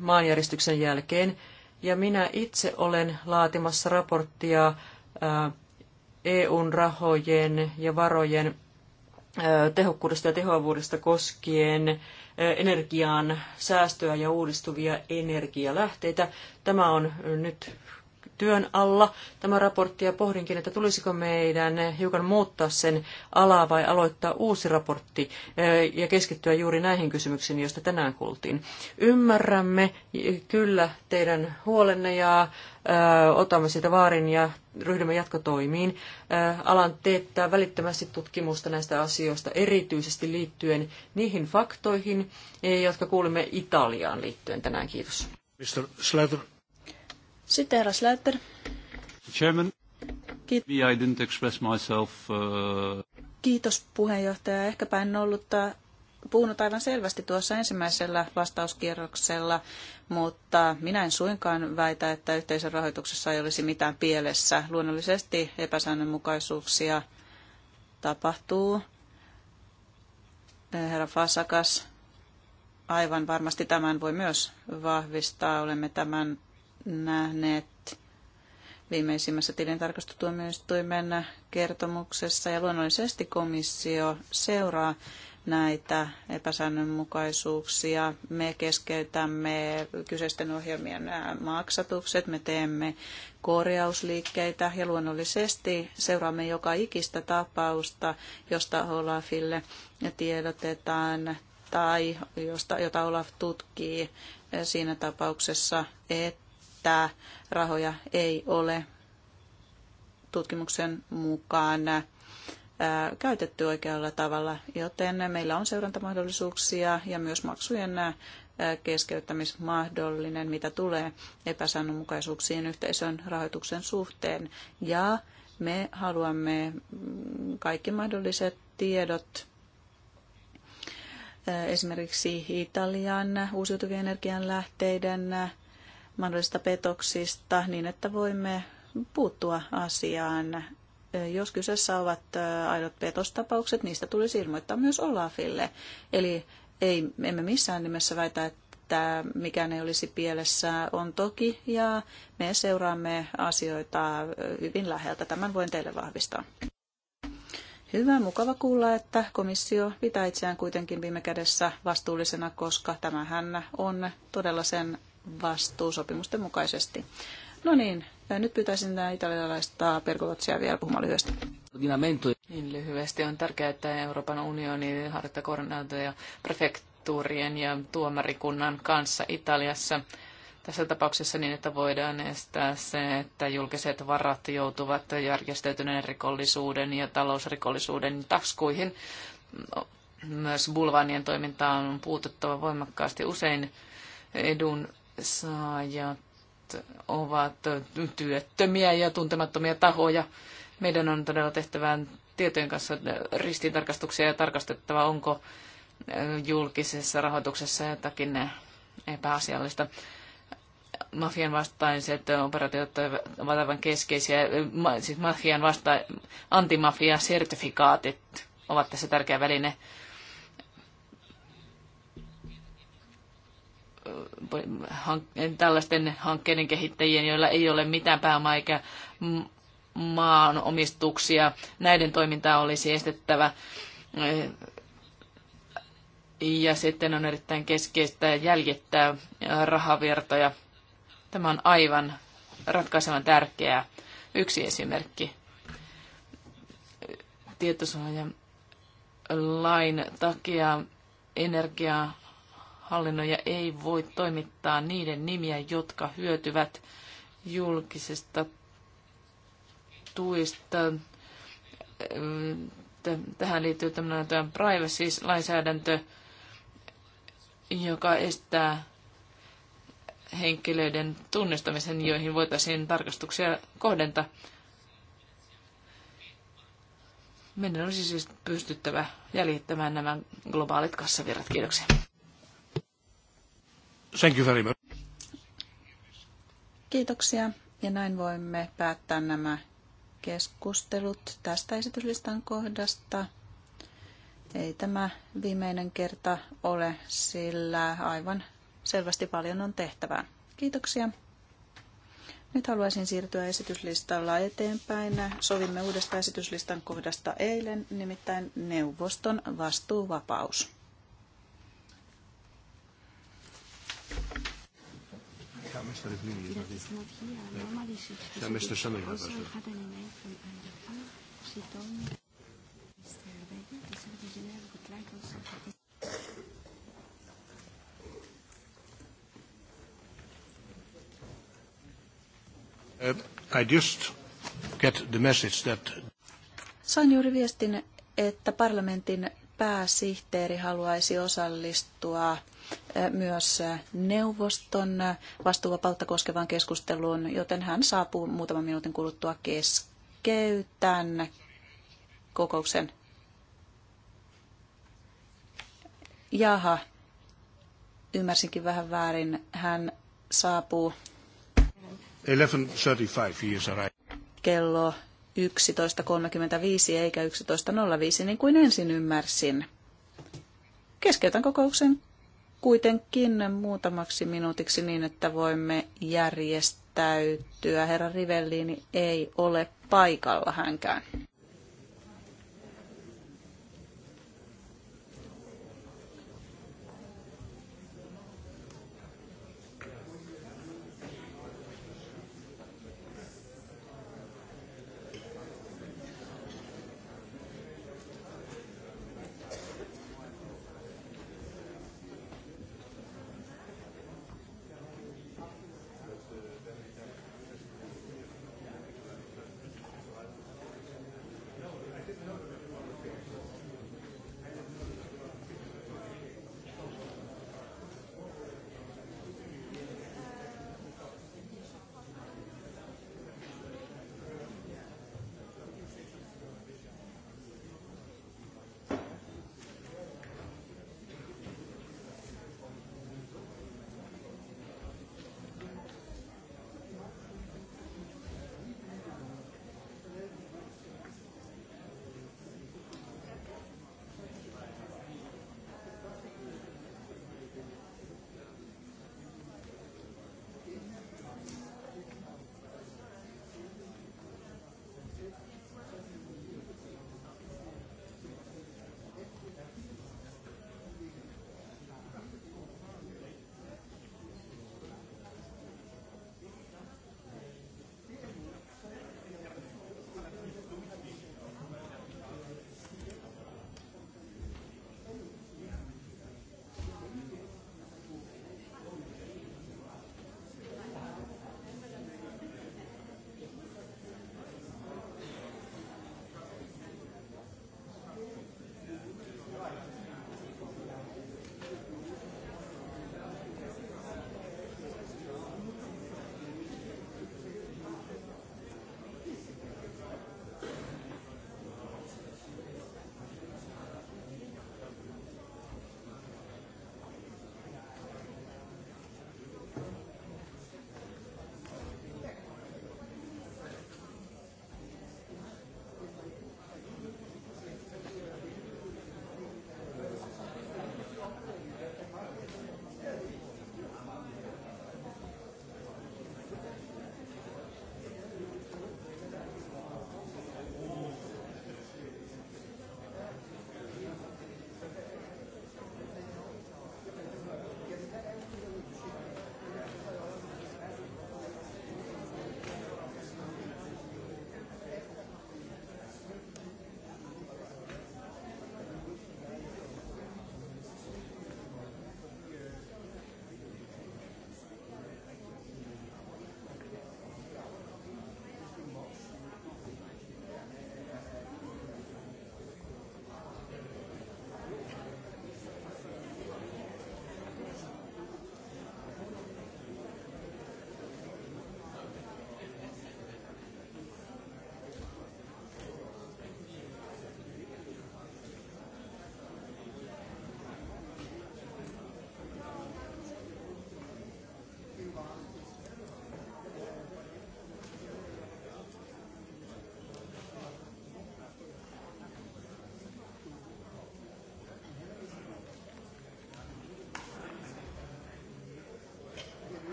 maanjäristyksen jälkeen. Ja minä itse olen laatimassa raporttia EUn rahojen ja varojen tehokkuudesta ja tehoavuudesta koskien energiaan säästöä ja uudistuvia energialähteitä. Tämä on nyt työn alla tämä raportti ja pohdinkin, että tulisiko meidän hiukan muuttaa sen alaa vai aloittaa uusi raportti eh, ja keskittyä juuri näihin kysymyksiin, joista tänään kuultiin. Ymmärrämme kyllä teidän huolenne ja eh, otamme sitä vaarin ja ryhdymme jatkotoimiin. Eh, alan teettää välittömästi tutkimusta näistä asioista, erityisesti liittyen niihin faktoihin, jotka kuulimme Italiaan liittyen tänään. Kiitos. Mr. Sitten herra Slätter. Chairman, I didn't express myself, uh... Kiitos puheenjohtaja. Ehkäpä en ollut äh, puhunut aivan selvästi tuossa ensimmäisellä vastauskierroksella, mutta minä en suinkaan väitä, että yhteisön rahoituksessa ei olisi mitään pielessä. Luonnollisesti epäsäännönmukaisuuksia tapahtuu. Äh, herra Fasakas aivan varmasti tämän voi myös vahvistaa. Olemme tämän nähneet viimeisimmässä tilintarkastustuomioistuimen kertomuksessa. Ja luonnollisesti komissio seuraa näitä epäsäännönmukaisuuksia. Me keskeytämme kyseisten ohjelmien maksatukset, me teemme korjausliikkeitä ja luonnollisesti seuraamme joka ikistä tapausta, josta Olafille tiedotetaan tai josta, jota Olaf tutkii siinä tapauksessa, että että rahoja ei ole tutkimuksen mukaan käytetty oikealla tavalla, joten meillä on seurantamahdollisuuksia ja myös maksujen keskeyttämismahdollinen, mitä tulee epäsäännönmukaisuuksiin yhteisön rahoituksen suhteen. Ja me haluamme mm, kaikki mahdolliset tiedot esimerkiksi Italian uusiutuvien energianlähteiden mahdollisista petoksista niin, että voimme puuttua asiaan. Jos kyseessä ovat aidot petostapaukset, niistä tulisi ilmoittaa myös Olafille. Eli ei, emme missään nimessä väitä, että mikään ei olisi pielessä on toki, ja me seuraamme asioita hyvin läheltä. Tämän voin teille vahvistaa. Hyvä, mukava kuulla, että komissio pitää itseään kuitenkin viime kädessä vastuullisena, koska tämähän on todella sen vastuusopimusten mukaisesti. No niin, ja nyt pyytäisin italialaista Perkovotsia vielä puhumaan lyhyesti. Niin lyhyesti on tärkeää, että Euroopan unioni harjoittaa koordinaatioja prefektuurien ja tuomarikunnan kanssa Italiassa tässä tapauksessa niin, että voidaan estää se, että julkiset varat joutuvat järjestäytyneen rikollisuuden ja talousrikollisuuden taskuihin. Myös bulvaanien toimintaan on puututtava voimakkaasti usein edun saajat ovat työttömiä ja tuntemattomia tahoja. Meidän on todella tehtävään tietojen kanssa ristintarkastuksia ja tarkastettava, onko julkisessa rahoituksessa jotakin epäasiallista. Mafian vastaiset operaatiot ovat aivan keskeisiä, siis mafian vasta, antimafia-sertifikaatit ovat tässä tärkeä väline. tällaisten hankkeiden kehittäjien, joilla ei ole mitään pääomaa eikä maanomistuksia. Näiden toimintaa olisi estettävä. Ja sitten on erittäin keskeistä jäljittää rahavirtoja. Tämä on aivan ratkaisevan tärkeää. Yksi esimerkki. Tietosuojan lain takia energiaa hallinnoja ei voi toimittaa niiden nimiä, jotka hyötyvät julkisesta tuista. Tähän liittyy tämmöinen privacy-lainsäädäntö, joka estää henkilöiden tunnistamisen, joihin voitaisiin tarkastuksia kohdentaa. Meidän olisi siis pystyttävä jäljittämään nämä globaalit kassavirrat. Kiitoksia. Thank you very much. Kiitoksia. Ja näin voimme päättää nämä keskustelut tästä esityslistan kohdasta. Ei tämä viimeinen kerta ole, sillä aivan selvästi paljon on tehtävää. Kiitoksia. Nyt haluaisin siirtyä esityslistalla eteenpäin. Sovimme uudesta esityslistan kohdasta eilen, nimittäin neuvoston vastuuvapaus. Uh, I just get the message that... Sain juuri viestin, että parlamentin pääsihteeri haluaisi osallistua Äh, myös äh, neuvoston äh, vastuuvapautta koskevaan keskusteluun, joten hän saapuu muutaman minuutin kuluttua keskeytän kokouksen. Jaha, ymmärsinkin vähän väärin. Hän saapuu 11.35, Kello 11.35 eikä 11.05, niin kuin ensin ymmärsin. Keskeytän kokouksen kuitenkin muutamaksi minuutiksi niin, että voimme järjestää täyttyä. Herra Rivellini ei ole paikalla hänkään.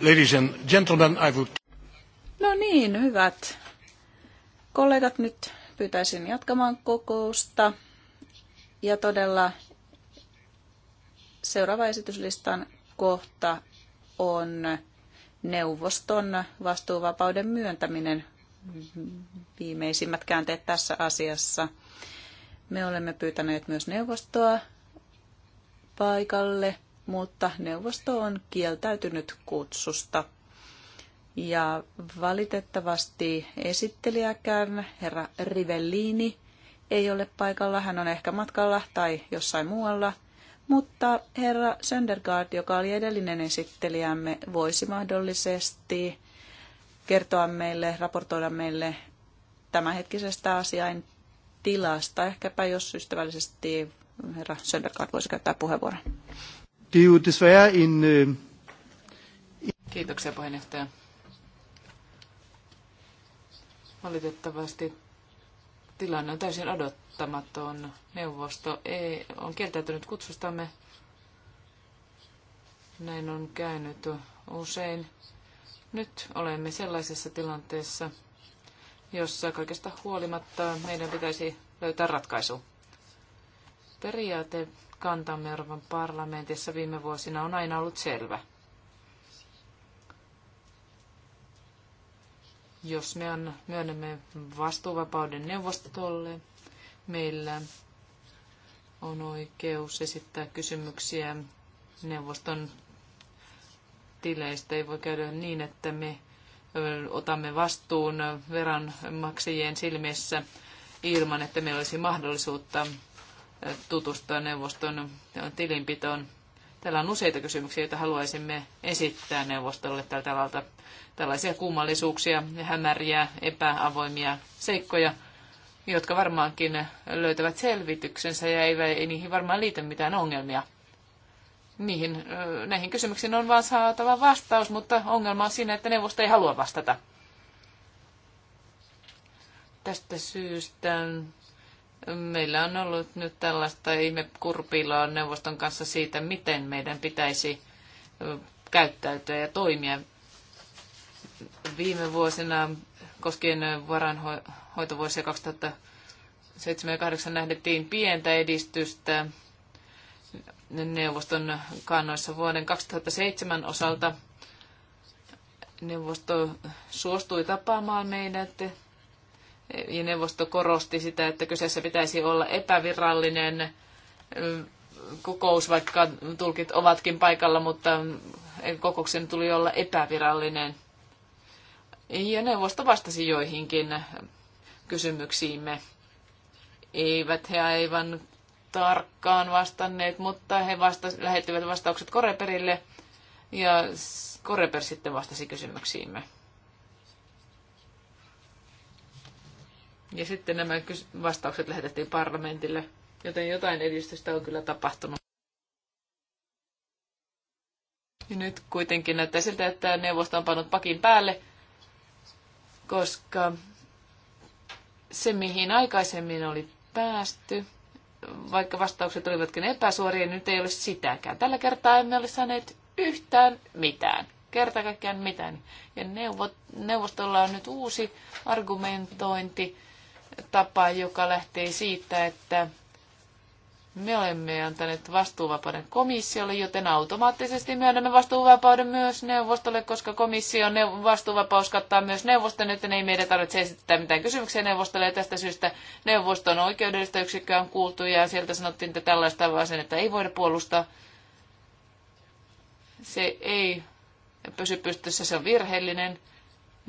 Ladies and gentlemen, I would... No niin, hyvät kollegat, nyt pyytäisin jatkamaan kokousta. Ja todella seuraava esityslistan kohta on neuvoston vastuuvapauden myöntäminen. Viimeisimmät käänteet tässä asiassa. Me olemme pyytäneet myös neuvostoa paikalle mutta neuvosto on kieltäytynyt kutsusta. Ja valitettavasti esittelijäkään, herra Rivellini, ei ole paikalla. Hän on ehkä matkalla tai jossain muualla. Mutta herra Söndergaard, joka oli edellinen esittelijämme, voisi mahdollisesti kertoa meille, raportoida meille tämänhetkisestä asiain tilasta. Ehkäpä jos ystävällisesti herra Söndergaard voisi käyttää puheenvuoron. Det er jo desværre øh, en... Kiitoksia puheenjohtaja. Valitettavasti tilanne on täysin odottamaton. Neuvosto ei, on kieltäytynyt kutsustamme. Näin on käynyt usein. Nyt olemme sellaisessa tilanteessa, jossa kaikesta huolimatta meidän pitäisi löytää ratkaisu. Periaate kantamme Euroopan parlamentissa viime vuosina on aina ollut selvä. Jos me myönnämme vastuuvapauden neuvostolle, meillä on oikeus esittää kysymyksiä neuvoston tileistä. Ei voi käydä niin, että me otamme vastuun veranmaksajien silmissä ilman, että meillä olisi mahdollisuutta tutustua neuvoston tilinpitoon. Täällä on useita kysymyksiä, joita haluaisimme esittää neuvostolle tältä alalta. Tällaisia kummallisuuksia, hämäriä, epäavoimia seikkoja, jotka varmaankin löytävät selvityksensä ja ei, ei niihin varmaan liity mitään ongelmia. Niihin, näihin kysymyksiin on vain saatava vastaus, mutta ongelma on siinä, että neuvosto ei halua vastata. Tästä syystä Meillä on ollut nyt tällaista ihme kurpiloa neuvoston kanssa siitä, miten meidän pitäisi käyttäytyä ja toimia. Viime vuosina koskien varanhoitovuosia 2007 2008 nähdettiin pientä edistystä neuvoston kannoissa vuoden 2007 osalta. Neuvosto suostui tapaamaan meidät ja neuvosto korosti sitä, että kyseessä pitäisi olla epävirallinen kokous, vaikka tulkit ovatkin paikalla, mutta kokouksen tuli olla epävirallinen. Ja neuvosto vastasi joihinkin kysymyksiimme. Eivät he aivan tarkkaan vastanneet, mutta he vastas, lähettivät vastaukset Koreperille ja Koreper sitten vastasi kysymyksiimme. Ja sitten nämä vastaukset lähetettiin parlamentille, joten jotain edistystä on kyllä tapahtunut. Ja nyt kuitenkin näyttää siltä, että neuvosto on pannut pakin päälle, koska se, mihin aikaisemmin oli päästy, vaikka vastaukset olivatkin epäsuoria, nyt ei ole sitäkään. Tällä kertaa emme ole saaneet yhtään mitään. Kerta kaikkiaan mitään. Ja neuvostolla on nyt uusi argumentointi tapa, joka lähtee siitä, että me olemme antaneet vastuuvapauden komissiolle, joten automaattisesti annamme vastuuvapauden myös neuvostolle, koska komission vastuuvapaus kattaa myös neuvoston, joten ei meidän tarvitse esittää mitään kysymyksiä neuvostolle. Ja tästä syystä neuvoston oikeudellista yksikköä on kuultu ja sieltä sanottiin, että tällaista että ei voida puolustaa. Se ei pysy pystyssä, se on virheellinen.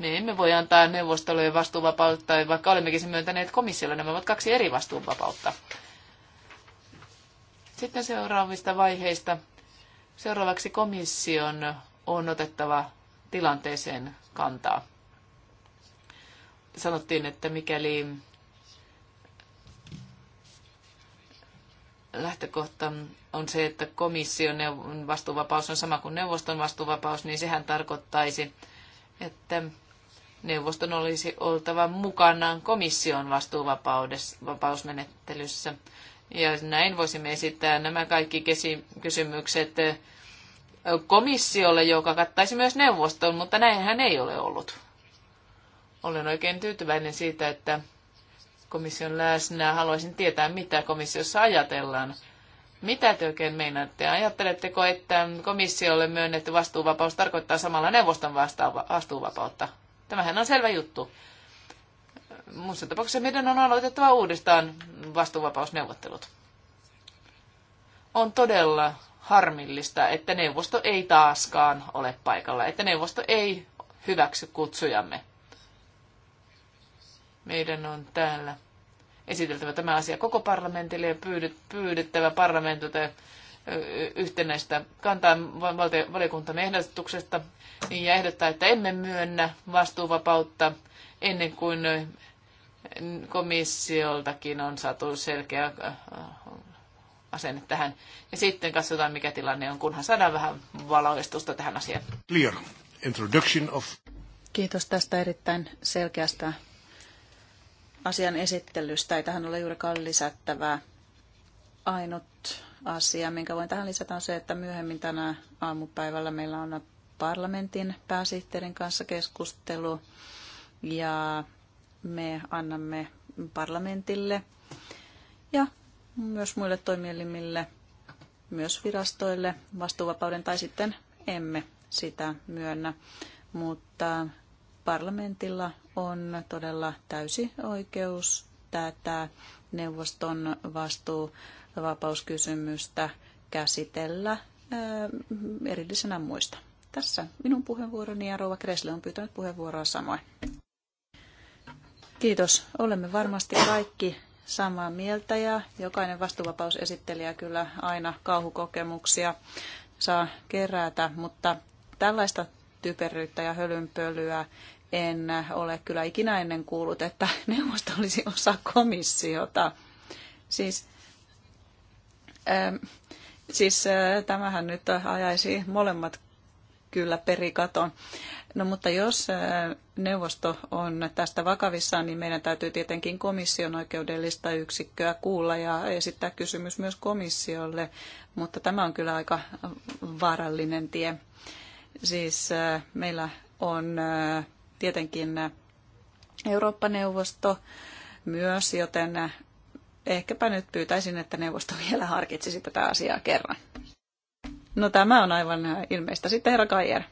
Me emme voi antaa neuvostolle vastuuvapautta, vaikka olemmekin sen myöntäneet komissiolle. Nämä ovat kaksi eri vastuuvapautta. Sitten seuraavista vaiheista. Seuraavaksi komission on otettava tilanteeseen kantaa. Sanottiin, että mikäli lähtökohta on se, että komission vastuuvapaus on sama kuin neuvoston vastuuvapaus, niin sehän tarkoittaisi, että neuvoston olisi oltava mukanaan komission vastuuvapausmenettelyssä. Ja näin voisimme esittää nämä kaikki kysymykset eh, komissiolle, joka kattaisi myös neuvoston, mutta näinhän ei ole ollut. Olen oikein tyytyväinen siitä, että komission läsnä haluaisin tietää, mitä komissiossa ajatellaan. Mitä te oikein meinaatte? Ajatteletteko, että komissiolle myönnetty vastuuvapaus tarkoittaa samalla neuvoston vastuuvapautta? Tämähän on selvä juttu. Muussa tapauksessa meidän on aloitettava uudestaan vastuuvapausneuvottelut. On todella harmillista, että neuvosto ei taaskaan ole paikalla, että neuvosto ei hyväksy kutsujamme. Meidän on täällä esiteltävä tämä asia koko parlamentille ja pyydettävä parlamentilta yhtenäistä kantaa valiokuntamme ehdotuksesta ja ehdottaa, että emme myönnä vastuuvapautta ennen kuin komissioltakin on saatu selkeä äh, asenne tähän. Ja sitten katsotaan, mikä tilanne on, kunhan saadaan vähän valoistusta tähän asiaan. Clear introduction of... Kiitos tästä erittäin selkeästä asian esittelystä. Ei tähän ole juurikaan lisättävää. Ainut asia, minkä voin tähän lisätä, on se, että myöhemmin tänä aamupäivällä meillä on parlamentin pääsihteerin kanssa keskustelu ja me annamme parlamentille ja myös muille toimielimille, myös virastoille vastuuvapauden tai sitten emme sitä myönnä, mutta parlamentilla on todella täysi oikeus tätä neuvoston vastuu vapauskysymystä käsitellä erillisenä muista. Tässä minun puheenvuoroni ja Rouva Kresle on pyytänyt puheenvuoroa samoin. Kiitos. Olemme varmasti kaikki samaa mieltä ja jokainen vastuuvapausesittelijä kyllä aina kauhukokemuksia saa kerätä, mutta tällaista typeryyttä ja hölynpölyä en ole kyllä ikinä ennen kuullut, että [laughs] neuvosto olisi osa komissiota. Siis Ehm, siis eh, tämähän nyt ajaisi molemmat kyllä perikaton. No mutta jos eh, neuvosto on tästä vakavissaan, niin meidän täytyy tietenkin komission oikeudellista yksikköä kuulla ja esittää kysymys myös komissiolle, mutta tämä on kyllä aika vaarallinen tie. Siis eh, meillä on tietenkin Eurooppa-neuvosto myös, joten ehkäpä nyt pyytäisin, että neuvosto vielä harkitsisi tätä asiaa kerran. No tämä on aivan ilmeistä. Sitten herra Kajer.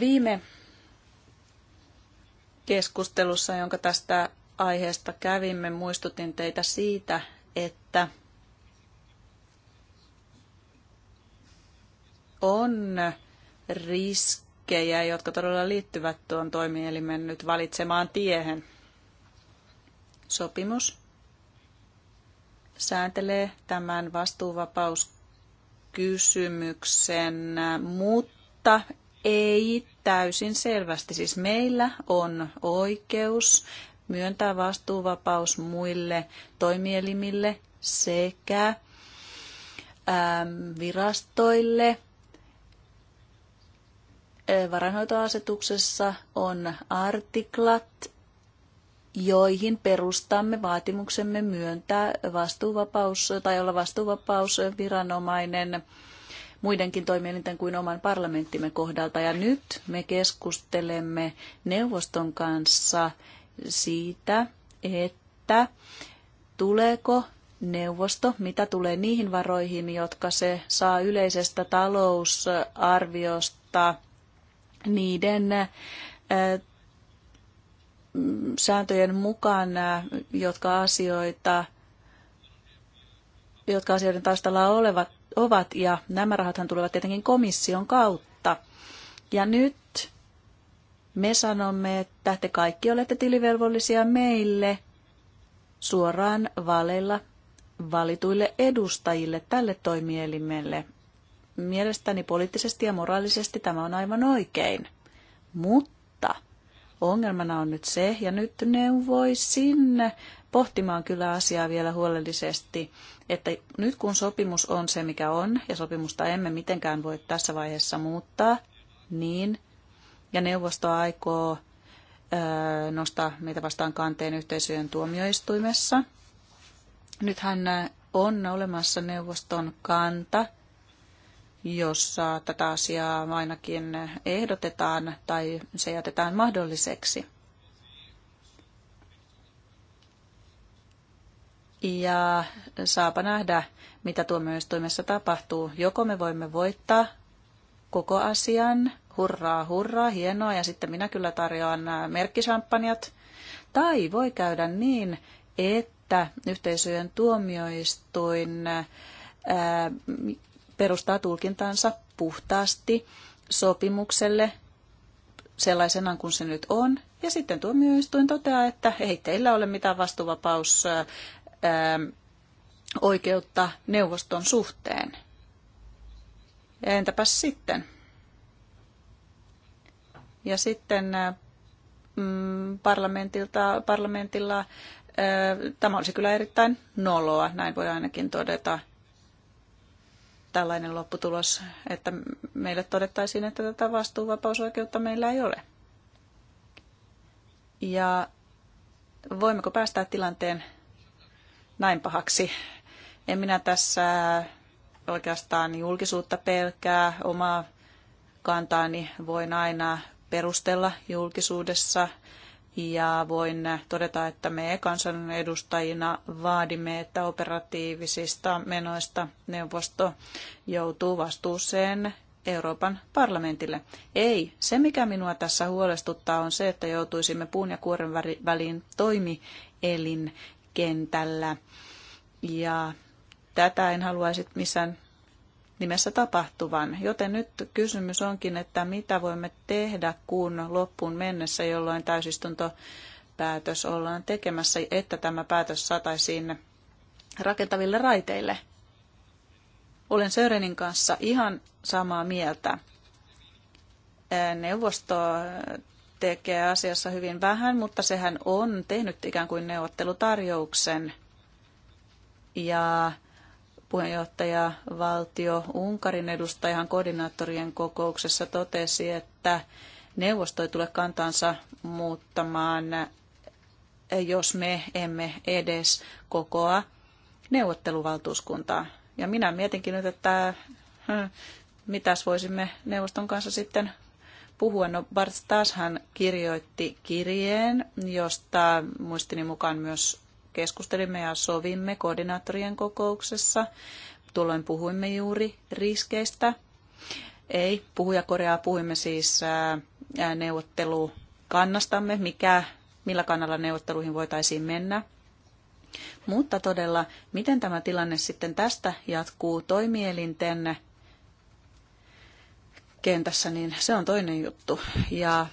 Viime keskustelussa, jonka tästä aiheesta kävimme, muistutin teitä siitä, että on riskejä, jotka todella liittyvät tuon toimielimen nyt valitsemaan tiehen. Sopimus sääntelee tämän vastuuvapauskysymyksen, mutta ei täysin selvästi. Siis meillä on oikeus myöntää vastuuvapaus muille toimielimille sekä virastoille – varainhoitoasetuksessa on artiklat, joihin perustamme vaatimuksemme myöntää vastuuvapaus tai olla vastuuvapaus viranomainen muidenkin toimielinten kuin oman parlamenttimme kohdalta. Ja nyt me keskustelemme neuvoston kanssa siitä, että tuleeko neuvosto, mitä tulee niihin varoihin, jotka se saa yleisestä talousarviosta – niiden äh, sääntöjen mukaan, äh, jotka asioita, jotka asioiden taustalla olevat, ovat, ja nämä rahathan tulevat tietenkin komission kautta. Ja nyt me sanomme, että te kaikki olette tilivelvollisia meille suoraan valeilla valituille edustajille tälle toimielimelle. Mielestäni poliittisesti ja moraalisesti tämä on aivan oikein. Mutta ongelmana on nyt se, ja nyt neuvoisin pohtimaan kyllä asiaa vielä huolellisesti, että nyt kun sopimus on se, mikä on, ja sopimusta emme mitenkään voi tässä vaiheessa muuttaa, niin, ja neuvosto aikoo öö, nostaa meitä vastaan kanteen yhteisöjen tuomioistuimessa. Nythän on olemassa neuvoston kanta jossa tätä asiaa ainakin ehdotetaan tai se jätetään mahdolliseksi. Ja saapa nähdä, mitä tuomioistuimessa tapahtuu. Joko me voimme voittaa koko asian, hurraa, hurraa, hienoa, ja sitten minä kyllä tarjoan merkkisampanjat. Tai voi käydä niin, että yhteisöjen tuomioistuin perustaa tulkintansa puhtaasti sopimukselle sellaisenaan kuin se nyt on. Ja sitten tuomioistuin toteaa, että ei teillä ole mitään vastuvapaus oikeutta neuvoston suhteen. Ja entäpäs sitten? Ja sitten mm, parlamentilta, parlamentilla, ää, tämä olisi kyllä erittäin noloa, näin voi ainakin todeta, tällainen lopputulos, että meille todettaisiin, että tätä vastuuvapausoikeutta meillä ei ole. Ja voimmeko päästää tilanteen näin pahaksi? En minä tässä oikeastaan julkisuutta pelkää. Omaa kantaani voin aina perustella julkisuudessa ja voin todeta, että me kansanedustajina vaadimme, että operatiivisista menoista neuvosto joutuu vastuuseen Euroopan parlamentille. Ei, se mikä minua tässä huolestuttaa on se, että joutuisimme puun ja kuoren väliin toimielin kentällä. Ja tätä en haluaisi missään nimessä tapahtuvan. Joten nyt kysymys onkin, että mitä voimme tehdä, kun loppuun mennessä, jolloin täysistunto päätös ollaan tekemässä, että tämä päätös saataisiin rakentaville raiteille. Olen Sörenin kanssa ihan samaa mieltä. Neuvosto tekee asiassa hyvin vähän, mutta sehän on tehnyt ikään kuin neuvottelutarjouksen. Ja puheenjohtaja valtio Unkarin edustajan koordinaattorien kokouksessa totesi, että neuvosto ei tule kantansa muuttamaan, jos me emme edes kokoa neuvotteluvaltuuskuntaa. Ja minä mietinkin nyt, että hmm, mitäs voisimme neuvoston kanssa sitten puhua. No Bart taas kirjoitti kirjeen, josta muistini mukaan myös keskustelimme ja sovimme koordinaattorien kokouksessa. Tuolloin puhuimme juuri riskeistä. Ei, puhuja Koreaa puhuimme siis neuvottelukannastamme, mikä, millä kannalla neuvotteluihin voitaisiin mennä. Mutta todella, miten tämä tilanne sitten tästä jatkuu toimielinten kentässä, niin se on toinen juttu. Ja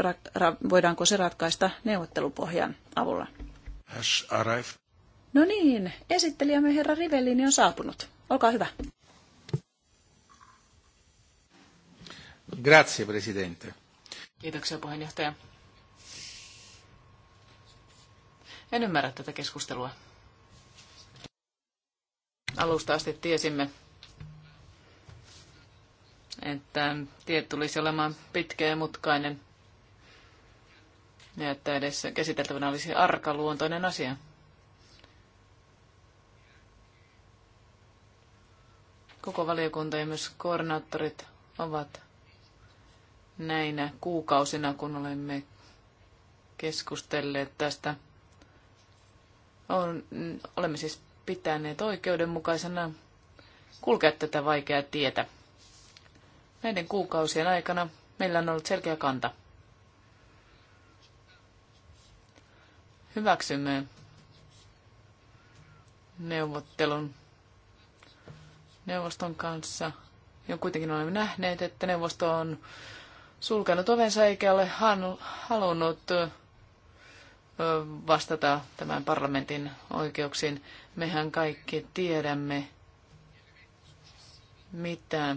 ra- ra- voidaanko se ratkaista neuvottelupohjan avulla? Has arrived. No niin, esittelijämme herra Rivellini on saapunut. Olkaa hyvä. Grazie, presidente. Kiitoksia, puheenjohtaja. En ymmärrä tätä keskustelua. Alusta asti tiesimme, että tie tulisi olemaan pitkä ja mutkainen ja että edes käsiteltävänä olisi arkaluontoinen asia. Koko valiokunta ja myös koordinaattorit ovat näinä kuukausina, kun olemme keskustelleet tästä. On, olemme siis pitäneet oikeudenmukaisena kulkea tätä vaikeaa tietä. Näiden kuukausien aikana meillä on ollut selkeä kanta – hyväksymme neuvottelun neuvoston kanssa. Ja kuitenkin olemme nähneet, että neuvosto on sulkenut ovensa eikä ole halunnut vastata tämän parlamentin oikeuksiin. Mehän kaikki tiedämme, mitä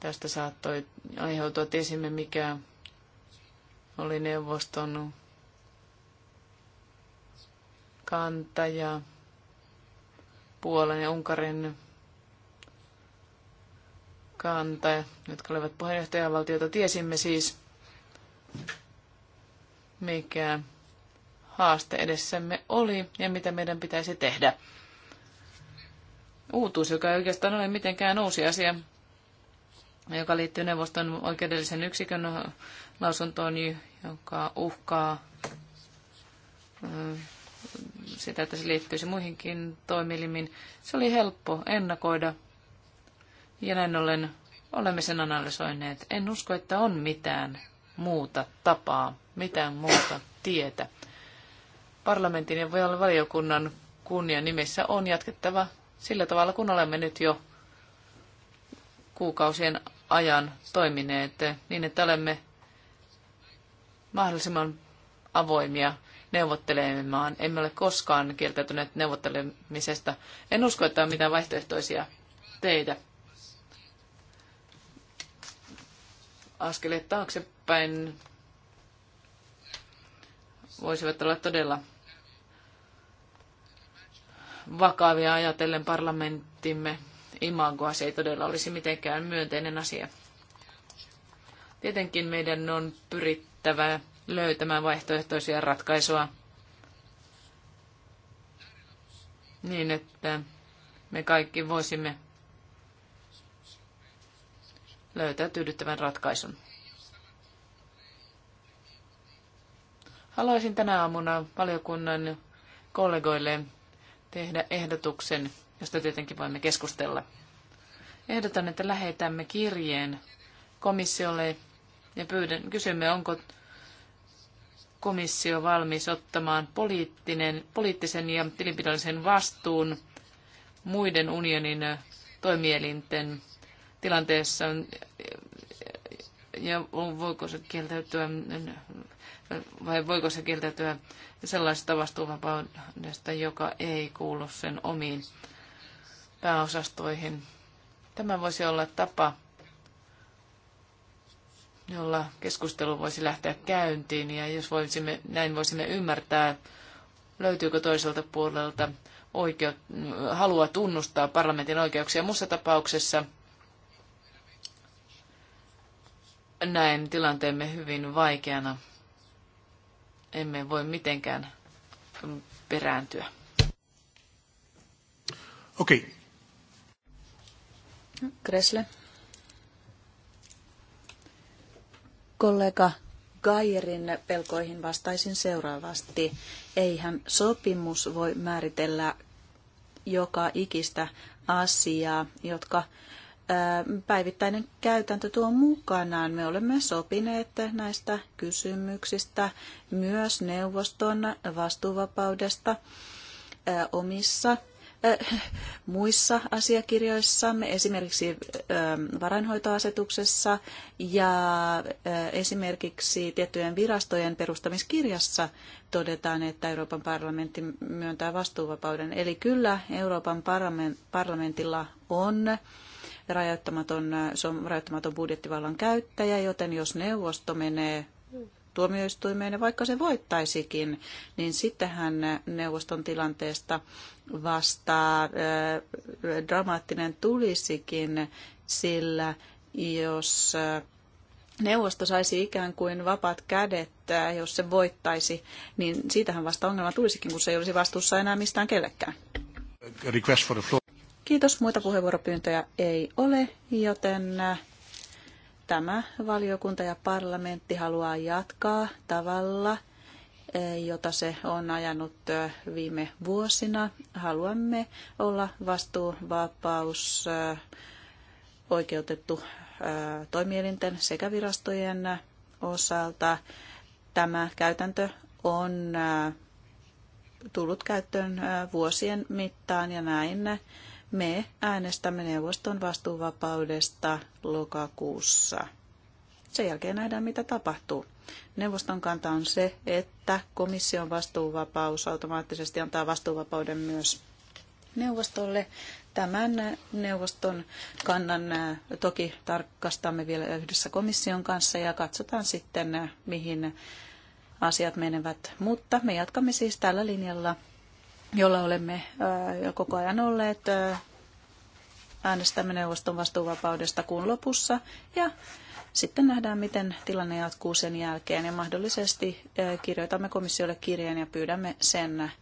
tästä saattoi aiheutua. Tiesimme, mikä oli neuvoston kantaja, Puolan ja Unkarin kantaja, jotka olivat puheenjohtajavaltiota. Tiesimme siis, mikä haaste edessämme oli ja mitä meidän pitäisi tehdä. Uutuus, joka ei oikeastaan ole mitenkään uusi asia, joka liittyy neuvoston oikeudellisen yksikön lausuntoon, niin joka uhkaa sitä, että se liittyisi muihinkin toimielimiin. Se oli helppo ennakoida ja näin ollen olemme sen analysoineet. En usko, että on mitään muuta tapaa, mitään muuta tietä. Parlamentin ja valiokunnan kunnian nimissä on jatkettava sillä tavalla, kun olemme nyt jo kuukausien ajan toimineet niin, että olemme mahdollisimman avoimia neuvottelemaan. Emme ole koskaan kieltäytyneet neuvottelemisesta. En usko, että on mitään vaihtoehtoisia teitä. Askeleet taaksepäin voisivat olla todella vakavia ajatellen parlamenttimme imagoa. Se ei todella olisi mitenkään myönteinen asia. Tietenkin meidän on pyrittävä löytämään vaihtoehtoisia ratkaisuja niin, että me kaikki voisimme löytää tyydyttävän ratkaisun. Haluaisin tänä aamuna valiokunnan kollegoille tehdä ehdotuksen josta tietenkin voimme keskustella. Ehdotan, että lähetämme kirjeen komissiolle ja pyydän, kysymme, onko komissio valmis ottamaan poliittinen, poliittisen ja tilinpidollisen vastuun muiden unionin toimielinten tilanteessa ja voiko se kieltäytyä vai voiko se kieltäytyä sellaisesta vastuuvapaudesta, joka ei kuulu sen omiin pääosastoihin. Tämä voisi olla tapa, jolla keskustelu voisi lähteä käyntiin ja jos voisimme, näin voisimme ymmärtää, löytyykö toiselta puolelta oikeu- halua tunnustaa parlamentin oikeuksia. Muussa tapauksessa näen tilanteemme hyvin vaikeana. Emme voi mitenkään perääntyä. Okei, okay. Kresle. Kollega Gaierin pelkoihin vastaisin seuraavasti. Eihän sopimus voi määritellä joka ikistä asiaa, jotka päivittäinen käytäntö tuo mukanaan. Me olemme sopineet näistä kysymyksistä myös neuvoston vastuuvapaudesta omissa muissa asiakirjoissamme, esimerkiksi varainhoitoasetuksessa ja esimerkiksi tiettyjen virastojen perustamiskirjassa todetaan, että Euroopan parlamentti myöntää vastuuvapauden. Eli kyllä Euroopan parlamentilla on rajoittamaton, se on rajoittamaton budjettivallan käyttäjä, joten jos neuvosto menee tuomioistuimeen, ja vaikka se voittaisikin, niin sittenhän neuvoston tilanteesta vasta dramaattinen tulisikin, sillä jos neuvosto saisi ikään kuin vapaat kädet, jos se voittaisi, niin siitähän vasta ongelma tulisikin, kun se ei olisi vastuussa enää mistään kellekään. Kiitos. Muita puheenvuoropyyntöjä ei ole, joten tämä valiokunta ja parlamentti haluaa jatkaa tavalla, Eh, jota se on ajanut eh, viime vuosina. Haluamme olla vastuuvapaus eh, oikeutettu toimielinten sekä virastojen osalta. Tämä käytäntö on tullut käyttöön vuosien mittaan ja näin me äänestämme neuvoston vastuuvapaudesta lokakuussa. Sen jälkeen nähdään, mitä tapahtuu. Neuvoston kanta on se, että komission vastuuvapaus automaattisesti antaa vastuuvapauden myös neuvostolle. Tämän neuvoston kannan toki tarkastamme vielä yhdessä komission kanssa ja katsotaan sitten, mihin asiat menevät. Mutta me jatkamme siis tällä linjalla, jolla olemme jo koko ajan olleet äänestämme neuvoston vastuuvapaudesta kuun lopussa ja sitten nähdään, miten tilanne jatkuu sen jälkeen ja mahdollisesti eh, kirjoitamme komissiolle kirjeen ja pyydämme sen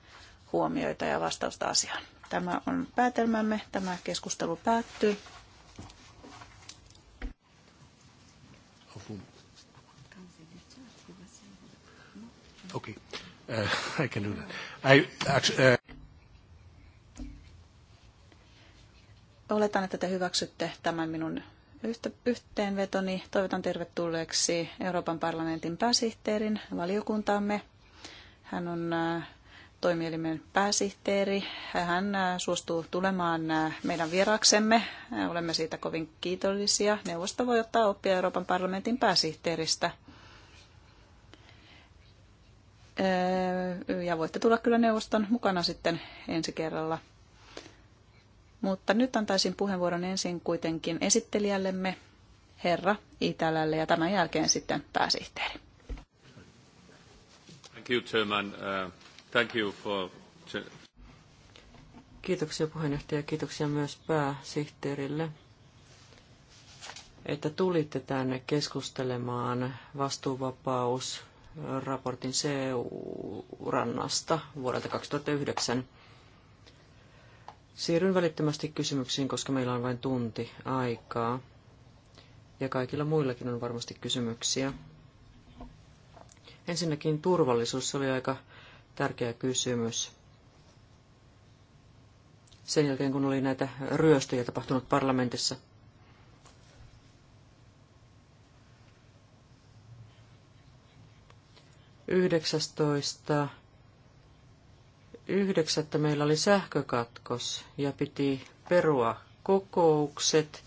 huomioita ja vastausta asiaan. Tämä on päätelmämme. Tämä keskustelu päättyy. Okay. Uh, I can do that. I actually, uh... Eh. Oletan, että te hyväksytte tämän minun Yhtä yhteenvetoni toivotan tervetulleeksi Euroopan parlamentin pääsihteerin valiokuntaamme. Hän on äh, toimielimen pääsihteeri. Hän äh, suostuu tulemaan äh, meidän vieraksemme. Olemme siitä kovin kiitollisia. Neuvosto voi ottaa oppia Euroopan parlamentin pääsihteeristä. Ja voitte tulla kyllä neuvoston mukana sitten ensi kerralla mutta nyt antaisin puheenvuoron ensin kuitenkin esittelijällemme, herra Itälälle, ja tämän jälkeen sitten pääsihteeri. Thank you, Chairman. Uh, thank you for... Kiitoksia puheenjohtaja, kiitoksia myös pääsihteerille että tulitte tänne keskustelemaan vastuuvapausraportin seurannasta vuodelta 2009. Siirryn välittömästi kysymyksiin, koska meillä on vain tunti aikaa. Ja kaikilla muillakin on varmasti kysymyksiä. Ensinnäkin turvallisuus oli aika tärkeä kysymys. Sen jälkeen, kun oli näitä ryöstöjä tapahtunut parlamentissa. Yhdeksästoista yhdeksättä meillä oli sähkökatkos ja piti perua kokoukset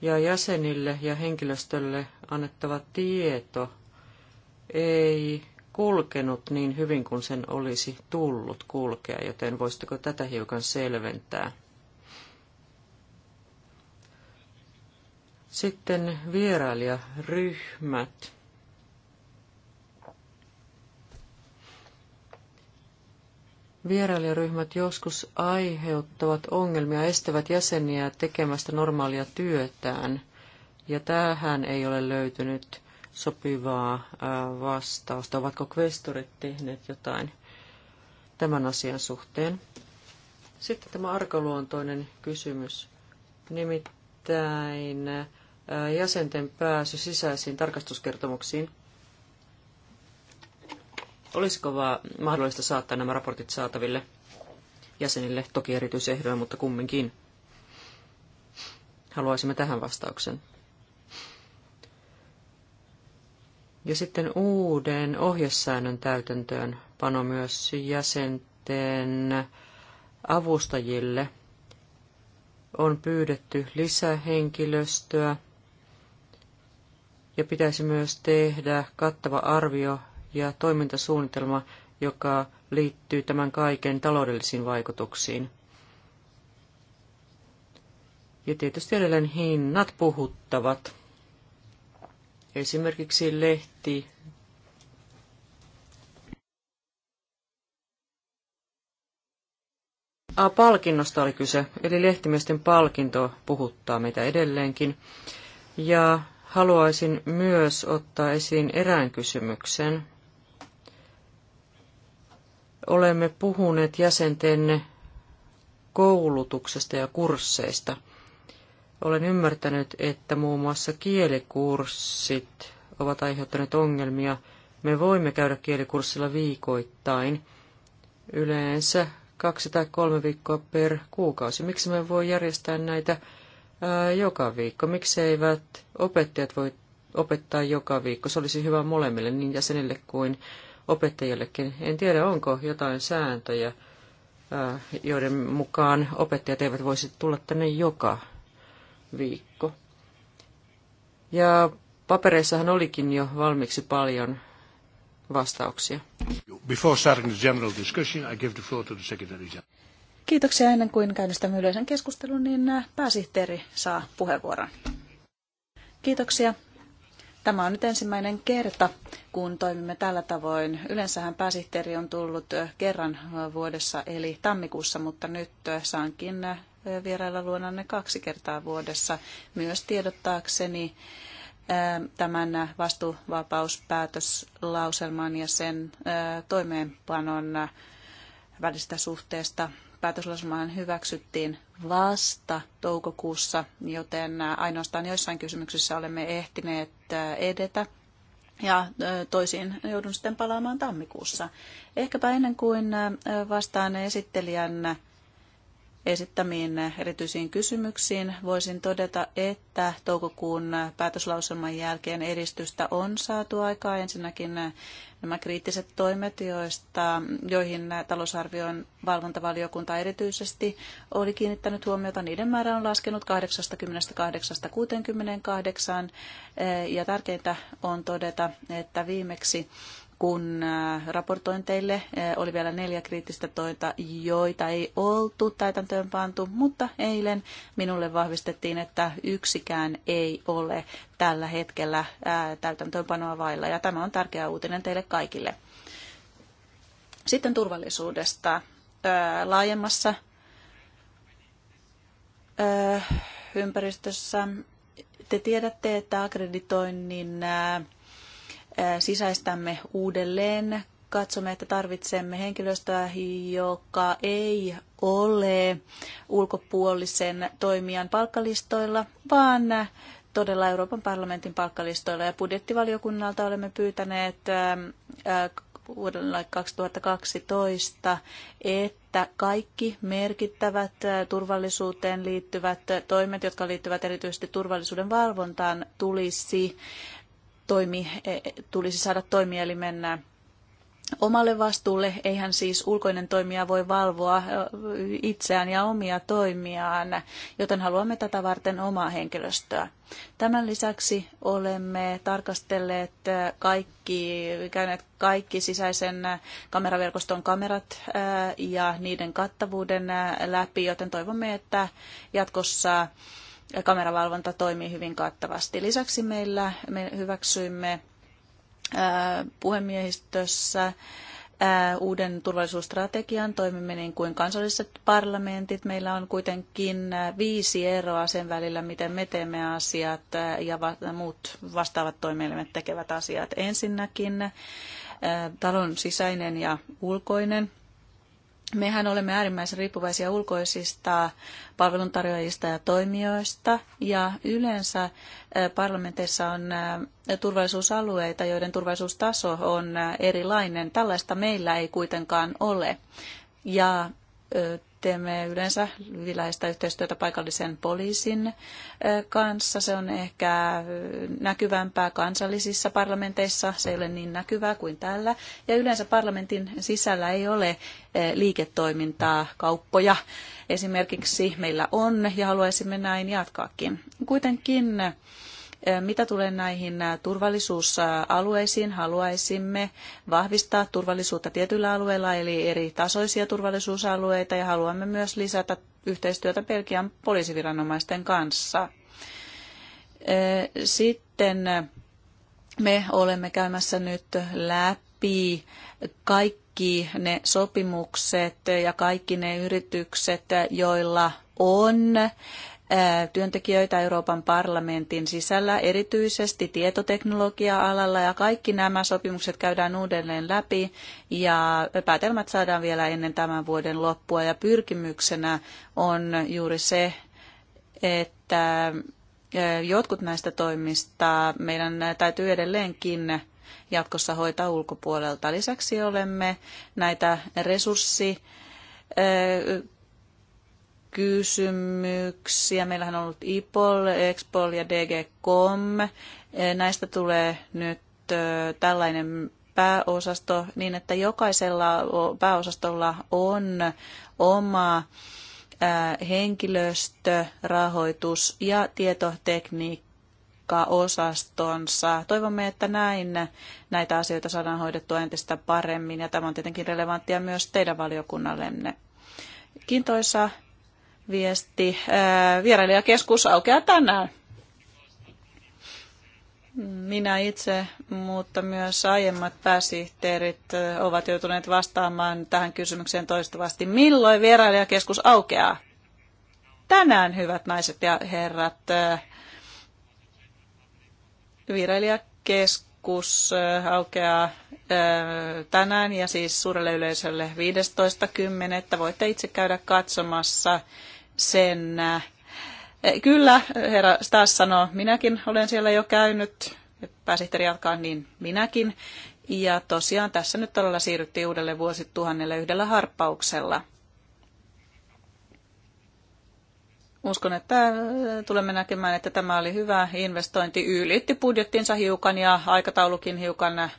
ja jäsenille ja henkilöstölle annettava tieto ei kulkenut niin hyvin kuin sen olisi tullut kulkea, joten voisitteko tätä hiukan selventää? Sitten vierailijaryhmät. Vierailijaryhmät joskus aiheuttavat ongelmia, estävät jäseniä tekemästä normaalia työtään, ja tähän ei ole löytynyt sopivaa äh, vastausta. Ovatko kvestorit tehneet jotain tämän asian suhteen? Sitten tämä arkaluontoinen kysymys, nimittäin äh, jäsenten pääsy sisäisiin tarkastuskertomuksiin. Olisiko vaan mahdollista saattaa nämä raportit saataville jäsenille, toki erityisehdoin, mutta kumminkin? Haluaisimme tähän vastauksen. Ja sitten uuden ohjesäännön täytäntöön pano myös jäsenten avustajille on pyydetty lisähenkilöstöä ja pitäisi myös tehdä kattava arvio ja toimintasuunnitelma, joka liittyy tämän kaiken taloudellisiin vaikutuksiin. Ja tietysti edelleen hinnat puhuttavat. Esimerkiksi lehti. A, palkinnosta oli kyse, eli lehtimiesten palkinto puhuttaa meitä edelleenkin. Ja haluaisin myös ottaa esiin erään kysymyksen olemme puhuneet jäsentenne koulutuksesta ja kursseista. Olen ymmärtänyt, että muun muassa kielikurssit ovat aiheuttaneet ongelmia. Me voimme käydä kielikurssilla viikoittain, yleensä kaksi tai kolme viikkoa per kuukausi. Miksi me voi järjestää näitä ää, joka viikko? Miksi eivät opettajat voi opettaa joka viikko? Se olisi hyvä molemmille, niin jäsenille kuin opettajillekin. En tiedä, onko jotain sääntöjä, äh, joiden mukaan opettajat eivät voisi tulla tänne joka viikko. Ja papereissahan olikin jo valmiiksi paljon vastauksia. Before starting the general discussion, I give the floor to the secretary. Kiitoksia ennen kuin käynnistämme yleisen keskustelun, niin äh, pääsihteeri saa puheenvuoron. Kiitoksia Tämä on nyt ensimmäinen kerta, kun toimimme tällä tavoin. Yleensähän pääsihteeri on tullut kerran vuodessa, eli tammikuussa, mutta nyt saankin vierailla luonanne kaksi kertaa vuodessa, myös tiedottaakseni tämän vastuuvapauspäätöslauselman ja sen toimeenpanon välistä suhteesta päätöslausumahan hyväksyttiin vasta toukokuussa, joten ainoastaan joissain kysymyksissä olemme ehtineet äh, edetä. Ja äh, toisiin joudun sitten palaamaan tammikuussa. Ehkäpä ennen kuin äh, vastaan esittelijän esittämiin erityisiin kysymyksiin. Voisin todeta, että toukokuun päätöslauselman jälkeen edistystä on saatu aikaa. Ensinnäkin nämä kriittiset toimet, joista, joihin talousarvion valvontavaliokunta erityisesti oli kiinnittänyt huomiota, niiden määrä on laskenut 88-68 ja tärkeintä on todeta, että viimeksi kun äh, raportoin teille, äh, oli vielä neljä kriittistä tointa, joita ei oltu täytäntöön pantu, mutta eilen minulle vahvistettiin, että yksikään ei ole tällä hetkellä äh, täytäntöönpanoa vailla, ja tämä on tärkeä uutinen teille kaikille. Sitten turvallisuudesta laajemmassa ympäristössä. Te tiedätte, että akkreditoinnin sisäistämme uudelleen. Katsomme, että tarvitsemme henkilöstöä, joka ei ole ulkopuolisen toimijan palkkalistoilla, vaan todella Euroopan parlamentin palkkalistoilla. Ja budjettivaliokunnalta olemme pyytäneet vuodelle 2012, että kaikki merkittävät turvallisuuteen liittyvät toimet, jotka liittyvät erityisesti turvallisuuden valvontaan, tulisi toimi, e, tulisi saada toimielimen omalle vastuulle. Eihän siis ulkoinen toimija voi valvoa itseään ja omia toimiaan, joten haluamme tätä varten omaa henkilöstöä. Tämän lisäksi olemme tarkastelleet kaikki, käyneet kaikki sisäisen kameraverkoston kamerat ja niiden kattavuuden läpi, joten toivomme, että jatkossa kameravalvonta toimii hyvin kattavasti. Lisäksi meillä me hyväksyimme puhemiehistössä uuden turvallisuusstrategian. Toimimme niin kuin kansalliset parlamentit. Meillä on kuitenkin viisi eroa sen välillä, miten me teemme asiat ja muut vastaavat toimielimet tekevät asiat. Ensinnäkin talon sisäinen ja ulkoinen Mehän olemme äärimmäisen riippuvaisia ulkoisista palveluntarjoajista ja toimijoista, ja yleensä parlamenteissa on turvallisuusalueita, joiden turvallisuustaso on erilainen. Tällaista meillä ei kuitenkaan ole. Ja teemme yleensä viläistä yhteistyötä paikallisen poliisin kanssa. Se on ehkä näkyvämpää kansallisissa parlamenteissa, se ei ole niin näkyvää kuin täällä. Ja yleensä parlamentin sisällä ei ole liiketoimintaa, kauppoja. Esimerkiksi meillä on ja haluaisimme näin jatkaakin. Kuitenkin mitä tulee näihin turvallisuusalueisiin, haluaisimme vahvistaa turvallisuutta tietyillä alueilla, eli eri tasoisia turvallisuusalueita, ja haluamme myös lisätä yhteistyötä Belgian poliisiviranomaisten kanssa. Sitten me olemme käymässä nyt läpi kaikki ne sopimukset ja kaikki ne yritykset, joilla on työntekijöitä Euroopan parlamentin sisällä, erityisesti tietoteknologia-alalla ja kaikki nämä sopimukset käydään uudelleen läpi ja päätelmät saadaan vielä ennen tämän vuoden loppua ja pyrkimyksenä on juuri se, että jotkut näistä toimista meidän täytyy edelleenkin jatkossa hoitaa ulkopuolelta. Lisäksi olemme näitä resurssi kysymyksiä. Meillähän on ollut IPOL, EXPOL ja DG.com. E, näistä tulee nyt tällainen pääosasto niin, että jokaisella pääosastolla on oma henkilöstö, rahoitus ja tietotekniikka-osastonsa. Toivomme, että näin näitä asioita saadaan hoidettua entistä paremmin ja tämä on tietenkin relevanttia myös teidän valiokunnallenne. Kiintoisa viesti. Äh, vierailijakeskus aukeaa tänään. Minä itse, mutta myös aiemmat pääsihteerit äh, ovat joutuneet vastaamaan tähän kysymykseen toistuvasti. Milloin vierailijakeskus aukeaa? Tänään, hyvät naiset ja herrat, äh, vierailijakeskus aukeaa tänään ja siis suurelle yleisölle 15.10. Voitte itse käydä katsomassa sen. Eh, eh, kyllä, herra Stas sanoo, minäkin olen siellä jo käynyt. Pääsihteeri jatkaa niin minäkin. Ja tosiaan tässä nyt todella siirryttiin uudelle vuosituhannelle yhdellä harppauksella. Uskon, että eh, tulemme näkemään, että tämä oli hyvä investointi. Ylitti budjettinsa hiukan ja aikataulukin hiukan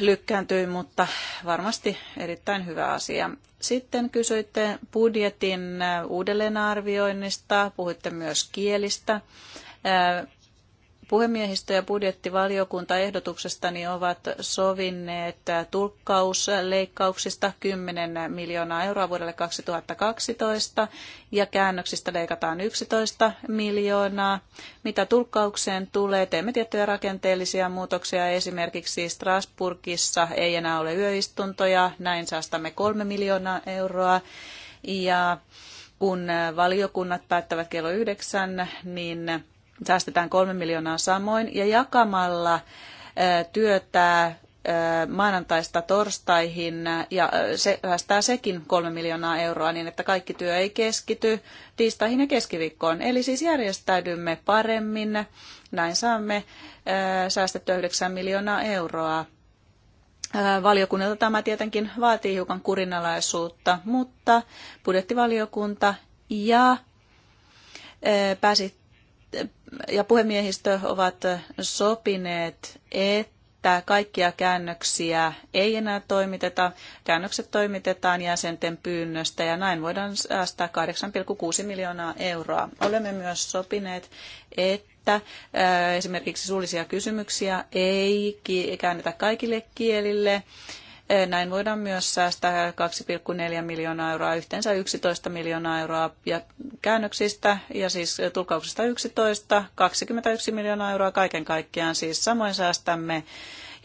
lykkääntyi, mutta varmasti erittäin hyvä asia. Sitten kysyitte budjetin uudelleenarvioinnista, puhuitte myös kielistä. Puhemiehistö ja budjettivaliokunta ehdotuksestani ovat sovinneet tulkkausleikkauksista 10 miljoonaa euroa vuodelle 2012 ja käännöksistä leikataan 11 miljoonaa. Mitä tulkkaukseen tulee, teemme tiettyjä rakenteellisia muutoksia. Esimerkiksi Strasburgissa ei enää ole yöistuntoja, näin säästämme 3 miljoonaa euroa. Ja kun valiokunnat päättävät kello yhdeksän, niin säästetään kolme miljoonaa samoin, ja jakamalla työtä maanantaista torstaihin ja se säästää sekin kolme miljoonaa euroa niin, että kaikki työ ei keskity tiistaihin ja keskiviikkoon. Eli siis järjestäydymme paremmin, näin saamme säästettyä 9 miljoonaa euroa. Valiokunnalta tämä tietenkin vaatii hiukan kurinalaisuutta, mutta budjettivaliokunta ja pääsit ja puhemiehistö ovat sopineet, että kaikkia käännöksiä ei enää toimiteta. Käännökset toimitetaan jäsenten pyynnöstä ja näin voidaan säästää 8,6 miljoonaa euroa. Olemme myös sopineet, että että äh, esimerkiksi suullisia kysymyksiä ei käännetä kaikille kielille näin voidaan myös säästää 2,4 miljoonaa euroa, yhteensä 11 miljoonaa euroa ja käännöksistä ja siis tulkauksista 11, 21 miljoonaa euroa kaiken kaikkiaan. Siis samoin säästämme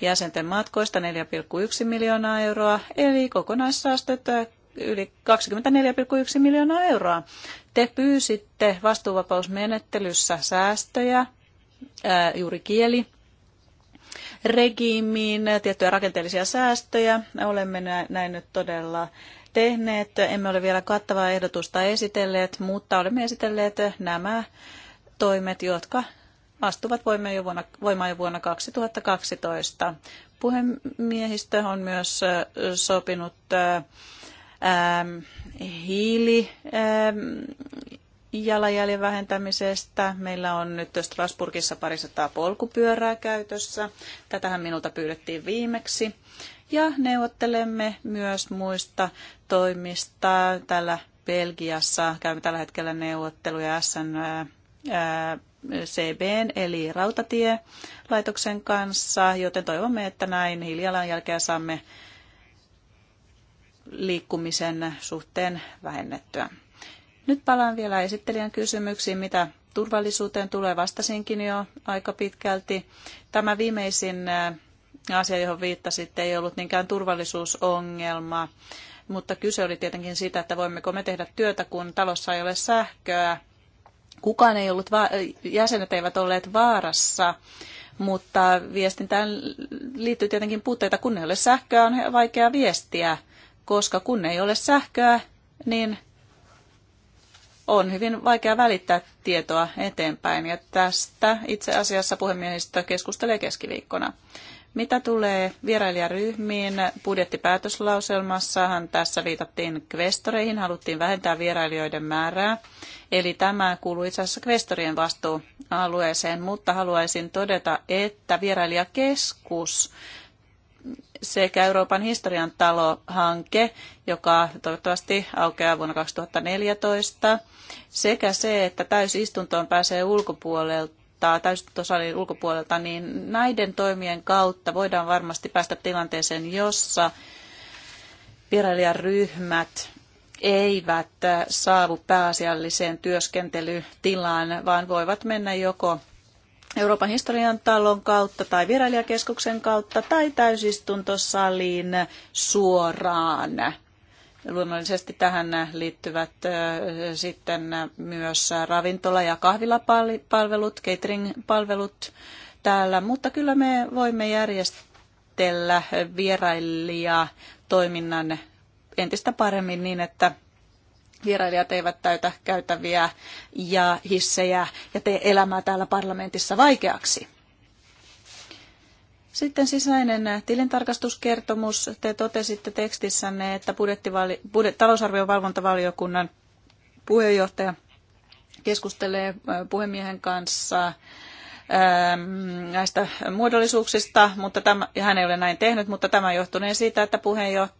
jäsenten matkoista 4,1 miljoonaa euroa, eli kokonaissäästöt yli 24,1 miljoonaa euroa. Te pyysitte vastuuvapausmenettelyssä säästöjä, ää, juuri kieli regiimiin tiettyjä rakenteellisia säästöjä. Olemme näin nyt todella tehneet. Emme ole vielä kattavaa ehdotusta esitelleet, mutta olemme esitelleet nämä toimet, jotka astuvat voimaan jo vuonna, voimaan jo vuonna 2012. Puhemiehistö on myös sopinut hiili jalanjäljen vähentämisestä. Meillä on nyt Strasburgissa parisataa polkupyörää käytössä. Tätähän minulta pyydettiin viimeksi. Ja neuvottelemme myös muista toimista täällä Belgiassa. Käymme tällä hetkellä neuvotteluja SN CBn eli rautatielaitoksen kanssa, joten toivomme, että näin jälkeen saamme liikkumisen suhteen vähennettyä. Nyt palaan vielä esittelijän kysymyksiin, mitä turvallisuuteen tulee. Vastasinkin jo aika pitkälti. Tämä viimeisin äh, asia, johon viittasit, ei ollut niinkään turvallisuusongelma, mutta kyse oli tietenkin siitä, että voimmeko me tehdä työtä, kun talossa ei ole sähköä. Kukaan ei ollut, jäsenet eivät olleet vaarassa, mutta viestintään liittyy tietenkin puutteita. Kun ei ole sähköä, on vaikea viestiä, koska kun ei ole sähköä, niin on hyvin vaikea välittää tietoa eteenpäin ja tästä itse asiassa puhemiehistö keskustelee keskiviikkona. Mitä tulee vierailijaryhmiin, budjettipäätöslauselmassahan tässä viitattiin kvestoreihin, haluttiin vähentää vierailijoiden määrää. Eli tämä kuuluu itse asiassa kvestorien vastuualueeseen, mutta haluaisin todeta, että vierailijakeskus sekä Euroopan historian talo-hanke, joka toivottavasti aukeaa vuonna 2014, sekä se, että täysistuntoon pääsee ulkopuolelta, täysistuntosalin ulkopuolelta, niin näiden toimien kautta voidaan varmasti päästä tilanteeseen, jossa vierailijaryhmät eivät saavu pääasialliseen työskentelytilaan, vaan voivat mennä joko Euroopan historian talon kautta tai vierailijakeskuksen kautta tai täysistuntosaliin suoraan. Luonnollisesti tähän liittyvät sitten myös ravintola- ja kahvilapalvelut, catering-palvelut täällä, mutta kyllä me voimme järjestellä vierailija toiminnan entistä paremmin niin, että vierailijat eivät täytä käytäviä ja hissejä ja tee elämää täällä parlamentissa vaikeaksi. Sitten sisäinen tilintarkastuskertomus. Te totesitte tekstissänne, että talousarvion valvontavaliokunnan puheenjohtaja keskustelee puhemiehen kanssa ähm, näistä muodollisuuksista, mutta tämä, hän ei ole näin tehnyt, mutta tämä johtunee siitä, että puheenjohtaja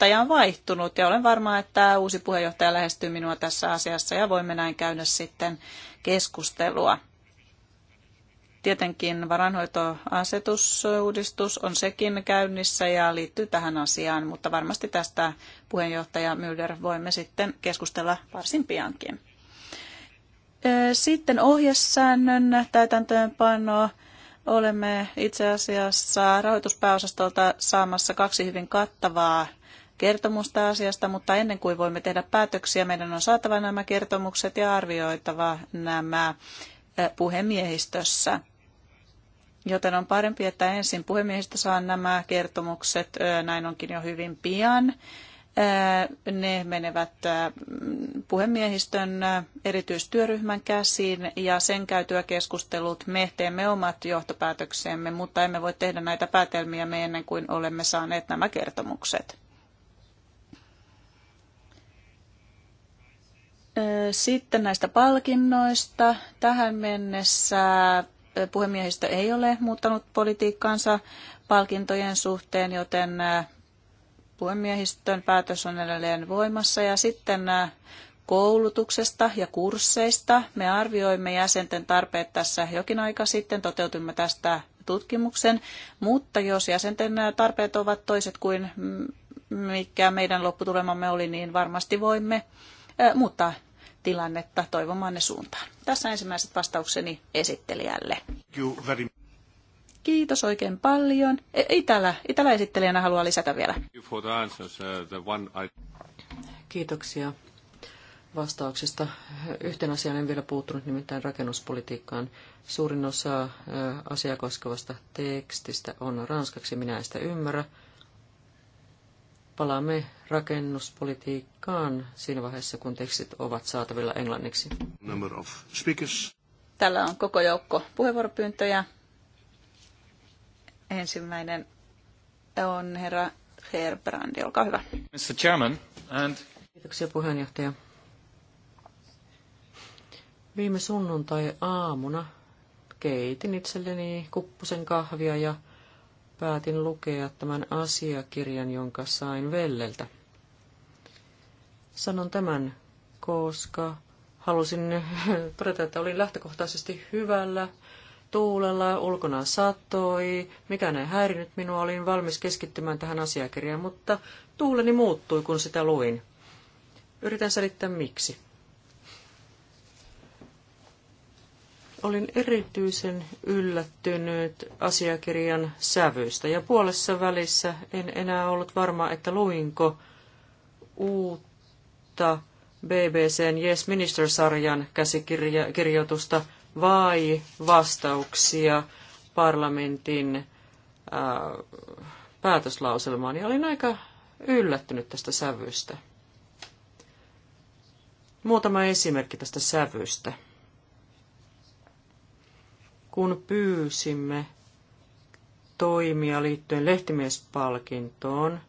puheenjohtaja on vaihtunut ja olen varma, että uusi puheenjohtaja lähestyy minua tässä asiassa ja voimme näin käydä sitten keskustelua. Tietenkin varanhoitoasetusuudistus on sekin käynnissä ja liittyy tähän asiaan, mutta varmasti tästä puheenjohtaja Mylder voimme sitten keskustella varsin piankin. Sitten ohjesäännön täytäntöönpano. olemme itse asiassa rahoituspääosastolta saamassa kaksi hyvin kattavaa kertomusta asiasta, mutta ennen kuin voimme tehdä päätöksiä, meidän on saatava nämä kertomukset ja arvioitava nämä puhemiehistössä. Joten on parempi, että ensin puhemiehistä saan nämä kertomukset, näin onkin jo hyvin pian. Ne menevät puhemiehistön erityistyöryhmän käsiin ja sen käytyä keskustelut me teemme omat johtopäätöksemme, mutta emme voi tehdä näitä päätelmiä me ennen kuin olemme saaneet nämä kertomukset. Sitten näistä palkinnoista. Tähän mennessä puhemiehistö ei ole muuttanut politiikkaansa palkintojen suhteen, joten puhemiehistön päätös on edelleen voimassa. Ja sitten koulutuksesta ja kursseista. Me arvioimme jäsenten tarpeet tässä jokin aika sitten, toteutimme tästä tutkimuksen, mutta jos jäsenten tarpeet ovat toiset kuin mikä meidän lopputulemamme oli, niin varmasti voimme muuttaa tilannetta toivomaanne suuntaan. Tässä ensimmäiset vastaukseni esittelijälle. Kiitos oikein paljon. E, Itälä, Itälä esittelijänä haluaa lisätä vielä. Uh, Kiitoksia vastauksesta. Yhten asian en vielä puuttunut, nimittäin rakennuspolitiikkaan. Suurin osa asiaa koskevasta tekstistä on ranskaksi, minä en sitä ymmärrä palaamme rakennuspolitiikkaan siinä vaiheessa, kun tekstit ovat saatavilla englanniksi. Number of speakers. Tällä on koko joukko puheenvuoropyyntöjä. Ensimmäinen on herra Herbrandi, olkaa hyvä. Mr. Chairman, and... Kiitoksia puheenjohtaja. Viime sunnuntai-aamuna keitin itselleni kuppusen kahvia ja päätin lukea tämän asiakirjan, jonka sain Velleltä. Sanon tämän, koska halusin [laughs] todeta, että olin lähtökohtaisesti hyvällä tuulella, ulkona satoi, mikä ei häirinyt minua, olin valmis keskittymään tähän asiakirjaan, mutta tuuleni muuttui, kun sitä luin. Yritän selittää miksi. Olin erityisen yllättynyt asiakirjan sävyistä ja puolessa välissä en enää ollut varma, että luinko uutta BBCn Yes Minister-sarjan käsikirjoitusta vai vastauksia parlamentin äh, päätöslauselmaan. Ja olin aika yllättynyt tästä sävystä. Muutama esimerkki tästä sävystä kun pyysimme toimia liittyen lehtimiespalkintoon,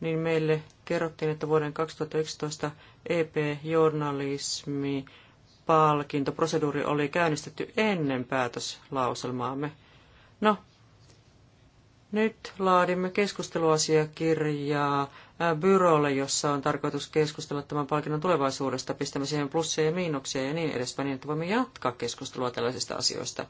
niin meille kerrottiin, että vuoden 2011 EP-journalismi palkintoproseduuri oli käynnistetty ennen päätöslauselmaamme. No, nyt laadimme keskusteluasiakirjaa byrolle, jossa on tarkoitus keskustella tämän palkinnon tulevaisuudesta, pistämme siihen plussia ja miinuksia ja niin edespäin, niin että voimme jatkaa keskustelua tällaisista asioista.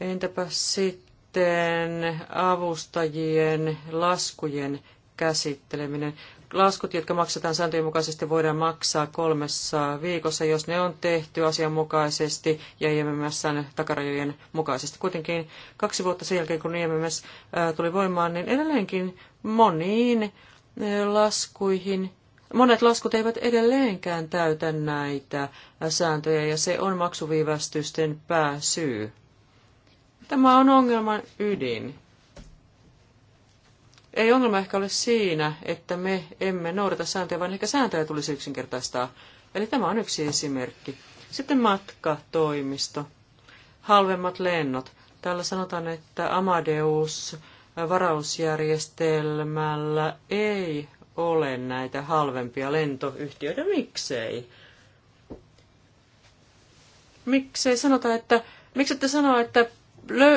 Entäpä sitten avustajien laskujen käsitteleminen? Laskut, jotka maksetaan sääntöjen mukaisesti, voidaan maksaa kolmessa viikossa, jos ne on tehty asianmukaisesti ja IMMSn takarajojen mukaisesti. Kuitenkin kaksi vuotta sen jälkeen, kun IMMS tuli voimaan, niin edelleenkin moniin laskuihin Monet laskut eivät edelleenkään täytä näitä sääntöjä ja se on maksuviivästysten pääsyy. Tämä on ongelman ydin. Ei ongelma ehkä ole siinä, että me emme noudata sääntöjä, vaan ehkä sääntöjä tulisi yksinkertaistaa. Eli tämä on yksi esimerkki. Sitten matkatoimisto. Halvemmat lennot. Täällä sanotaan, että Amadeus varausjärjestelmällä ei ole näitä halvempia lentoyhtiöitä. Miksei? Miksei sanota, että Miksi ette sano, että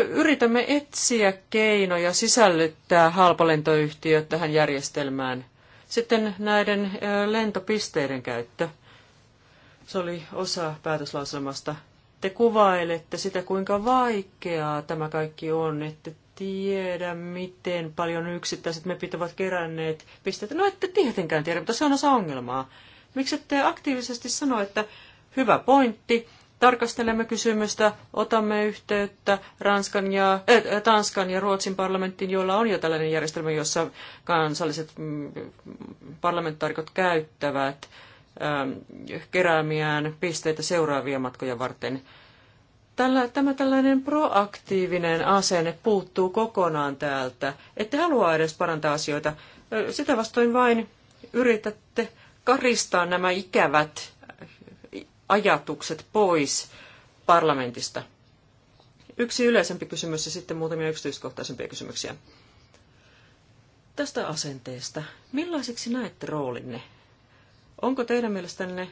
yritämme etsiä keinoja sisällyttää halpalentoyhtiö tähän järjestelmään. Sitten näiden lentopisteiden käyttö. Se oli osa päätöslauselmasta. Te kuvailette sitä, kuinka vaikeaa tämä kaikki on, että tiedä, miten paljon yksittäiset me pitävät keränneet pisteitä. No ette tietenkään tiedä, mutta se on osa ongelmaa. Miksi ette aktiivisesti sano, että hyvä pointti, tarkastelemme kysymystä, otamme yhteyttä Ranskan ja, äh, äh, Tanskan ja Ruotsin parlamenttiin, joilla on jo tällainen järjestelmä, jossa kansalliset mm, parlamentaarikot käyttävät äh, keräämiään pisteitä seuraavia matkoja varten. Tällä, tämä tällainen proaktiivinen asenne puuttuu kokonaan täältä. Ette halua edes parantaa asioita. Äh, sitä vastoin vain yritätte karistaa nämä ikävät ajatukset pois parlamentista. Yksi yleisempi kysymys ja sitten muutamia yksityiskohtaisempia kysymyksiä. Tästä asenteesta, millaiseksi näette roolinne? Onko teidän mielestänne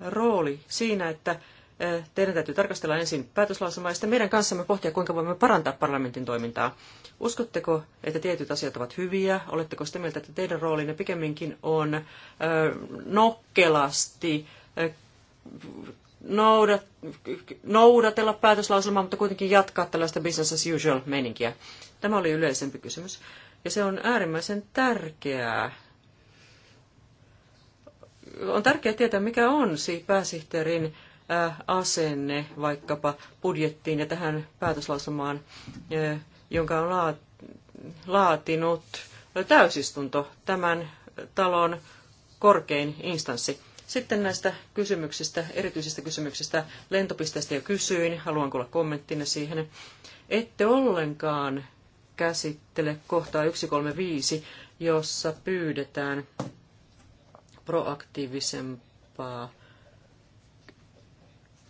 rooli siinä, että teidän täytyy tarkastella ensin päätöslausumaa ja sitten meidän kanssamme pohtia, kuinka voimme parantaa parlamentin toimintaa. Uskotteko, että tietyt asiat ovat hyviä? Oletteko sitä mieltä, että teidän roolinne pikemminkin on nokkelasti noudat, noudatella päätöslauselmaa, mutta kuitenkin jatkaa tällaista business as usual meninkiä. Tämä oli yleisempi kysymys. Ja se on äärimmäisen tärkeää. On tärkeää tietää, mikä on pääsihteerin äh, asenne vaikkapa budjettiin ja tähän päätöslauselmaan, äh, jonka on laatinut täysistunto tämän talon korkein instanssi. Sitten näistä kysymyksistä, erityisistä kysymyksistä lentopisteestä jo kysyin, haluan kuulla kommenttina siihen. Ette ollenkaan käsittele kohtaa 135, jossa pyydetään proaktiivisempaa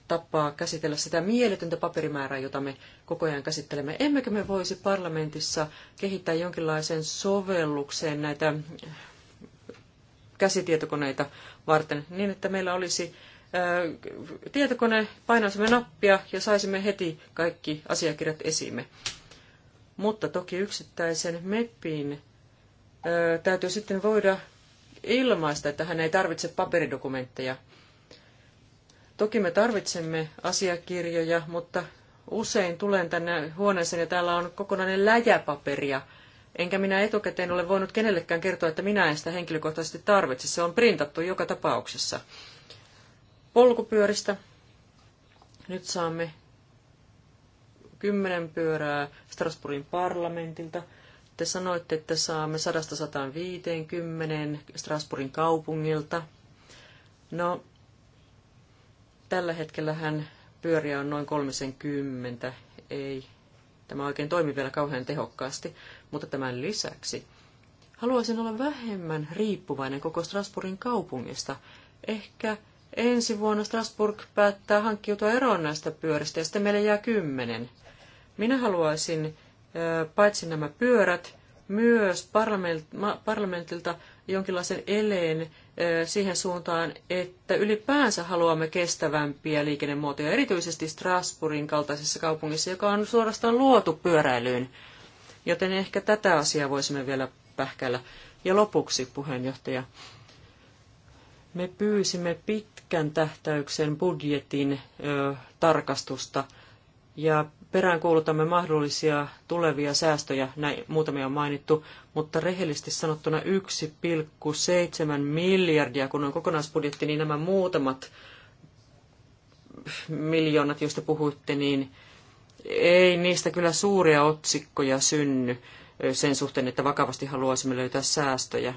tapaa käsitellä sitä mieletöntä paperimäärää, jota me koko ajan käsittelemme. Emmekö me voisi parlamentissa kehittää jonkinlaisen sovellukseen näitä käsitietokoneita varten, niin että meillä olisi tietokone, painaisimme nappia ja saisimme heti kaikki asiakirjat esiimme. Mutta toki yksittäisen MEPin täytyy sitten voida ilmaista, että hän ei tarvitse paperidokumentteja. Toki me tarvitsemme asiakirjoja, mutta usein tulen tänne huoneeseen ja täällä on kokonainen läjä paperia – Enkä minä etukäteen ole voinut kenellekään kertoa, että minä en sitä henkilökohtaisesti tarvitse. Se on printattu joka tapauksessa. Polkupyöristä. Nyt saamme kymmenen pyörää Strasbourgin parlamentilta. Te sanoitte, että saamme 100-150 Strasbourgin kaupungilta. No, tällä hetkellä hän pyöriä on noin 30, ei tämä oikein toimi vielä kauhean tehokkaasti mutta tämän lisäksi haluaisin olla vähemmän riippuvainen koko Strasbourgin kaupungista. Ehkä ensi vuonna Strasbourg päättää hankkiutua eroon näistä pyöristä ja sitten meille jää kymmenen. Minä haluaisin paitsi nämä pyörät, myös parlamentilta jonkinlaisen eleen siihen suuntaan, että ylipäänsä haluamme kestävämpiä liikennemuotoja, erityisesti Strasbourgin kaltaisessa kaupungissa, joka on suorastaan luotu pyöräilyyn. Joten ehkä tätä asiaa voisimme vielä pähkäillä. Ja lopuksi, puheenjohtaja, me pyysimme pitkän tähtäyksen budjetin ö, tarkastusta ja peräänkuulutamme mahdollisia tulevia säästöjä, näin muutamia on mainittu, mutta rehellisesti sanottuna 1,7 miljardia, kun on kokonaisbudjetti, niin nämä muutamat miljoonat, joista puhuitte, niin ei niistä kyllä suuria otsikkoja synny sen suhteen, että vakavasti haluaisimme löytää säästöjä.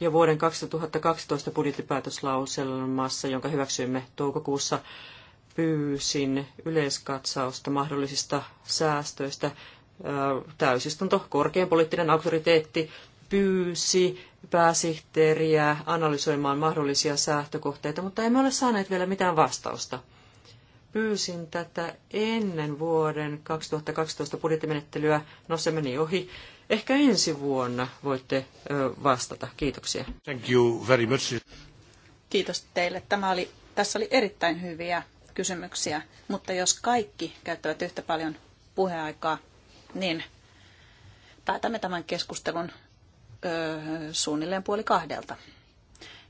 Ja vuoden 2012 budjettipäätöslauselmassa, jonka hyväksyimme toukokuussa, pyysin yleiskatsausta mahdollisista säästöistä. Täysistunto, korkein poliittinen auktoriteetti, pyysi pääsihteeriä analysoimaan mahdollisia säästökohteita, mutta emme ole saaneet vielä mitään vastausta. Pyysin tätä ennen vuoden 2012 budjettimenettelyä. No se meni ohi. Ehkä ensi vuonna voitte vastata. Kiitoksia. Thank you very much. Kiitos teille. Tämä oli, tässä oli erittäin hyviä kysymyksiä, mutta jos kaikki käyttävät yhtä paljon puheaikaa, niin päätämme tämän keskustelun ö, suunnilleen puoli kahdelta.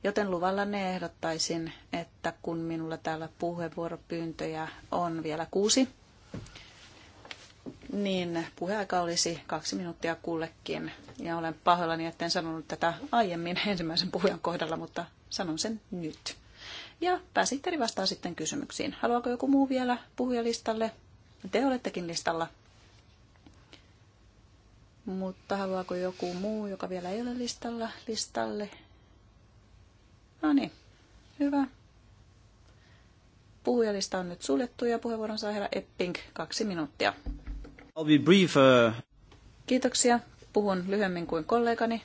Joten luvallanne ehdottaisin, että kun minulla täällä puheenvuoropyyntöjä on vielä kuusi, niin puheaika olisi kaksi minuuttia kullekin. Ja olen pahoillani, että en sanonut tätä aiemmin [laughs] ensimmäisen puhujan kohdalla, mutta sanon sen nyt. Ja pääsihteeri vastaa sitten kysymyksiin. Haluaako joku muu vielä puhujalistalle? Te olettekin listalla. Mutta haluaako joku muu, joka vielä ei ole listalla, listalle? No niin, hyvä. Puhujalista on nyt suljettu ja puheenvuoron saa herra Epping, kaksi minuuttia. I'll be brief, uh... Kiitoksia. Puhun lyhyemmin kuin kollegani.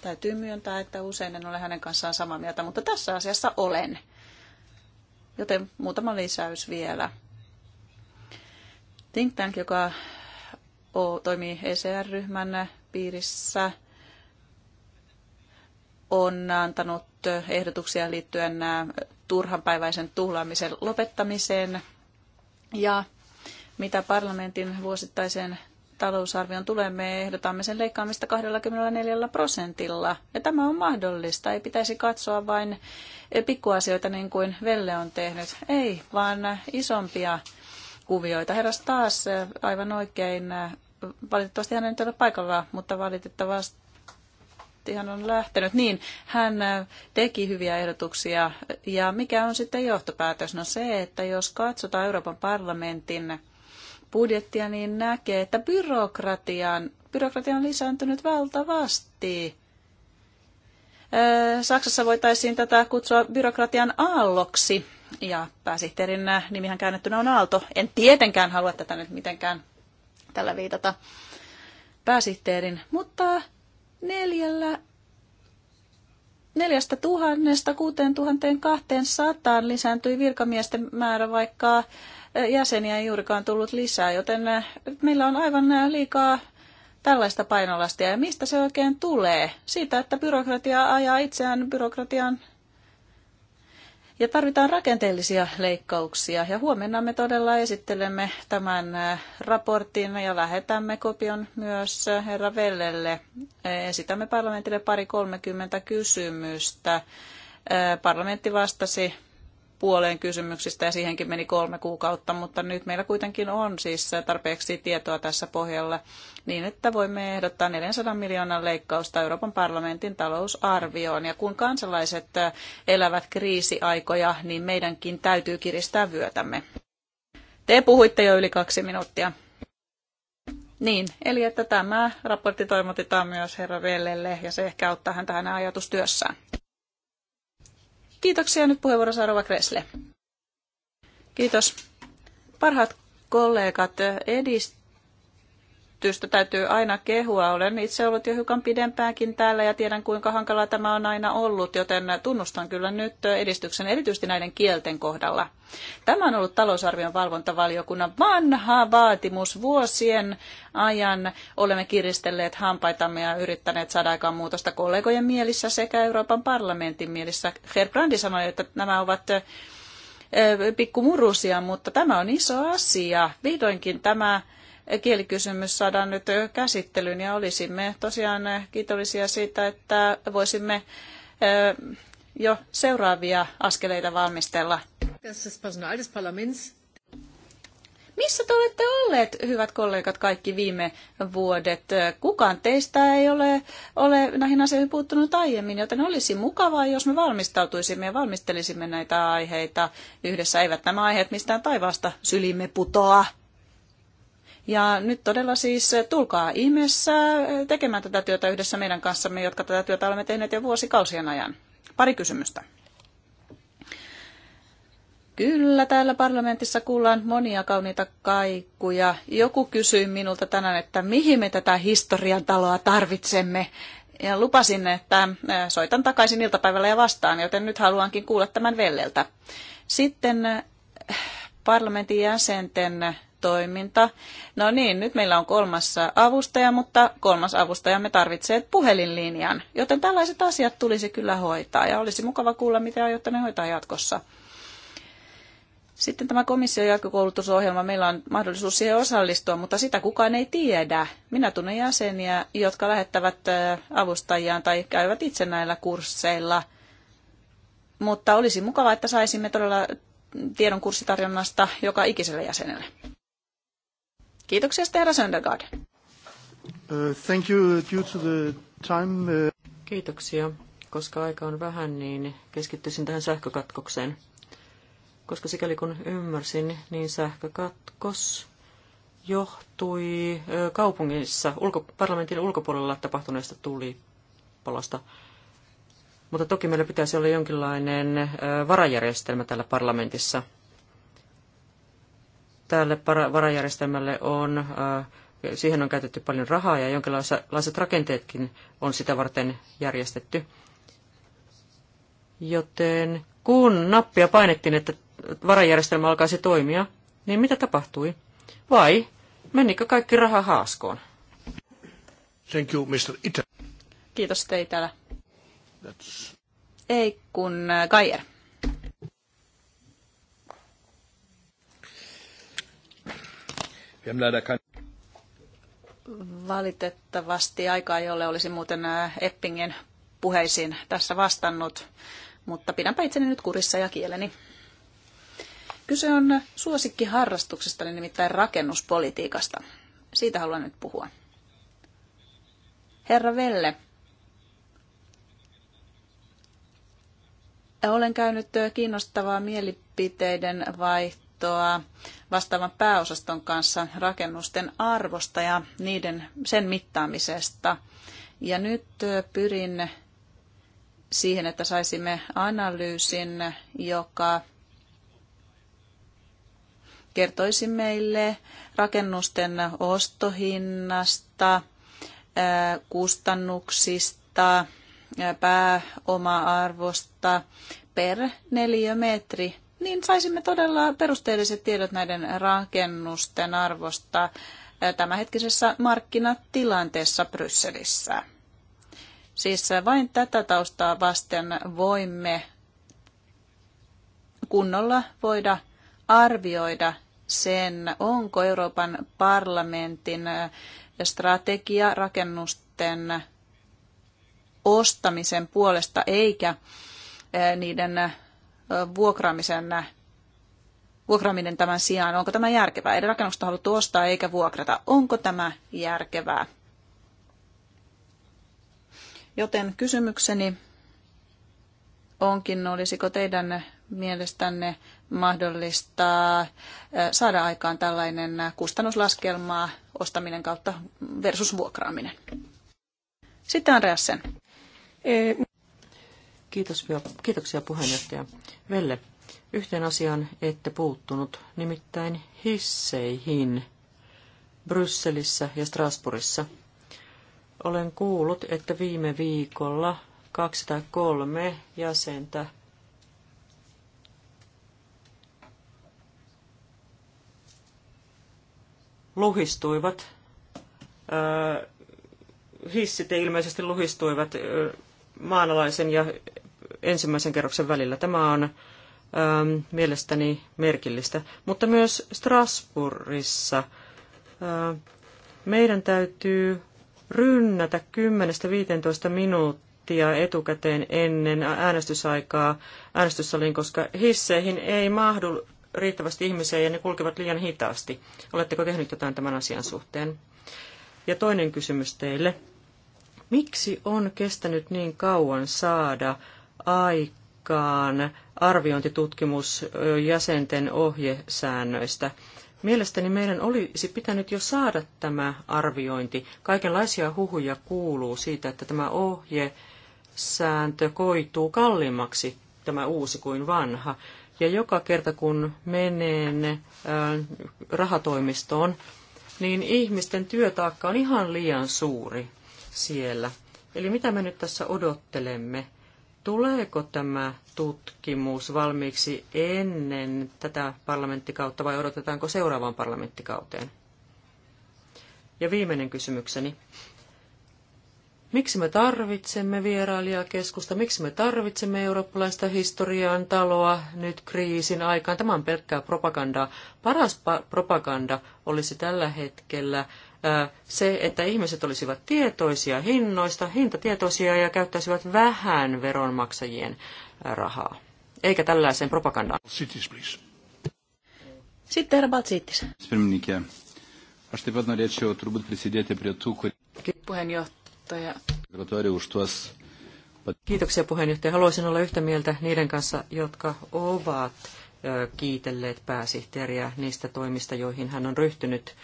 Täytyy myöntää, että usein en ole hänen kanssaan samaa mieltä, mutta tässä asiassa olen. Joten muutama lisäys vielä. Think Tank, joka toimii ECR-ryhmän piirissä, on antanut ehdotuksia liittyen turhanpäiväisen tuhlaamisen lopettamiseen ja mitä parlamentin vuosittaiseen talousarvion tulee, me ehdotamme sen leikkaamista 24 prosentilla. Ja tämä on mahdollista. Ei pitäisi katsoa vain pikkuasioita niin kuin Velle on tehnyt. Ei, vaan isompia kuvioita. Herras taas aivan oikein. Valitettavasti hän ei nyt ole paikalla, mutta valitettavasti hän on lähtenyt. Niin, hän äh, teki hyviä ehdotuksia. Ja mikä on sitten johtopäätös? No se, että jos katsotaan Euroopan parlamentin budjettia, niin näkee, että byrokratian, byrokratia on lisääntynyt valtavasti. Äh, Saksassa voitaisiin tätä kutsua byrokratian aalloksi. Ja pääsihteerin äh, nimihän käännettynä on Aalto. En tietenkään halua tätä nyt mitenkään tällä viitata pääsihteerin, mutta neljällä, neljästä tuhannesta kuuteen tuhanteen kahteen sataan lisääntyi virkamiesten määrä, vaikka jäseniä ei juurikaan tullut lisää, joten meillä on aivan liikaa tällaista painolastia. Ja mistä se oikein tulee? Siitä, että byrokratia ajaa itseään byrokratian ja tarvitaan rakenteellisia leikkauksia. Ja huomenna me todella esittelemme tämän äh, raportin ja lähetämme kopion myös äh, herra Vellelle. Esitämme parlamentille pari 30 kysymystä. Äh, parlamentti vastasi puoleen kysymyksistä ja siihenkin meni kolme kuukautta, mutta nyt meillä kuitenkin on siis tarpeeksi tietoa tässä pohjalla niin, että voimme ehdottaa 400 miljoonan leikkausta Euroopan parlamentin talousarvioon. Ja kun kansalaiset elävät kriisiaikoja, niin meidänkin täytyy kiristää vyötämme. Te puhuitte jo yli kaksi minuuttia. Niin, eli että tämä raportti toimotetaan myös herra Vellelle ja se ehkä auttaa häntä hänen ajatustyössään. Kiitoksia. Nyt puheenvuoro Sarova Kresle. Kiitos. Parhaat kollegat, edist- menestystä täytyy aina kehua. Olen itse ollut jo hiukan pidempäänkin täällä ja tiedän kuinka hankalaa tämä on aina ollut, joten tunnustan kyllä nyt edistyksen erityisesti näiden kielten kohdalla. Tämä on ollut talousarvion valvontavaliokunnan vanha vaatimus. Vuosien ajan olemme kiristelleet hampaitamme ja yrittäneet saada aikaan muutosta kollegojen mielissä sekä Euroopan parlamentin mielissä. Brandi sanoi, että nämä ovat pikku murusia, mutta tämä on iso asia. Vihdoinkin tämä kielikysymys saadaan nyt käsittelyyn ja olisimme tosiaan kiitollisia siitä, että voisimme jo seuraavia askeleita valmistella. Missä te olette olleet, hyvät kollegat, kaikki viime vuodet? Kukaan teistä ei ole, ole näihin asioihin puuttunut aiemmin, joten olisi mukavaa, jos me valmistautuisimme ja valmistelisimme näitä aiheita yhdessä. Eivät nämä aiheet mistään taivaasta sylimme putoa. Ja nyt todella siis eh, tulkaa ihmeessä eh, tekemään tätä työtä yhdessä meidän kanssamme, jotka tätä työtä olemme tehneet jo vuosikausien ajan. Pari kysymystä. Kyllä, täällä parlamentissa kuullaan monia kauniita kaikkuja. Joku kysyi minulta tänään, että mihin me tätä historian taloa tarvitsemme. Ja lupasin, että eh, soitan takaisin iltapäivällä ja vastaan, joten nyt haluankin kuulla tämän Velleltä. Sitten parlamentin jäsenten toiminta. No niin, nyt meillä on kolmas avustaja, mutta kolmas avustaja me tarvitsee puhelinlinjan. Joten tällaiset asiat tulisi kyllä hoitaa ja olisi mukava kuulla, mitä aiotte ne hoitaa jatkossa. Sitten tämä komission jatkokoulutusohjelma, meillä on mahdollisuus siihen osallistua, mutta sitä kukaan ei tiedä. Minä tunnen jäseniä, jotka lähettävät avustajiaan tai käyvät itse näillä kursseilla. Mutta olisi mukava, että saisimme todella tiedon kurssitarjonnasta joka ikiselle jäsenelle. Kiitoksia, herra Söndergaard. Uh, thank you uh, due to the time. Uh... Kiitoksia. Koska aika on vähän, niin keskittyisin tähän sähkökatkokseen. Koska sikäli kun ymmärsin, niin sähkökatkos johtui kaupungissa ulko, parlamentin ulkopuolella tapahtuneesta tulipalosta. Mutta toki meillä pitäisi olla jonkinlainen varajärjestelmä täällä parlamentissa – tälle varajärjestelmälle on, äh, siihen on käytetty paljon rahaa ja jonkinlaiset rakenteetkin on sitä varten järjestetty. Joten kun nappia painettiin, että varajärjestelmä alkaisi toimia, niin mitä tapahtui? Vai menikö kaikki raha haaskoon? Thank you, Mr. Ita. Kiitos teitä. That's... Ei kun Kajer. Äh, Valitettavasti aikaa, jolle olisi muuten Eppingen puheisiin tässä vastannut, mutta pidänpä itseni nyt kurissa ja kieleni. Kyse on suosikkiharrastuksesta, nimittäin rakennuspolitiikasta. Siitä haluan nyt puhua. Herra Velle, olen käynyt kiinnostavaa mielipiteiden vaihtoa tietoa vastaavan pääosaston kanssa rakennusten arvosta ja niiden, sen mittaamisesta. Ja nyt pyrin siihen, että saisimme analyysin, joka kertoisi meille rakennusten ostohinnasta, kustannuksista, pääoma-arvosta per neliömetri niin saisimme todella perusteelliset tiedot näiden rakennusten arvosta tämänhetkisessä markkinatilanteessa Brysselissä. Siis vain tätä taustaa vasten voimme kunnolla voida arvioida sen, onko Euroopan parlamentin strategia rakennusten ostamisen puolesta eikä niiden vuokraamisen vuokraaminen tämän sijaan, onko tämä järkevää? Ei rakennusta haluttu ostaa eikä vuokrata. Onko tämä järkevää? Joten kysymykseni onkin, olisiko teidän mielestänne mahdollista saada aikaan tällainen kustannuslaskelma ostaminen kautta versus vuokraaminen? Sitten Andreasen. Eh, Kiitos, kiitoksia puheenjohtaja. Velle, yhteen asiaan ette puuttunut, nimittäin hisseihin Brysselissä ja Strasbourgissa. Olen kuullut, että viime viikolla kaksi tai kolme jäsentä luhistuivat. hissit ilmeisesti luhistuivat maanalaisen ja ensimmäisen kerroksen välillä. Tämä on ähm, mielestäni merkillistä. Mutta myös Strasbourgissa äh, meidän täytyy rynnätä 10-15 minuuttia etukäteen ennen äänestysaikaa äänestyssaliin, koska hisseihin ei mahdu riittävästi ihmisiä ja ne kulkevat liian hitaasti. Oletteko tehnyt jotain tämän asian suhteen? Ja toinen kysymys teille. Miksi on kestänyt niin kauan saada aikaan arviointitutkimus jäsenten ohjesäännöistä. Mielestäni meidän olisi pitänyt jo saada tämä arviointi. Kaikenlaisia huhuja kuuluu siitä, että tämä ohjesääntö koituu kalliimmaksi, tämä uusi kuin vanha. Ja joka kerta kun menen äh, rahatoimistoon, niin ihmisten työtaakka on ihan liian suuri siellä. Eli mitä me nyt tässä odottelemme? Tuleeko tämä tutkimus valmiiksi ennen tätä parlamenttikautta vai odotetaanko seuraavaan parlamenttikauteen? Ja viimeinen kysymykseni. Miksi me tarvitsemme vierailijakeskusta? Miksi me tarvitsemme eurooppalaista historian taloa nyt kriisin aikaan? Tämä on pelkkää propagandaa. Paras propaganda olisi tällä hetkellä se, että ihmiset olisivat tietoisia hinnoista, hintatietoisia ja käyttäisivät vähän veronmaksajien rahaa, eikä tällaiseen propagandaan. Cities, please. Sitten herra Baltsiittis. Aš norėčiau turbūt prisidėti prie tų, kurie... Puheenjohtaja. Kiitoksia puheenjohtaja. Haluaisin olla yhtä mieltä niiden kanssa, jotka ovat kiitelleet pääsihteeriä niistä toimista, joihin hän on ryhtynyt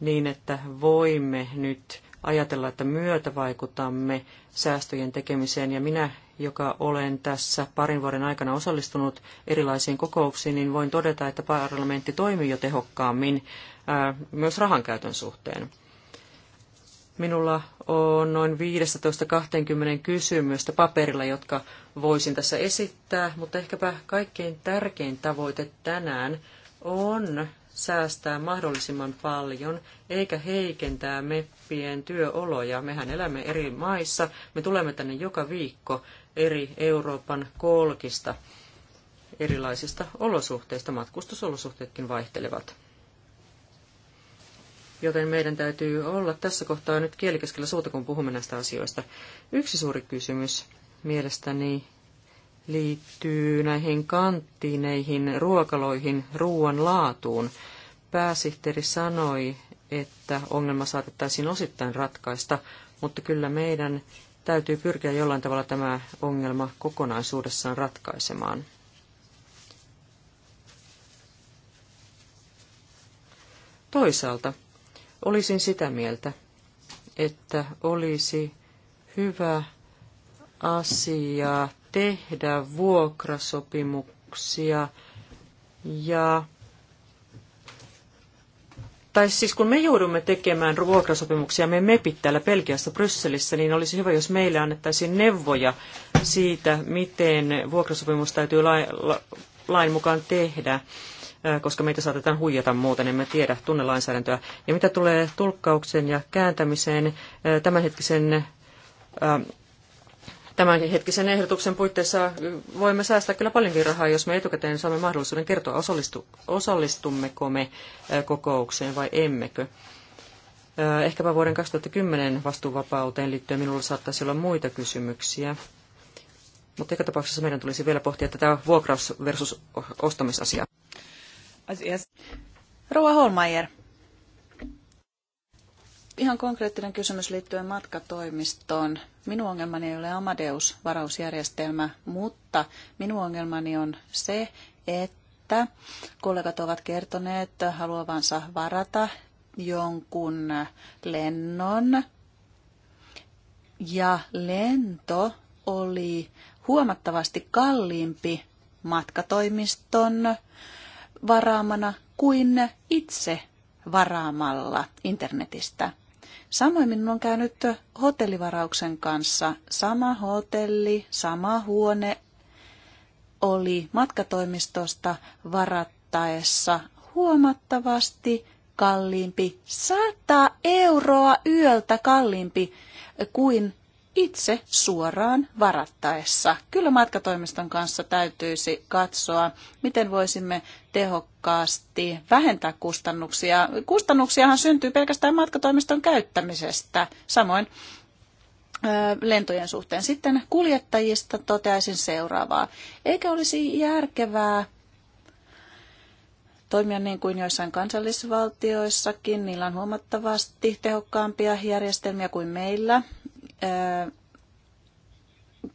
niin, että voimme nyt ajatella, että vaikutamme säästöjen tekemiseen. Ja minä, joka olen tässä parin vuoden aikana osallistunut erilaisiin kokouksiin, niin voin todeta, että parlamentti toimii jo tehokkaammin myös rahankäytön suhteen. Minulla on noin 15-20 kysymystä paperilla, jotka voisin tässä esittää, mutta ehkäpä kaikkein tärkein tavoite tänään on säästää mahdollisimman paljon, eikä heikentää meppien työoloja. Mehän elämme eri maissa, me tulemme tänne joka viikko eri Euroopan kolkista erilaisista olosuhteista. Matkustusolosuhteetkin vaihtelevat. Joten meidän täytyy olla tässä kohtaa nyt kielikeskellä suuta, kun puhumme näistä asioista. Yksi suuri kysymys mielestäni liittyy näihin kanttiineihin, ruokaloihin, ruoan laatuun. Pääsihteeri sanoi, että ongelma saatettaisiin osittain ratkaista, mutta kyllä meidän täytyy pyrkiä jollain tavalla tämä ongelma kokonaisuudessaan ratkaisemaan. Toisaalta olisin sitä mieltä, että olisi hyvä asia tehdä vuokrasopimuksia ja tai siis kun me joudumme tekemään vuokrasopimuksia, me MEPit täällä Pelkiässä Brysselissä, niin olisi hyvä, jos meille annettaisiin neuvoja siitä, miten vuokrasopimus täytyy lain, lain mukaan tehdä, koska meitä saatetaan huijata muuten, emme tiedä tunnelainsäädäntöä. Ja mitä tulee tulkkauksen ja kääntämiseen, tämänhetkisen tämänkin hetkisen ehdotuksen puitteissa voimme säästää kyllä paljonkin rahaa, jos me etukäteen saamme mahdollisuuden kertoa, osallistu, osallistummeko me kokoukseen vai emmekö. Ehkäpä vuoden 2010 vastuuvapauteen liittyen minulla saattaisi olla muita kysymyksiä. Mutta joka tapauksessa meidän tulisi vielä pohtia tätä vuokraus versus ostamisasiaa. Rouva Holmeier, ihan konkreettinen kysymys liittyen matkatoimistoon. Minun ongelmani ei ole Amadeus-varausjärjestelmä, mutta minun ongelmani on se, että kollegat ovat kertoneet haluavansa varata jonkun lennon. Ja lento oli huomattavasti kalliimpi matkatoimiston varaamana kuin itse varaamalla internetistä. Samoin minun on käynyt hotellivarauksen kanssa. Sama hotelli, sama huone oli matkatoimistosta varattaessa huomattavasti kalliimpi, 100 euroa yöltä kalliimpi kuin itse suoraan varattaessa. Kyllä matkatoimiston kanssa täytyisi katsoa, miten voisimme tehokkaasti vähentää kustannuksia. Kustannuksiahan syntyy pelkästään matkatoimiston käyttämisestä, samoin lentojen suhteen. Sitten kuljettajista toteaisin seuraavaa. eikä olisi järkevää toimia niin kuin joissain kansallisvaltioissakin. Niillä on huomattavasti tehokkaampia järjestelmiä kuin meillä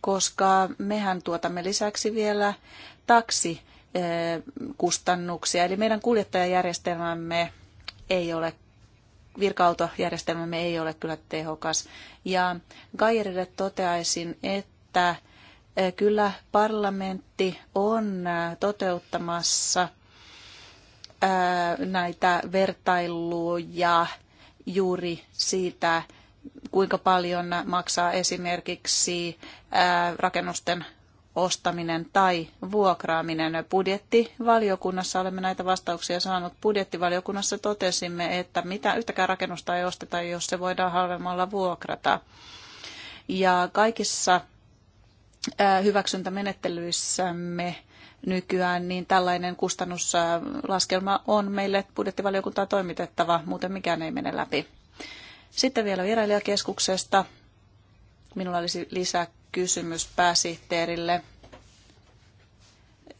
koska mehän tuotamme lisäksi vielä taksi kustannuksia. Eli meidän kuljettajajärjestelmämme ei ole, virka-autojärjestelmämme ei ole kyllä tehokas. Ja Gajerille toteaisin, että kyllä parlamentti on toteuttamassa näitä vertailuja juuri siitä, kuinka paljon maksaa esimerkiksi rakennusten ostaminen tai vuokraaminen. Budjettivaliokunnassa olemme näitä vastauksia saanut. Budjettivaliokunnassa totesimme, että mitä yhtäkään rakennusta ei osteta, jos se voidaan halvemmalla vuokrata. Ja kaikissa hyväksyntämenettelyissämme nykyään, niin tällainen kustannuslaskelma on meille budjettivaliokuntaa toimitettava, muuten mikään ei mene läpi. Sitten vielä vierailijakeskuksesta. Minulla olisi lisäkysymys pääsihteerille.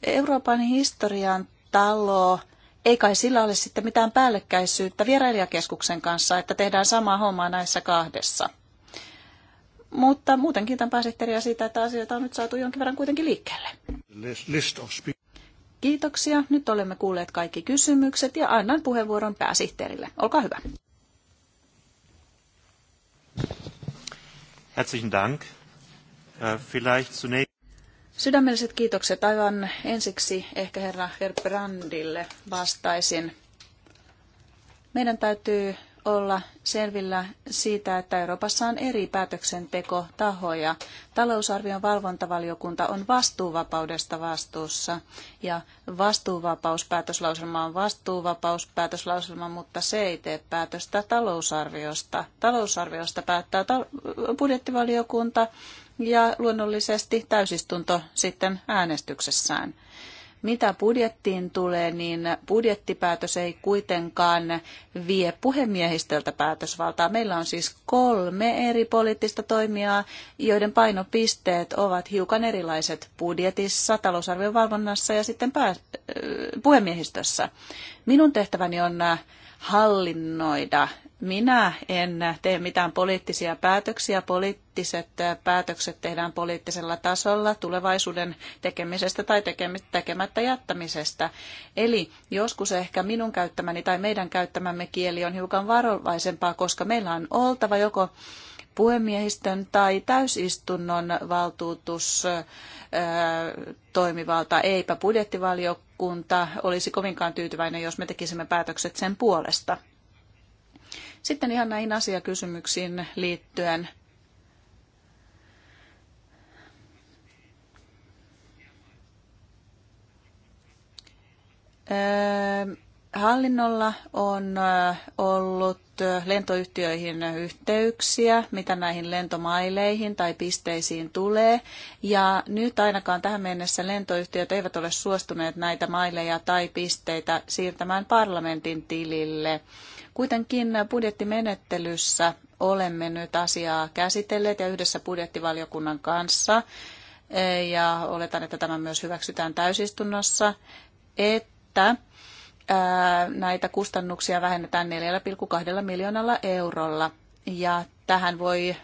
Euroopan historian talo, ei kai sillä ole sitten mitään päällekkäisyyttä vierailijakeskuksen kanssa, että tehdään samaa hommaa näissä kahdessa. Mutta muutenkin tämän pääsihteeriä siitä, että asioita on nyt saatu jonkin verran kuitenkin liikkeelle. Kiitoksia. Nyt olemme kuulleet kaikki kysymykset ja annan puheenvuoron pääsihteerille. Olkaa hyvä. Herzlichen Dank. Äh, vielleicht zunächst... Sydämelliset kiitokset aivan ensiksi ehkä herra Herbrandille vastaisin. Meidän täytyy olla selvillä siitä, että Euroopassa on eri päätöksentekotahoja. Talousarvion valvontavaliokunta on vastuuvapaudesta vastuussa ja vastuuvapauspäätöslauselma on vastuuvapauspäätöslauselma, mutta se ei tee päätöstä talousarviosta. Talousarviosta päättää budjettivaliokunta ja luonnollisesti täysistunto sitten äänestyksessään. Mitä budjettiin tulee, niin budjettipäätös ei kuitenkaan vie puhemiehistöltä päätösvaltaa. Meillä on siis kolme eri poliittista toimijaa, joiden painopisteet ovat hiukan erilaiset budjetissa, talousarvion valvonnassa ja sitten pää- äh, puhemiehistössä. Minun tehtäväni on äh, hallinnoida minä en tee mitään poliittisia päätöksiä. Poliittiset päätökset tehdään poliittisella tasolla tulevaisuuden tekemisestä tai tekemättä jättämisestä. Eli joskus ehkä minun käyttämäni tai meidän käyttämämme kieli on hiukan varovaisempaa, koska meillä on oltava joko puhemiehistön tai täysistunnon valtuutus toimivalta, eipä budjettivaliokunta olisi kovinkaan tyytyväinen, jos me tekisimme päätökset sen puolesta. Sitten ihan näihin asiakysymyksiin liittyen. Hallinnolla on ollut lentoyhtiöihin yhteyksiä, mitä näihin lentomaileihin tai pisteisiin tulee. Ja nyt ainakaan tähän mennessä lentoyhtiöt eivät ole suostuneet näitä maileja tai pisteitä siirtämään parlamentin tilille. Kuitenkin budjettimenettelyssä olemme nyt asiaa käsitelleet ja yhdessä budjettivaliokunnan kanssa, ja oletan, että tämä myös hyväksytään täysistunnossa, että näitä kustannuksia vähennetään 4,2 miljoonalla eurolla. Ja tähän voi,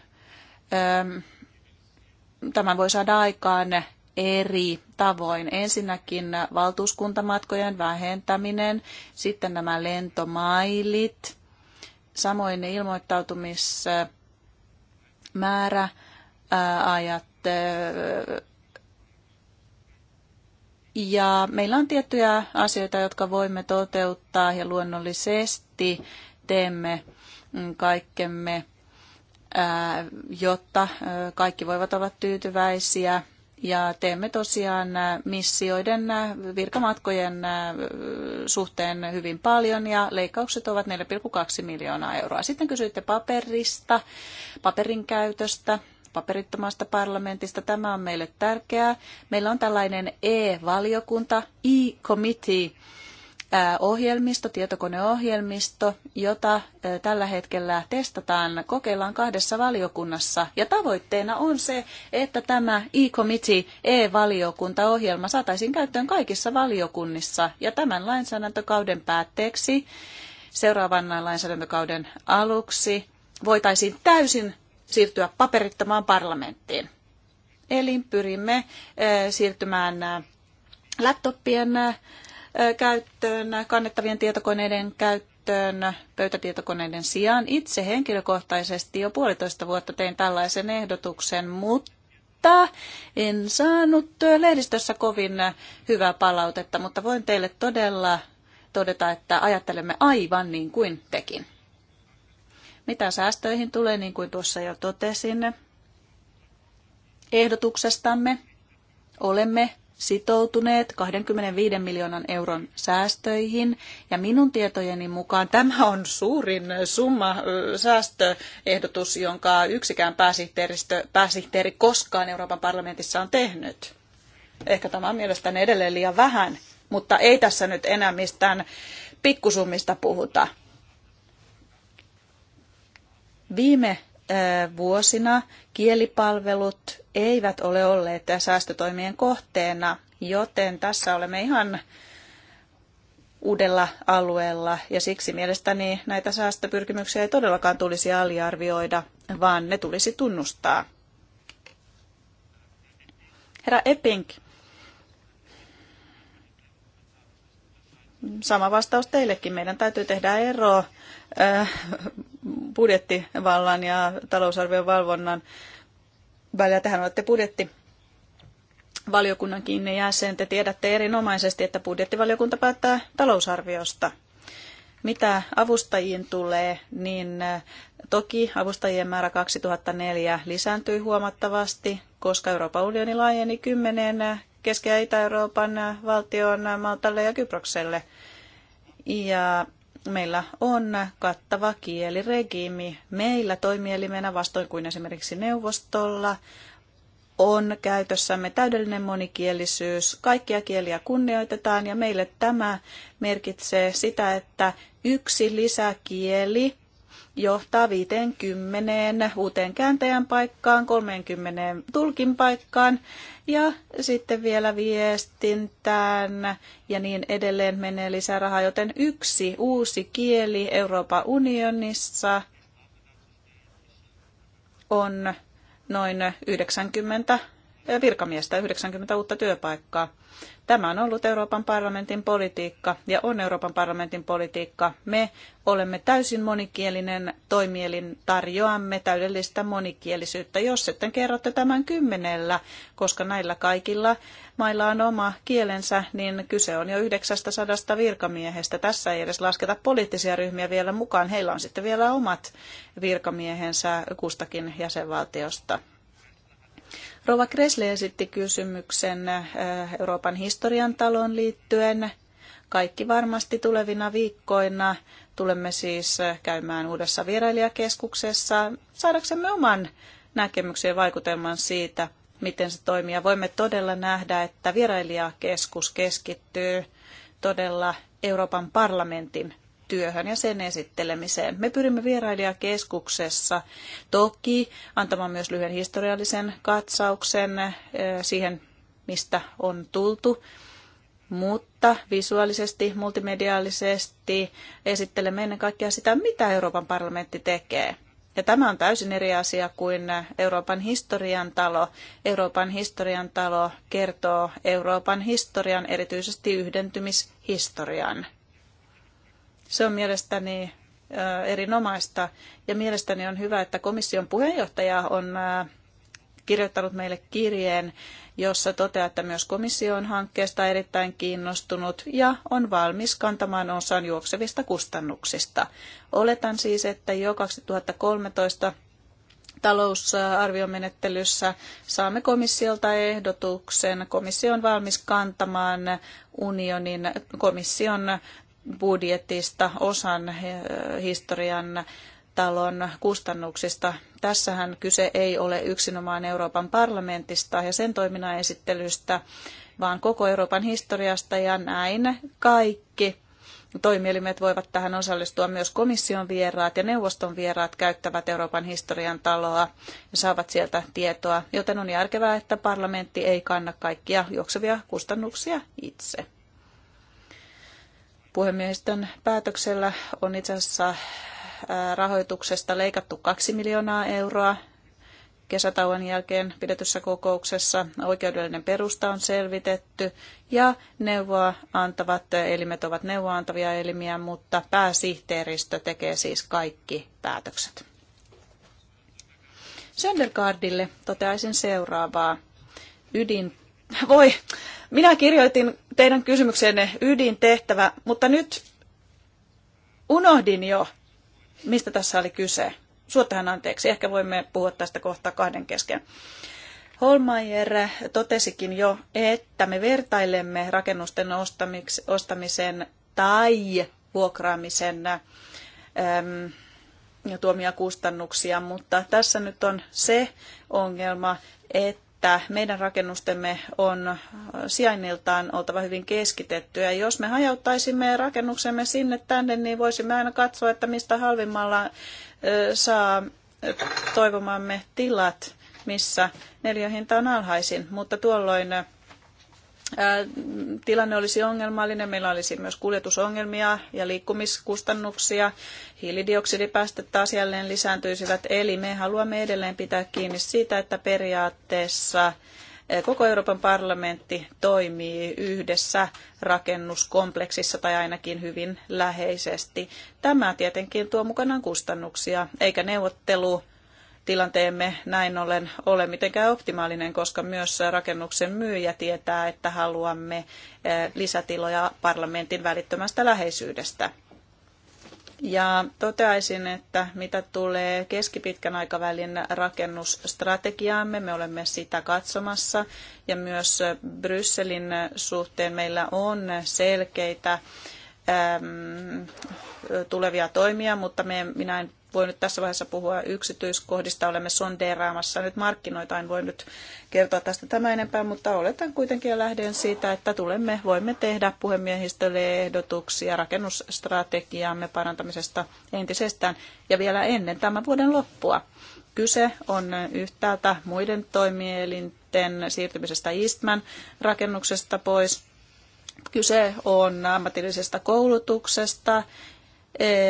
tämän voi saada aikaan eri tavoin. Ensinnäkin valtuuskuntamatkojen vähentäminen, sitten nämä lentomailit, samoin ilmoittautumismäärä, ajat ja meillä on tiettyjä asioita, jotka voimme toteuttaa ja luonnollisesti teemme mm, kaikkemme, jotta kaikki voivat olla tyytyväisiä ja teemme tosiaan äh, missioiden äh, virkamatkojen äh, suhteen hyvin paljon ja leikkaukset ovat 4,2 miljoonaa euroa. Sitten kysyitte paperista, paperin käytöstä paperittomasta parlamentista. Tämä on meille tärkeää. Meillä on tällainen E-valiokunta, E-committee, ohjelmisto, tietokoneohjelmisto, jota tällä hetkellä testataan, kokeillaan kahdessa valiokunnassa. Ja tavoitteena on se, että tämä e-committee e-valiokuntaohjelma saataisiin käyttöön kaikissa valiokunnissa. Ja tämän lainsäädäntökauden päätteeksi, seuraavan lainsäädäntökauden aluksi, voitaisiin täysin siirtyä paperittamaan parlamenttiin. Eli pyrimme siirtymään laptopien käyttöön, kannettavien tietokoneiden käyttöön pöytätietokoneiden sijaan. Itse henkilökohtaisesti jo puolitoista vuotta tein tällaisen ehdotuksen, mutta en saanut lehdistössä kovin hyvää palautetta, mutta voin teille todella todeta, että ajattelemme aivan niin kuin tekin. Mitä säästöihin tulee, niin kuin tuossa jo totesin, ehdotuksestamme olemme sitoutuneet 25 miljoonan euron säästöihin. Ja minun tietojeni mukaan tämä on suurin summa säästöehdotus, jonka yksikään pääsihteeristö, pääsihteeri koskaan Euroopan parlamentissa on tehnyt. Ehkä tämä on mielestäni edelleen liian vähän, mutta ei tässä nyt enää mistään pikkusummista puhuta. Viime vuosina kielipalvelut eivät ole olleet säästötoimien kohteena, joten tässä olemme ihan uudella alueella ja siksi mielestäni näitä säästöpyrkimyksiä ei todellakaan tulisi aliarvioida, vaan ne tulisi tunnustaa. Herra Epping sama vastaus teillekin. Meidän täytyy tehdä ero äh, budjettivallan ja talousarvion valvonnan välillä. Tähän olette budjetti valiokunnan kiinni jäsen. Te tiedätte erinomaisesti, että budjettivaliokunta päättää talousarviosta. Mitä avustajiin tulee, niin äh, toki avustajien määrä 2004 lisääntyi huomattavasti, koska Euroopan unioni laajeni kymmeneen äh, Keski- ja Itä-Euroopan valtioon Maltalle ja Kyprokselle – ja meillä on kattava kieliregiimi. Meillä toimielimenä vastoin kuin esimerkiksi neuvostolla on käytössämme täydellinen monikielisyys, kaikkia kieliä kunnioitetaan ja meille tämä merkitsee sitä, että yksi lisäkieli johtaa 50 uuteen kääntäjän paikkaan, 30 tulkin paikkaan ja sitten vielä viestintään ja niin edelleen menee lisää rahaa, joten yksi uusi kieli Euroopan unionissa on noin 90 virkamiestä, 90 uutta työpaikkaa. Tämä on ollut Euroopan parlamentin politiikka ja on Euroopan parlamentin politiikka. Me olemme täysin monikielinen toimielin, tarjoamme täydellistä monikielisyyttä, jos sitten kerrotte tämän kymmenellä, koska näillä kaikilla mailla on oma kielensä, niin kyse on jo 900 virkamiehestä. Tässä ei edes lasketa poliittisia ryhmiä vielä mukaan, heillä on sitten vielä omat virkamiehensä kustakin jäsenvaltiosta. Rova Kresle esitti kysymyksen äh, Euroopan historian taloon liittyen. Kaikki varmasti tulevina viikkoina tulemme siis äh, käymään uudessa vierailijakeskuksessa saadaksemme oman näkemyksen ja vaikutelman siitä, miten se toimii. Ja voimme todella nähdä, että vierailijakeskus keskittyy todella Euroopan parlamentin työhön ja sen esittelemiseen. Me pyrimme vierailijakeskuksessa toki antamaan myös lyhyen historiallisen katsauksen siihen, mistä on tultu, mutta visuaalisesti, multimediaalisesti esittelemme ennen kaikkea sitä, mitä Euroopan parlamentti tekee. Ja tämä on täysin eri asia kuin Euroopan historian talo. Euroopan historian talo kertoo Euroopan historian, erityisesti yhdentymishistorian. Se on mielestäni erinomaista ja mielestäni on hyvä, että komission puheenjohtaja on kirjoittanut meille kirjeen, jossa toteaa, että myös komissio on hankkeesta erittäin kiinnostunut ja on valmis kantamaan osan juoksevista kustannuksista. Oletan siis, että jo 2013 talousarviomenettelyssä saamme komissiolta ehdotuksen. Komissio on valmis kantamaan unionin komission budjetista osan eh, historian talon kustannuksista. Tässähän kyse ei ole yksinomaan Euroopan parlamentista ja sen toiminnan esittelystä, vaan koko Euroopan historiasta ja näin kaikki toimielimet voivat tähän osallistua. Myös komission vieraat ja neuvoston vieraat käyttävät Euroopan historian taloa ja saavat sieltä tietoa, joten on järkevää, että parlamentti ei kanna kaikkia juoksevia kustannuksia itse. Puhemiehistön päätöksellä on itse asiassa rahoituksesta leikattu 2 miljoonaa euroa kesätauon jälkeen pidetyssä kokouksessa. Oikeudellinen perusta on selvitetty ja neuvoa antavat elimet ovat neuvoa antavia elimiä, mutta pääsihteeristö tekee siis kaikki päätökset. Söndergaardille toteaisin seuraavaa. Ydin, [laughs] voi, minä kirjoitin teidän kysymykseenne ydintehtävä, mutta nyt unohdin jo, mistä tässä oli kyse. Suottahan anteeksi, ehkä voimme puhua tästä kohta kahden kesken. Holmeyer totesikin jo, että me vertailemme rakennusten ostamisen tai vuokraamisen äm, tuomia kustannuksia, mutta tässä nyt on se ongelma, että että meidän rakennustemme on sijainniltaan oltava hyvin keskitettyä. Jos me hajauttaisimme rakennuksemme sinne tänne, niin voisimme aina katsoa, että mistä halvimmalla saa toivomamme tilat, missä neljöhinta on alhaisin, mutta tuolloin tilanne olisi ongelmallinen. Meillä olisi myös kuljetusongelmia ja liikkumiskustannuksia. Hiilidioksidipäästöt taas jälleen lisääntyisivät. Eli me haluamme edelleen pitää kiinni siitä, että periaatteessa koko Euroopan parlamentti toimii yhdessä rakennuskompleksissa tai ainakin hyvin läheisesti. Tämä tietenkin tuo mukanaan kustannuksia, eikä neuvottelu tilanteemme näin ollen ole mitenkään optimaalinen, koska myös rakennuksen myyjä tietää, että haluamme eh, lisätiloja parlamentin välittömästä läheisyydestä. Ja toteaisin, että mitä tulee keskipitkän aikavälin rakennusstrategiaamme, me olemme sitä katsomassa ja myös Brysselin suhteen meillä on selkeitä ehm, tulevia toimia, mutta me, minä en voi nyt tässä vaiheessa puhua yksityiskohdista. Olemme sondeeraamassa nyt markkinoita, en voi nyt kertoa tästä tämä enempää, mutta oletan kuitenkin ja lähden siitä, että tulemme, voimme tehdä puhemiehistölle ehdotuksia rakennusstrategiaamme parantamisesta entisestään ja vielä ennen tämän vuoden loppua. Kyse on yhtäältä muiden toimielinten siirtymisestä Eastman rakennuksesta pois. Kyse on ammatillisesta koulutuksesta,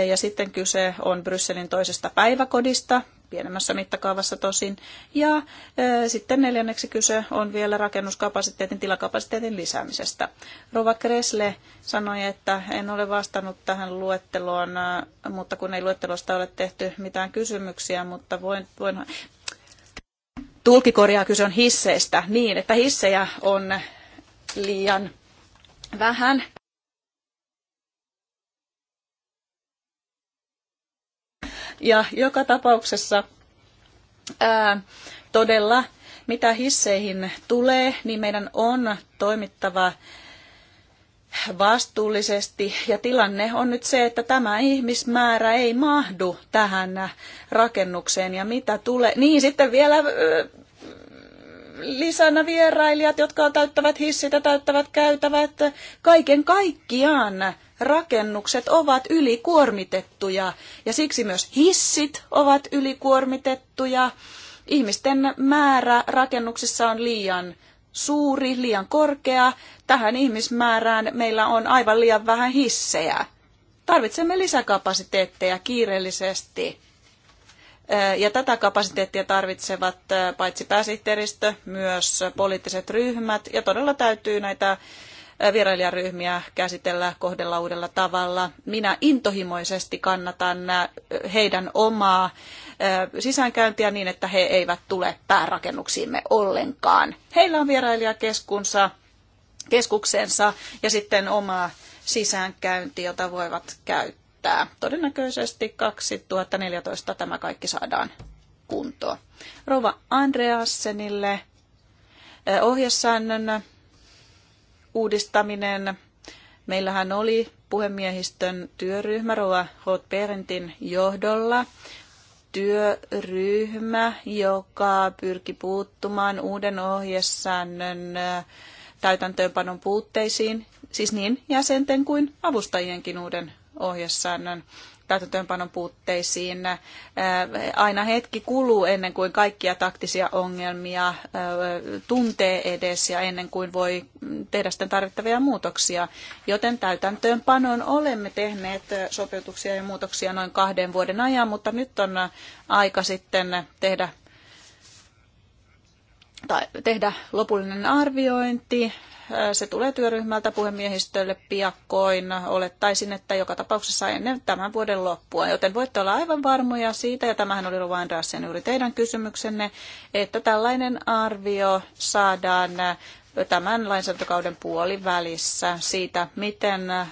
ja sitten kyse on Brysselin toisesta päiväkodista, pienemmässä mittakaavassa tosin. Ja e, sitten neljänneksi kyse on vielä rakennuskapasiteetin, tilakapasiteetin lisäämisestä. Rova Kresle sanoi, että en ole vastannut tähän luetteloon, e, mutta kun ei luettelosta ole tehty mitään kysymyksiä, mutta voin, voin tulkikorjaa kyse on hisseistä niin, että hissejä on liian vähän Ja joka tapauksessa ää, todella, mitä hisseihin tulee, niin meidän on toimittava vastuullisesti. Ja tilanne on nyt se, että tämä ihmismäärä ei mahdu tähän rakennukseen. Ja mitä tulee, niin sitten vielä lisänä vierailijat, jotka täyttävät hissit ja täyttävät käytävät. Kaiken kaikkiaan rakennukset ovat ylikuormitettuja ja siksi myös hissit ovat ylikuormitettuja. Ihmisten määrä rakennuksissa on liian suuri, liian korkea. Tähän ihmismäärään meillä on aivan liian vähän hissejä. Tarvitsemme lisäkapasiteetteja kiireellisesti. Ja tätä kapasiteettia tarvitsevat paitsi pääsihteeristö, myös poliittiset ryhmät. Ja todella täytyy näitä vierailijaryhmiä käsitellä, kohdella uudella tavalla. Minä intohimoisesti kannatan heidän omaa sisäänkäyntiä niin, että he eivät tule päärakennuksiimme ollenkaan. Heillä on vierailijakeskunsa, keskuksensa ja sitten oma sisäänkäynti, jota voivat käyttää. Todennäköisesti 2014 tämä kaikki saadaan kuntoon. Rova Andreassenille ohjesäännön uudistaminen. Meillähän oli puhemiehistön työryhmä Roa Hotperentin johdolla työryhmä, joka pyrki puuttumaan uuden ohjesäännön äh, täytäntöönpanon puutteisiin, siis niin jäsenten kuin avustajienkin uuden ohjesäännön täytäntöönpanon puutteisiin. Aina hetki kuluu ennen kuin kaikkia taktisia ongelmia tuntee edes ja ennen kuin voi tehdä sitten tarvittavia muutoksia. Joten täytäntöönpanoon olemme tehneet sopeutuksia ja muutoksia noin kahden vuoden ajan, mutta nyt on aika sitten tehdä tai tehdä lopullinen arviointi. Äh, se tulee työryhmältä puhemiehistölle piakkoin. Olettaisin, että joka tapauksessa ennen tämän vuoden loppua. Joten voitte olla aivan varmoja siitä, ja tämähän oli Ruvan Rassen juuri teidän kysymyksenne, että tällainen arvio saadaan äh, tämän lainsäädäntökauden puolivälissä siitä, miten äh,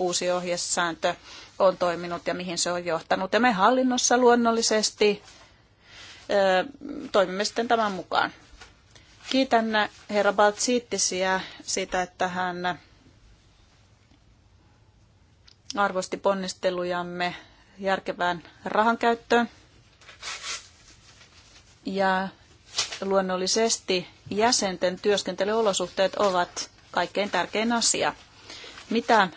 uusi ohjesääntö on toiminut ja mihin se on johtanut. Ja me hallinnossa luonnollisesti toimimme sitten tämän mukaan. Kiitän herra Baltsiittisiä siitä, että hän arvosti ponnistelujamme järkevään rahankäyttöön. Ja luonnollisesti jäsenten työskentelyolosuhteet ovat kaikkein tärkein asia – mitä ähm,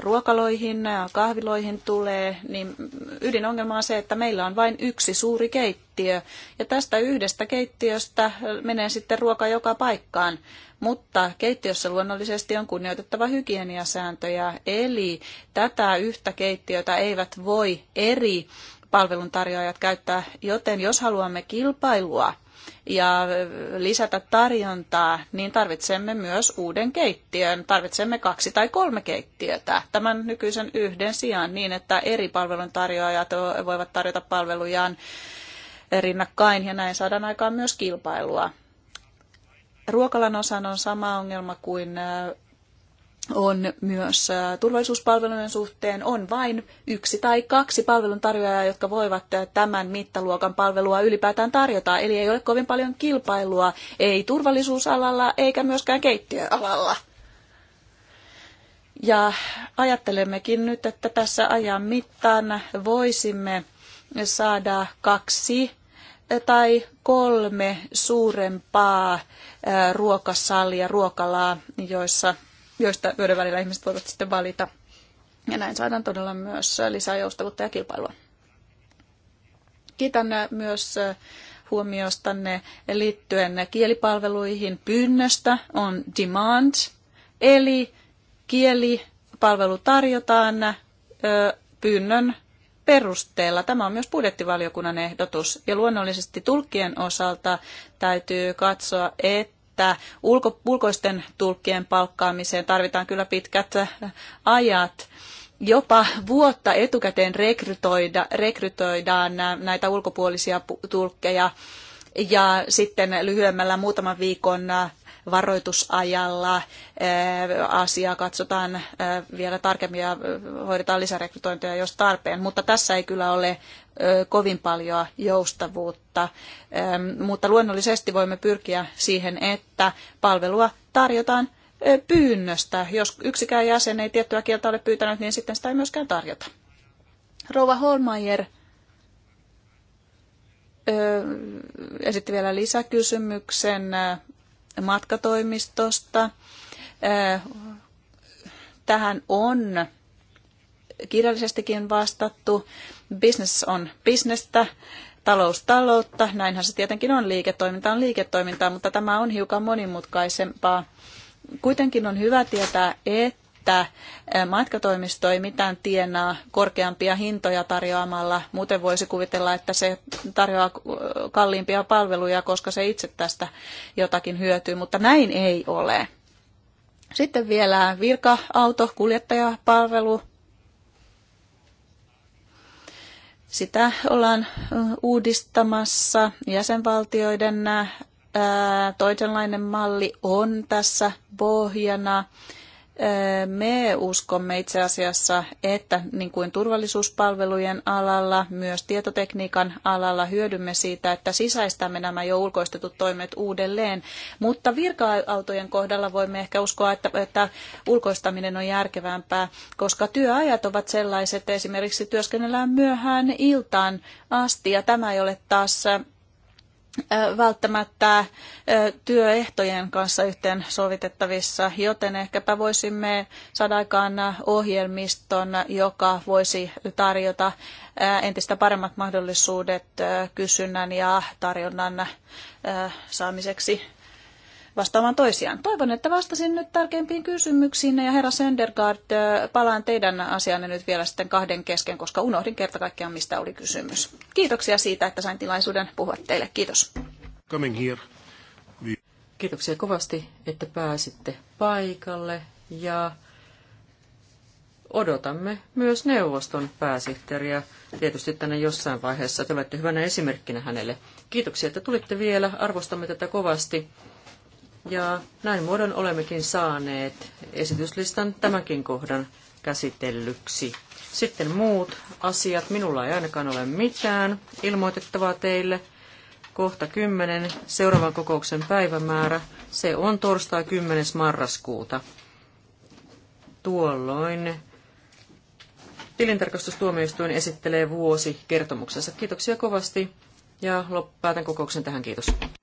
ruokaloihin, kahviloihin tulee, niin ydinongelma on se, että meillä on vain yksi suuri keittiö. Ja tästä yhdestä keittiöstä menee sitten ruoka joka paikkaan. Mutta keittiössä luonnollisesti on kunnioitettava hygieniasääntöjä, eli tätä yhtä keittiötä eivät voi eri palveluntarjoajat käyttää, joten jos haluamme kilpailua, ja lisätä tarjontaa, niin tarvitsemme myös uuden keittiön. Tarvitsemme kaksi tai kolme keittiötä tämän nykyisen yhden sijaan niin, että eri palveluntarjoajat voivat tarjota palvelujaan rinnakkain ja näin saadaan aikaan myös kilpailua. Ruokalan osan on sama ongelma kuin on myös äh, turvallisuuspalvelujen suhteen on vain yksi tai kaksi palveluntarjoajaa, jotka voivat äh, tämän mittaluokan palvelua ylipäätään tarjota. Eli ei ole kovin paljon kilpailua, ei turvallisuusalalla eikä myöskään keittiöalalla. Ja ajattelemmekin nyt, että tässä ajan mittaan voisimme saada kaksi äh, tai kolme suurempaa ruokasalia, ruokalaa, joissa joista, joiden välillä ihmiset voivat sitten valita. Ja näin saadaan todella myös lisää joustavuutta ja kilpailua. Kiitän myös huomiostanne liittyen kielipalveluihin pyynnöstä on demand, eli kielipalvelu tarjotaan pyynnön perusteella. Tämä on myös budjettivaliokunnan ehdotus. Ja luonnollisesti tulkien osalta täytyy katsoa, että että ulko, ulkoisten tulkkien palkkaamiseen tarvitaan kyllä pitkät äh, ajat. Jopa vuotta etukäteen rekrytoida, rekrytoidaan äh, näitä ulkopuolisia tulkkeja ja sitten lyhyemmällä muutaman viikon äh, varoitusajalla asiaa katsotaan vielä tarkemmin ja hoidetaan lisärekrytointeja, jos tarpeen. Mutta tässä ei kyllä ole kovin paljon joustavuutta, mutta luonnollisesti voimme pyrkiä siihen, että palvelua tarjotaan pyynnöstä. Jos yksikään jäsen ei tiettyä kieltä ole pyytänyt, niin sitten sitä ei myöskään tarjota. Rouva Holmeier esitti vielä lisäkysymyksen matkatoimistosta. Tähän on kirjallisestikin vastattu. Business on bisnestä, talous taloutta. Näinhän se tietenkin on liiketoiminta on liiketoimintaa, mutta tämä on hiukan monimutkaisempaa. Kuitenkin on hyvä tietää, että että matkatoimisto ei mitään tienaa korkeampia hintoja tarjoamalla. Muuten voisi kuvitella, että se tarjoaa kalliimpia palveluja, koska se itse tästä jotakin hyötyy, mutta näin ei ole. Sitten vielä virka-auto, kuljettajapalvelu. Sitä ollaan uudistamassa. Jäsenvaltioiden toisenlainen malli on tässä pohjana. Me uskomme itse asiassa, että niin kuin turvallisuuspalvelujen alalla, myös tietotekniikan alalla hyödymme siitä, että sisäistämme nämä jo ulkoistetut toimet uudelleen. Mutta virka-autojen kohdalla voimme ehkä uskoa, että, että ulkoistaminen on järkevämpää, koska työajat ovat sellaiset, että esimerkiksi työskennellään myöhään iltaan asti, ja tämä ei ole taas välttämättä työehtojen kanssa yhteen sovitettavissa, joten ehkäpä voisimme saada aikaan ohjelmiston, joka voisi tarjota entistä paremmat mahdollisuudet kysynnän ja tarjonnan saamiseksi vastaamaan toisiaan. Toivon, että vastasin nyt tarkempiin kysymyksiin ja herra Söndergaard, äh, palaan teidän asianne nyt vielä sitten kahden kesken, koska unohdin kerta kaikkiaan, mistä oli kysymys. Kiitoksia siitä, että sain tilaisuuden puhua teille. Kiitos. Coming here. Kiitoksia kovasti, että pääsitte paikalle ja odotamme myös neuvoston pääsihteeriä tietysti tänne jossain vaiheessa. Te olette hyvänä esimerkkinä hänelle. Kiitoksia, että tulitte vielä. Arvostamme tätä kovasti. Ja näin muodon olemmekin saaneet esityslistan tämänkin kohdan käsitellyksi. Sitten muut asiat. Minulla ei ainakaan ole mitään ilmoitettavaa teille. Kohta 10. Seuraavan kokouksen päivämäärä. Se on torstai 10. marraskuuta. Tuolloin tilintarkastustuomioistuin esittelee vuosi kertomuksensa. Kiitoksia kovasti ja päätän kokouksen tähän. Kiitos.